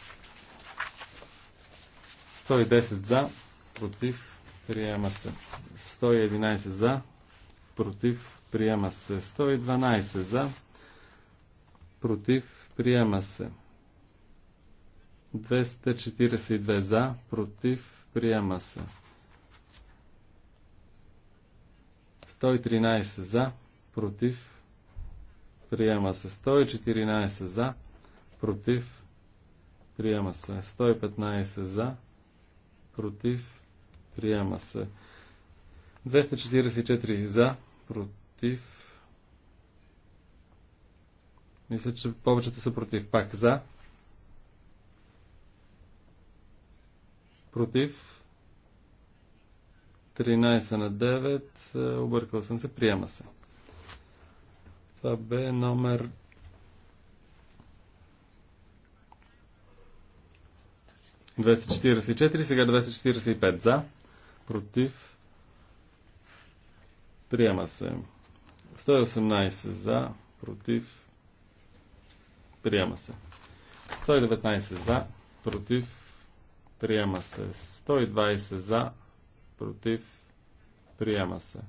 110 за. Против. Приема се. 111 за. Против. Приема се. 112 за. Против. Приема се. 242 за, против, приема се. 113 за, против, приема се. 114 за, против, приема се. 115 за, против, приема се. 244 за, против. Мисля, че повечето са против. Пак за, против 13 на 9, е, объркал съм се, приема се. Това бе номер 244, сега 245 за, против, приема се. 118 за, против, приема се. 119 за, против, Приема се. 120 за. Против. Приема се.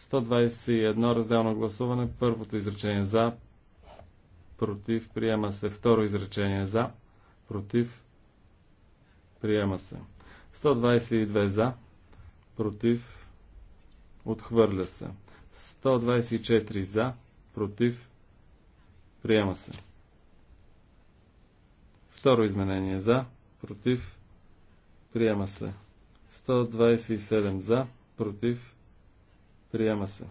121 разделно гласуване. Първото изречение за. Против. Приема се. Второ изречение за. Против. Приема се. 122 за. Против. Отхвърля се. 124 за. Против. Приема се. Второ изменение за против, приема се. 127 за, против, приема се.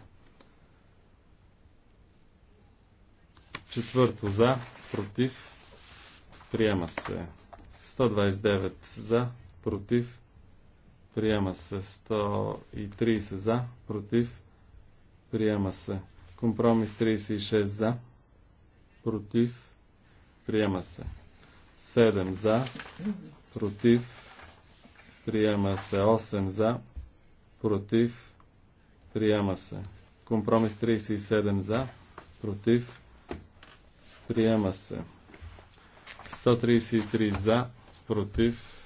Четвърто за, против, приема се. 129 за, против, приема се. 130 за, против, приема се. Компромис 36 за, против, приема се. 7 за, против, приема се 8 за, против, приема се. Компромис 37 за, против, приема се. 133 за, против,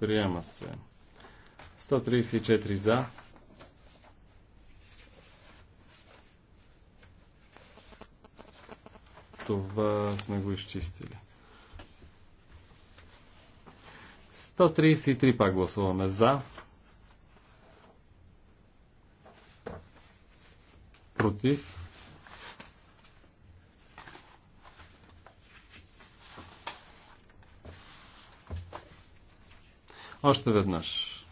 приема се. 134 за, това сме го изчистили. 133 пак гласуваме за. Против. Още веднъж.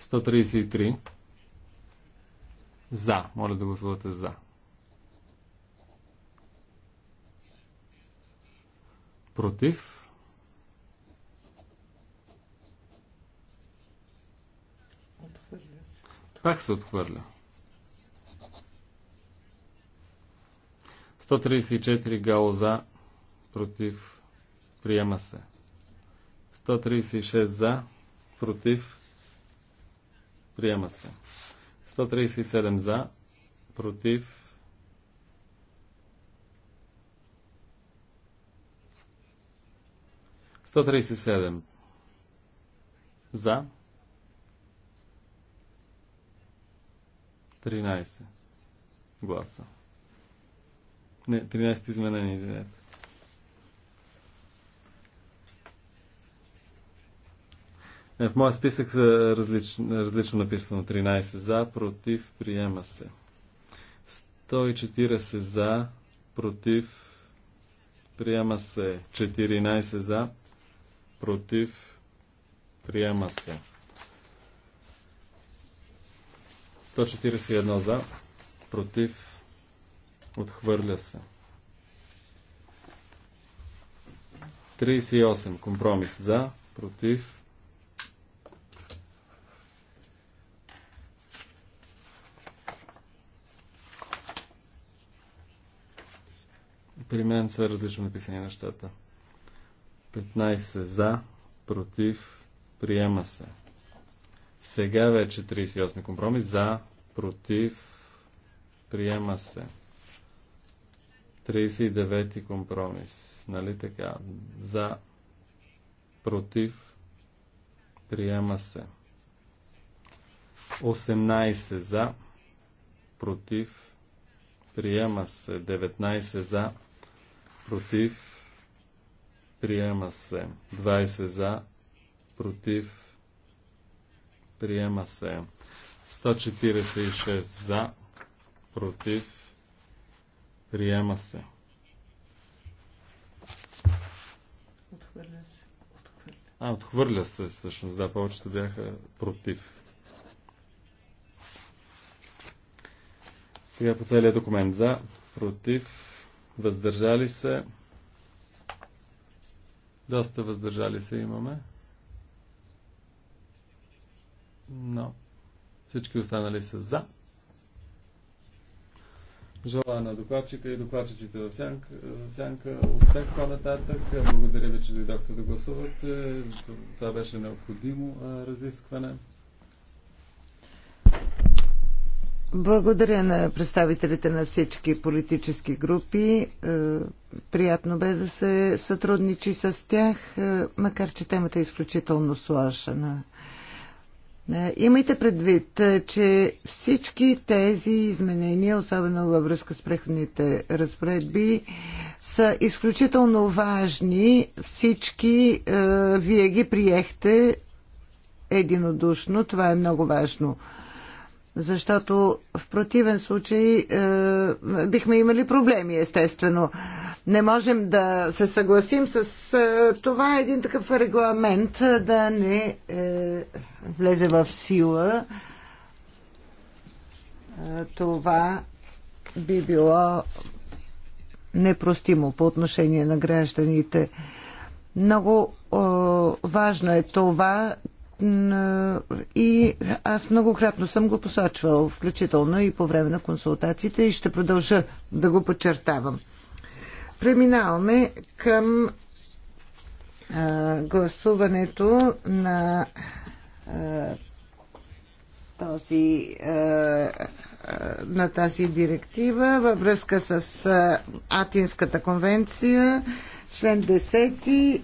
133. За. Моля да гласувате за. Против. Пак се отхвърля. 134 гало за, против, приема се. 136 за, против, приема се. 137 за, против, Сто тридесет за 13 гласа. Не, 13 изменения. извинете. Не, в моя списък са различ, различно написано 13 за, против, приема се. 140 за, против, приема се. 14 за, против, приема се. 141 за, против, отхвърля се. 38 компромис за, против. При мен са различно написани нещата. 15 за, против, приема се. Сега вече 38 компромис за, против, приема се. 39 компромис, нали така? За, против, приема се. 18 за, против, приема се. 19 за, против, приема се. 20 за, против, Приема се. 146 за. Против. Приема се. Отхвърля се. Отхвърля. А, отхвърля се всъщност. Да, повечето бяха против. Сега по целият документ за, против, въздържали се. Доста въздържали се имаме но всички останали са за. Желая на докладчика и докладчиците в сянка, в сянка успех по-нататък. Благодаря ви, че дойдохте да гласувате. Това беше необходимо а, разискване. Благодаря на представителите на всички политически групи. Е, приятно бе да се сътрудничи с тях, е, макар че темата е изключително сложна. Е, имайте предвид, е, че всички тези изменения, особено във връзка с преходните разпоредби, са изключително важни. Всички е, вие ги приехте единодушно. Това е много важно. Защото в противен случай е, бихме имали проблеми, естествено. Е, не можем да се съгласим с е, това е един такъв регламент е, да не е, влезе в сила. Това би било непростимо по отношение на гражданите. Много е, важно е това и аз многократно съм го посочвал, включително и по време на консултациите и ще продължа да го подчертавам. Преминаваме към а, гласуването на а, този а, на тази директива във връзка с а, Атинската конвенция, член 10.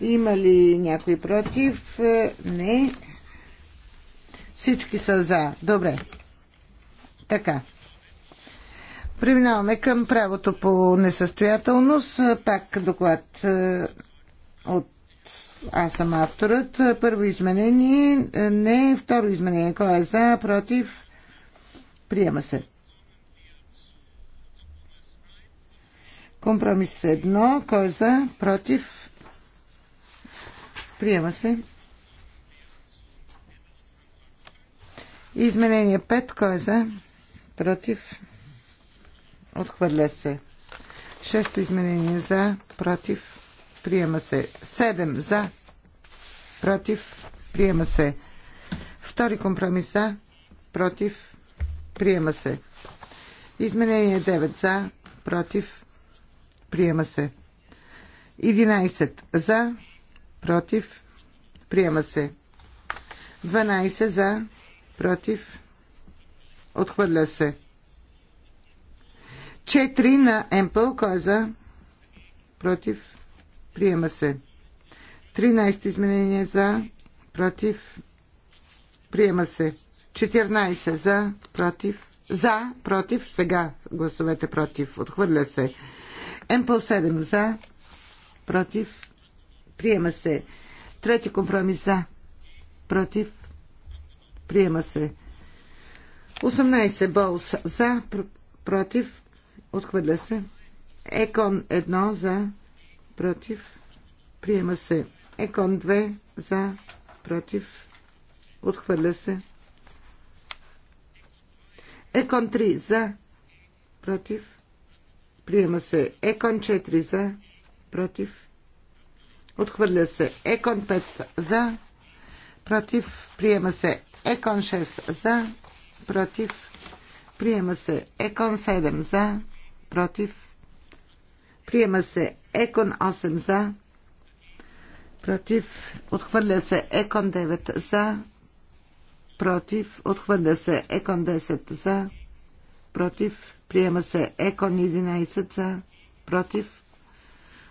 Има ли някой против? Е, не. Всички са за. Добре. Така. Преминаваме към правото по несъстоятелност. Пак доклад е, от аз съм авторът. Първо изменение, е, не. Второ изменение. Кой е за, против? Приема се. Компромис едно. Кой е за, против? Приема се. Изменение 5. Кой е за? Против? Отхвърля се. Шесто изменение за, против, приема се. Седем за, против, приема се. Втори компромис за, против, приема се. Изменение 9 за, против, приема се. 11 за, против, приема се. 12 за, против, отхвърля се. 4 на Емпъл. Кой е за? Против. Приема се. 13 изменение за. Против. Приема се. 14 за. Против. За. Против. Сега гласовете против. Отхвърля се. Емпъл 7 за. Против. Приема се. Трети компромис за. Против. Приема се. 18 болс за. Против. Отхвърля се. Екон 1 за против. Приема се. Екон 2 за против. Отхвърля се. Екон 3 за против. Приема се. Екон 4 за против. Отхвърля се. Екон 5 за против. Приема се. Екон 6 за против. Приема се. Екон 7 за против против. Приема се Екон 8 за, против. Отхвърля се Екон 9 за, против. Отхвърля се Екон 10 за, против. Приема се Екон 11 за, против.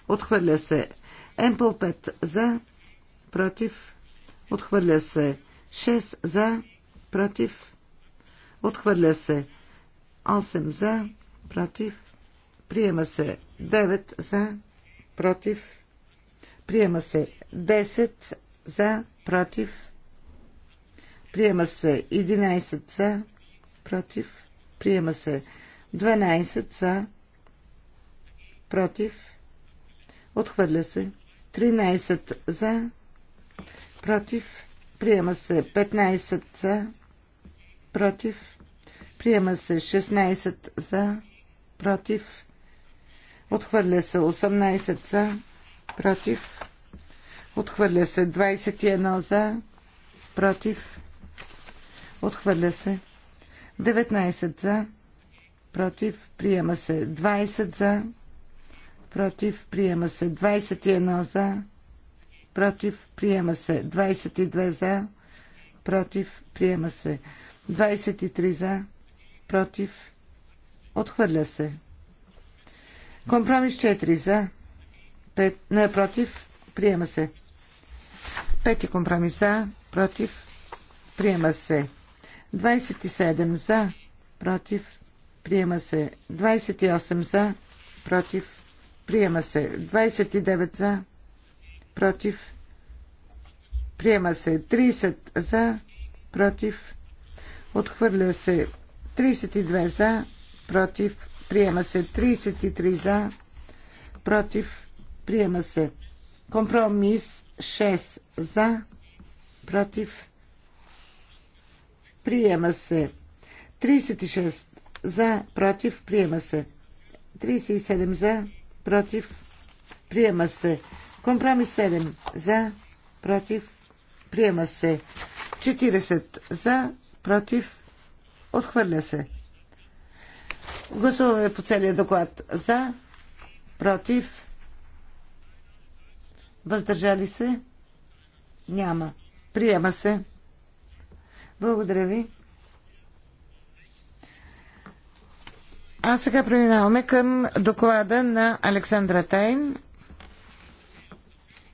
Отхвърля се Емпл 5 за, против. Отхвърля се 6 за, против. Отхвърля се 8 за, против. Приема се 9 за, против. Приема се 10 за, против. Приема се 11 за, против. Приема се 12 за, против. Отхвърля се 13 за, против. Приема се 15 за, против. Приема се 16 за, против. Отхвърля се 18 за, против. Отхвърля се 21 за, против. Отхвърля се 19 за, против. Приема се 20 за, против. Приема се 21 за, против. Приема се 22 за, против. Приема се 23 за, против. Отхвърля се Компромис 4 за. 5, не, против. Приема се. Пети компромис за. Против. Приема се. 27 за. Против. Приема се. 28 за. Против. Приема се. 29 за. Против. Приема се. 30 за. Против. Отхвърля се. 32 за. Против. Приема се 33 за. Против. Приема се. Компромис 6 за. Против. Приема се. 36 за. Против. Приема се. 37 за. Против. Приема се. Компромис 7 за. Против. Приема се. 40 за. Против. Отхвърля се. Гласуваме по целия доклад. За, против, въздържали се? Няма. Приема се. Благодаря ви. А сега преминаваме към доклада на Александра Тайн.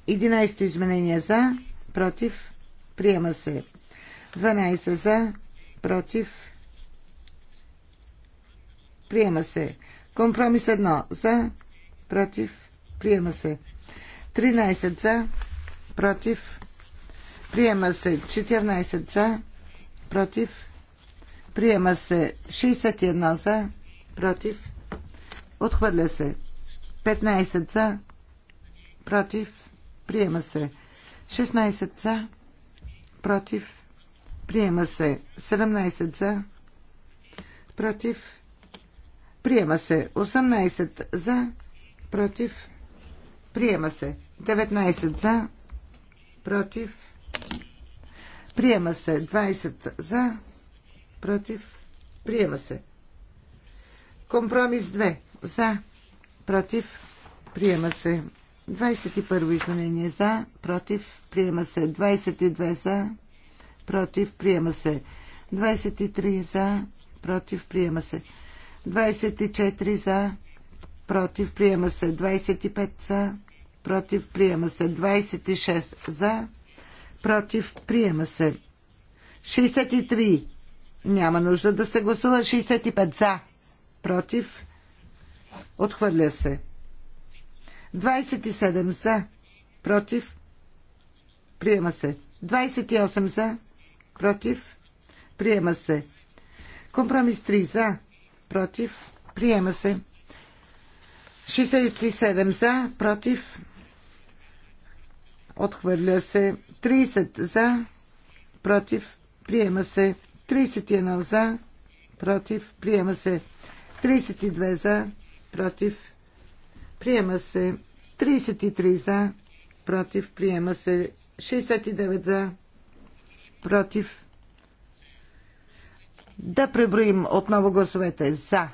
11 изменение за, против, приема се. 12 за, против, Приема се. Компромис 1 за, против, приема се. 13 за, против, приема се. 14 за, против, приема се. 61 за, против, отхвърля се. 15 за, против, приема се. 16 за, против, приема се. 17 за, против, Приема се 18 за, против. Приема се 19 за, против. Приема се 20 за, против. Приема се. Компромис 2 за, против. Приема се 21 изменение за, против. Приема се 22 за, против. Приема се 23 за, против. Приема се. 24 за, против, приема се 25 за, против, приема се 26 за, против, приема се 63. Няма нужда да се гласува 65 за, против, отхвърля се. 27 за, против, приема се. 28 за, против, приема се. Компромис 3 за, против, приема се. 67 за, против, отхвърля се. 30 за, против, приема се. 31 за, против, приема се. 32 за, против, приема се. 33 за, против, приема се. 69 за, против, да преброим отново гласовете за.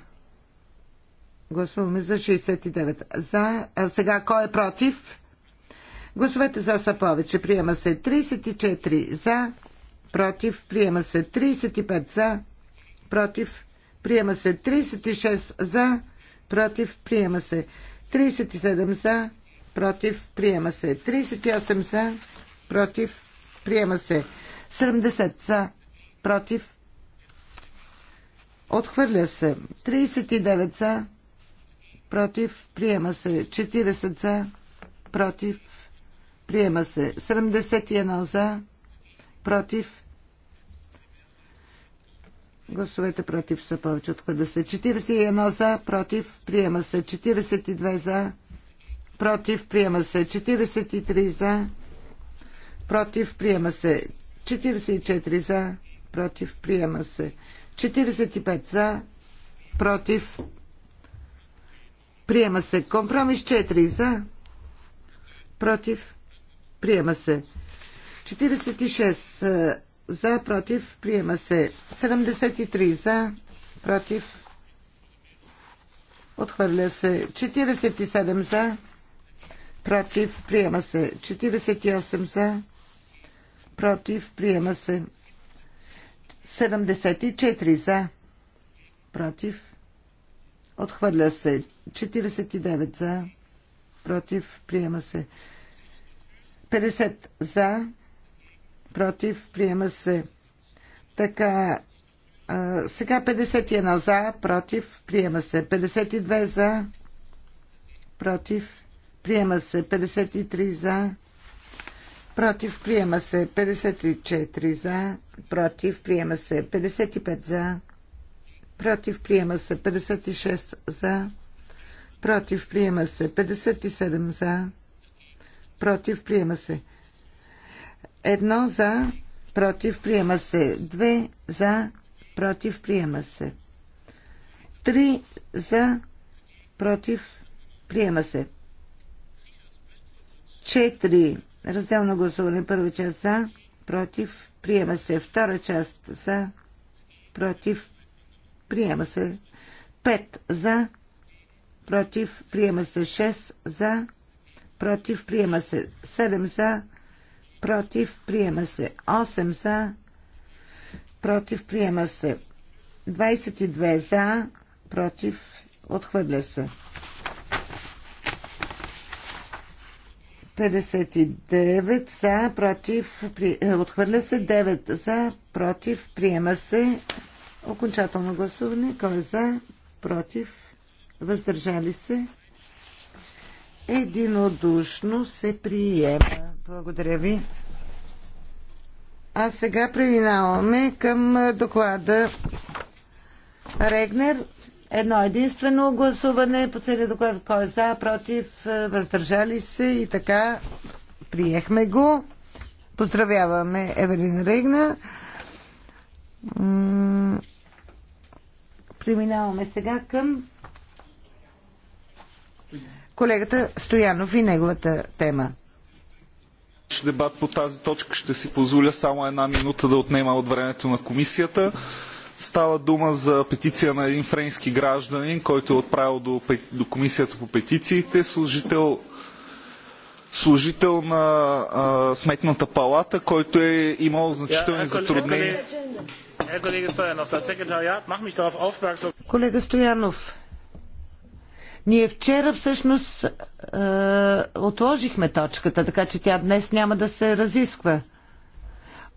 Гласуваме за 69. За. А сега кой е против? Гласовете за са повече. Приема се 34 за. Против. Приема се 35 за. Против. Приема се 36 за. Против. Приема се 37 за. Против. Приема се 38 за. Против. Приема се 70 за. Против. Отхвърля се. 39 за. Против. Приема се. 40 за. Против. Приема се. 71 за. Против. Гласовете против са повече от 50. се. 41 за. Против. Приема се. 42 за. Против. Приема се. 43 за. Против. Приема се. 44 за. Против. Приема се. 45 за, против, приема се. Компромис 4 за, против, приема се. 46 е, за, против, приема се. 73 за, против, отхвърля се. 47 за, против, приема се. 48 за, против, приема се. 74 за. Против. Отхвърля се. 49 за. Против. Приема се. 50 за. Против. Приема се. Така. А, сега 51 за. Против. Приема се. 52 за. Против. Приема се. 53 за против, приема се 54 за, против, приема се 55 за, против, приема се 56 за, против, приема се 57 за, против, приема се 1 за, против, приема се 2 за, против, приема се 3 за, против, приема се 4 Разделно гласуване. Първа част за, против, приема се. Втора част за, против, приема се. 5 за, против, приема се. 6 за, против, приема се. Седем за, против, приема се. 8 за, против, приема се. 22 за, против, отхвърля се. 59 за, против, при... Е, отхвърля се 9 за, против, приема се окончателно гласуване. Кой е за, против, въздържали се? Единодушно се приема. Благодаря ви. А сега преминаваме към доклада Регнер Едно единствено гласуване по целия доклад. Кой е за, против, е, въздържали се и така приехме го. Поздравяваме Евелин Регна. Преминаваме сега към колегата Стоянов и неговата тема дебат по тази точка ще си позволя само една минута да отнема от времето на комисията. Става дума за петиция на един френски гражданин, който е отправил до, до комисията по петициите, служител, служител на а, сметната палата, който е имал значителни е, е, затруднения. Е, колега Стоянов, ние вчера всъщност е, отложихме точката, така че тя днес няма да се разисква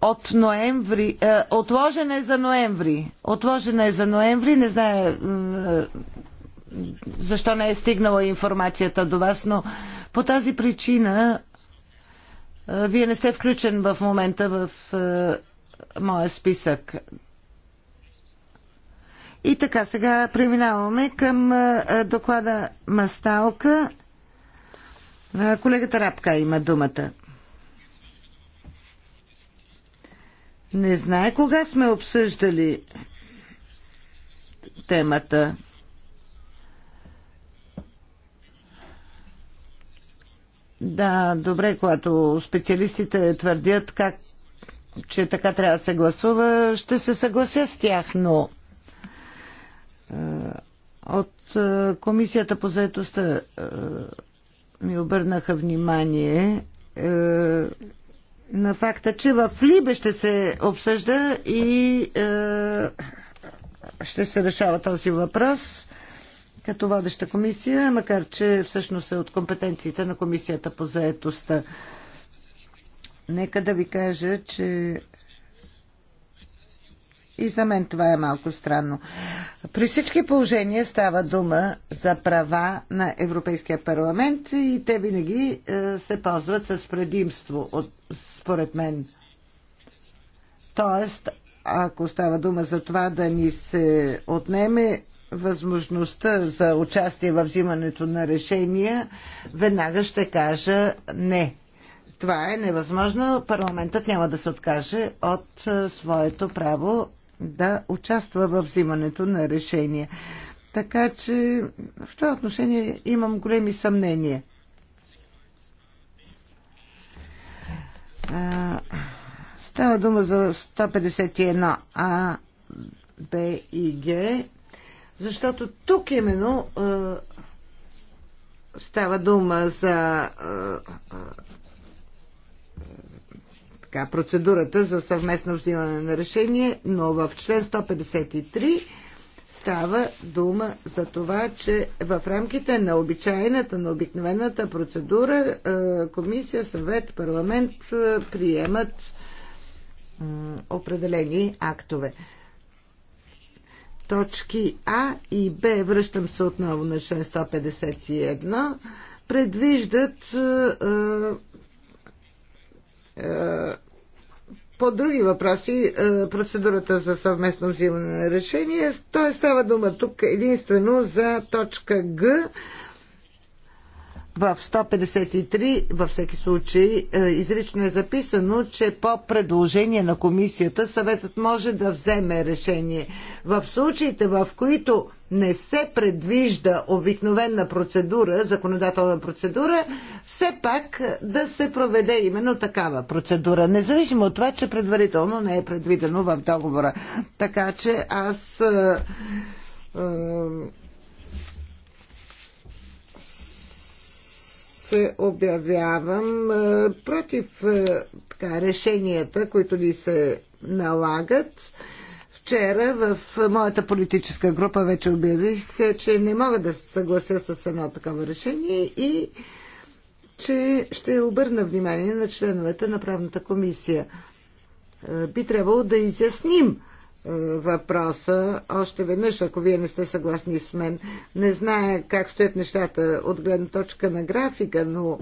от ноември. Е, отложена е за ноември. Отложена е за ноември. Не знае е, защо не е стигнала информацията до вас, но по тази причина е, вие не сте включен в момента в е, моя списък. И така, сега преминаваме към е, доклада Масталка. Е, колегата Рапка има думата. Не знае кога сме обсъждали темата. Да, добре, когато специалистите твърдят как, че така трябва да се гласува, ще се съглася с тях, но е, от е, Комисията по заедостта е, ми обърнаха внимание, на факта, че в Либе ще се обсъжда и е, ще се решава този въпрос като водеща комисия, макар че всъщност е от компетенциите на комисията по заетостта. Нека да ви кажа, че и за мен това е малко странно. При всички положения става дума за права на Европейския парламент и те винаги е, се ползват с предимство, от, според мен. Тоест, ако става дума за това да ни се отнеме възможността за участие в взимането на решения, веднага ще кажа не. Това е невъзможно. Парламентът няма да се откаже от е, своето право да участва в взимането на решения. Така че в това отношение имам големи съмнения. Става дума за 151 А, Б и Г, защото тук именно става дума за така, процедурата за съвместно взимане на решение, но в член 153 става дума за това, че в рамките на обичайната, на обикновената процедура е, комисия, съвет, парламент е, приемат определени актове. Точки А и Б, връщам се отново на член 151, предвиждат е, по други въпроси е, процедурата за съвместно взимане на решение. Той е, става дума тук единствено за точка Г в 153 във всеки случай е, изрично е записано, че по предложение на комисията съветът може да вземе решение. В случаите, в които не се предвижда обикновена процедура, законодателна процедура, все пак да се проведе именно такава процедура, независимо от това, че предварително не е предвидено в договора. Така че аз е, е, се обявявам е, против е, така, решенията, които ни се налагат. Вчера в моята политическа група вече обявих, е, че не мога да се съглася с едно такова решение и че ще обърна внимание на членовете на правната комисия. Би трябвало да изясним е, въпроса още веднъж, ако вие не сте съгласни с мен. Не зная как стоят нещата от гледна точка на графика, но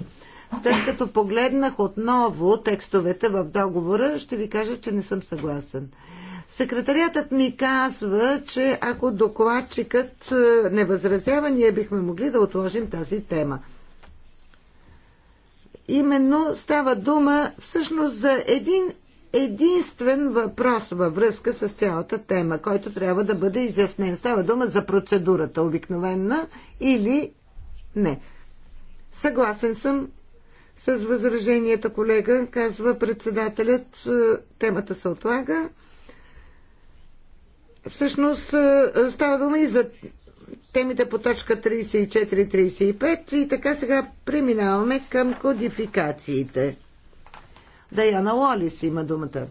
след като погледнах отново текстовете в договора, ще ви кажа, че не съм съгласен. Секретариатът ми казва, че ако докладчикът е, не възразява, ние бихме могли да отложим тази тема. Именно става дума всъщност за един единствен въпрос във връзка с цялата тема, който трябва да бъде изяснен. Става дума за процедурата обикновена или не. Съгласен съм с възраженията, колега, казва председателят. Е, темата се отлага. Всъщност е, става дума и за темите по точка 34-35 и така сега преминаваме към кодификациите. Даяна Лолис има думата.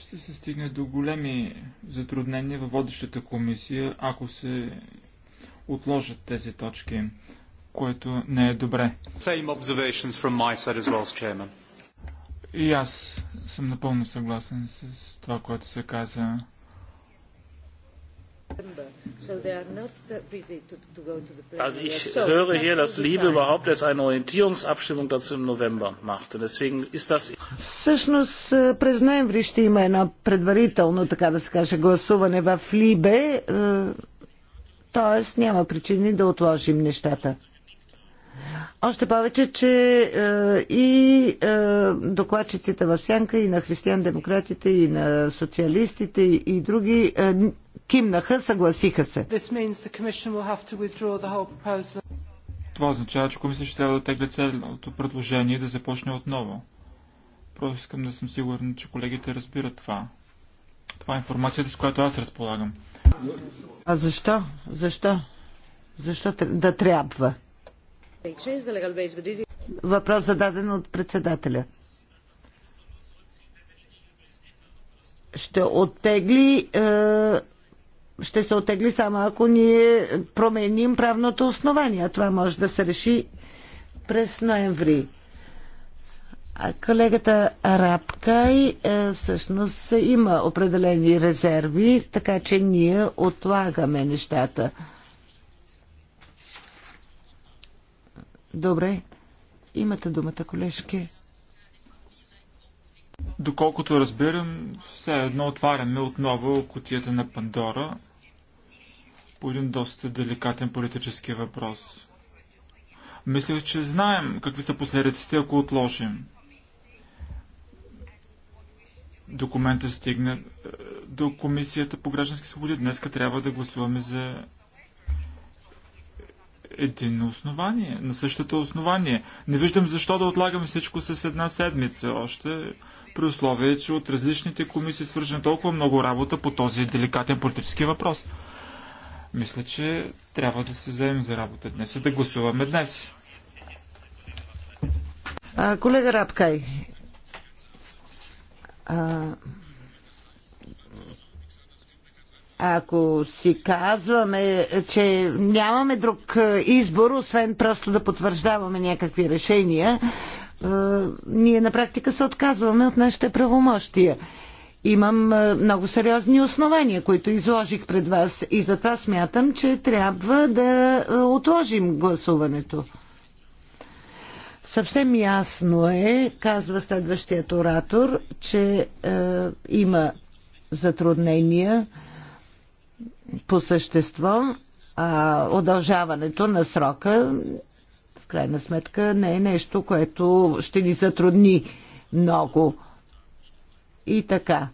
ще се стигне до големи затруднения във водещата комисия, ако се отложат тези точки, което не е добре. Well, И аз съм напълно съгласен с това, което се каза. Also ich höre hier, dass Liebe überhaupt erst eine Orientierungsabstimmung dazu im November macht. Und deswegen ist das... Всъщност е, през ноември ще има едно предварително, така да се каже, гласуване в Либе, т.е. няма причини да отложим нещата. Още повече, че е, и е, докладчиците в Сянка, и на християн-демократите, и на социалистите, и, и други е, кимнаха, съгласиха се. Това означава, че комисията ще трябва да тегля цялото предложение и да започне отново. Просто искам да съм сигурен, че колегите разбират това. Това е информацията, с която аз разполагам. А защо? Защо? Защо да трябва? Въпрос зададен от председателя. Ще оттегли е, ще се отегли само ако ние променим правното основание. Това може да се реши през ноември. А колегата Арабкай е, всъщност има определени резерви, така че ние отлагаме нещата. Добре, имате думата, колежки. Доколкото разбирам, все едно отваряме отново котията на Пандора по един доста деликатен политически въпрос. Мисля, че знаем какви са последиците, ако отложим. Документа стигне до Комисията по граждански свободи. Днеска трябва да гласуваме за един основание, на същото основание. Не виждам защо да отлагаме всичко с една седмица още, при условие, че от различните комисии свържена толкова много работа по този деликатен политически въпрос. Мисля, че трябва да се вземем за работа днес и да гласуваме днес. А, колега Рапкай, а, ако си казваме, че нямаме друг избор, освен просто да потвърждаваме някакви решения, ние на практика се отказваме от нашите правомощия имам много сериозни основания, които изложих пред вас и затова смятам, че трябва да отложим гласуването. Съвсем ясно е, казва следващият оратор, че е, има затруднения по същество, а удължаването на срока в крайна сметка не е нещо, което ще ни затрудни много и така.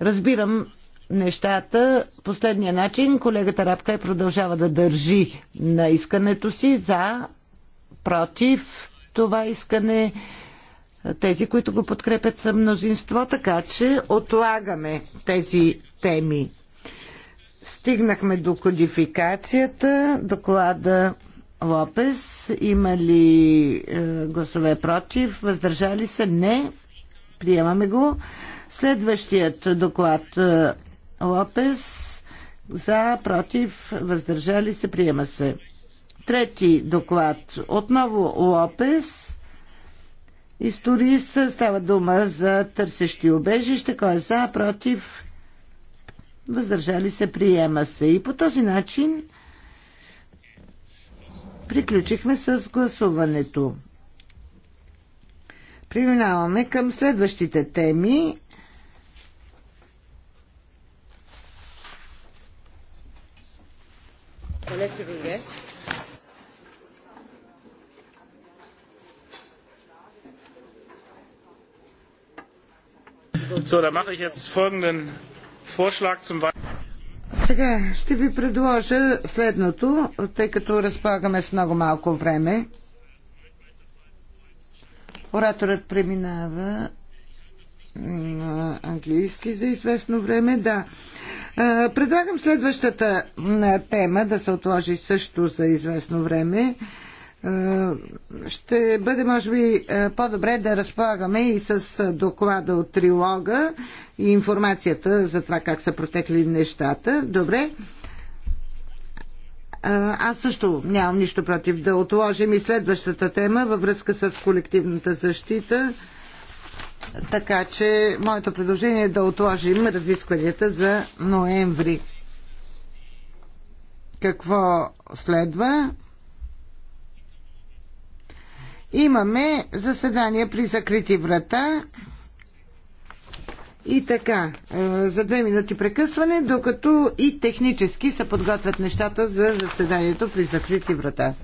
Разбирам нещата последния начин. Колегата Рапка е продължава да държи на искането си за, против това искане. Тези, които го подкрепят са мнозинство, така че отлагаме тези теми. Стигнахме до кодификацията, доклада Лопес. Има ли е, гласове против? Въздържали се? Не. Приемаме го. Следващият доклад е, Лопес за, против, въздържали се, приема се. Трети доклад. Отново Лопес. Историс става дума за търсещи убежище. Кой е за, против, въздържали се, приема се. И по този начин приключихме с гласуването. Преминаваме към следващите теми. So, da mache ich jetzt folgenden Vorschlag zum Сега ще ви предложа следното, тъй като разполагаме с много малко време. Ораторът преминава на английски за известно време, да. Предлагам следващата тема да се отложи също за известно време. Ще бъде, може би, по-добре да разполагаме и с доклада от трилога и информацията за това как са протекли нещата. Добре. Аз също нямам нищо против да отложим и следващата тема във връзка с колективната защита. Така че моето предложение е да отложим разискванията за ноември. Какво следва? Имаме заседание при закрити врата. И така, е, за две минути прекъсване, докато и технически се подготвят нещата за заседанието при закрити врата.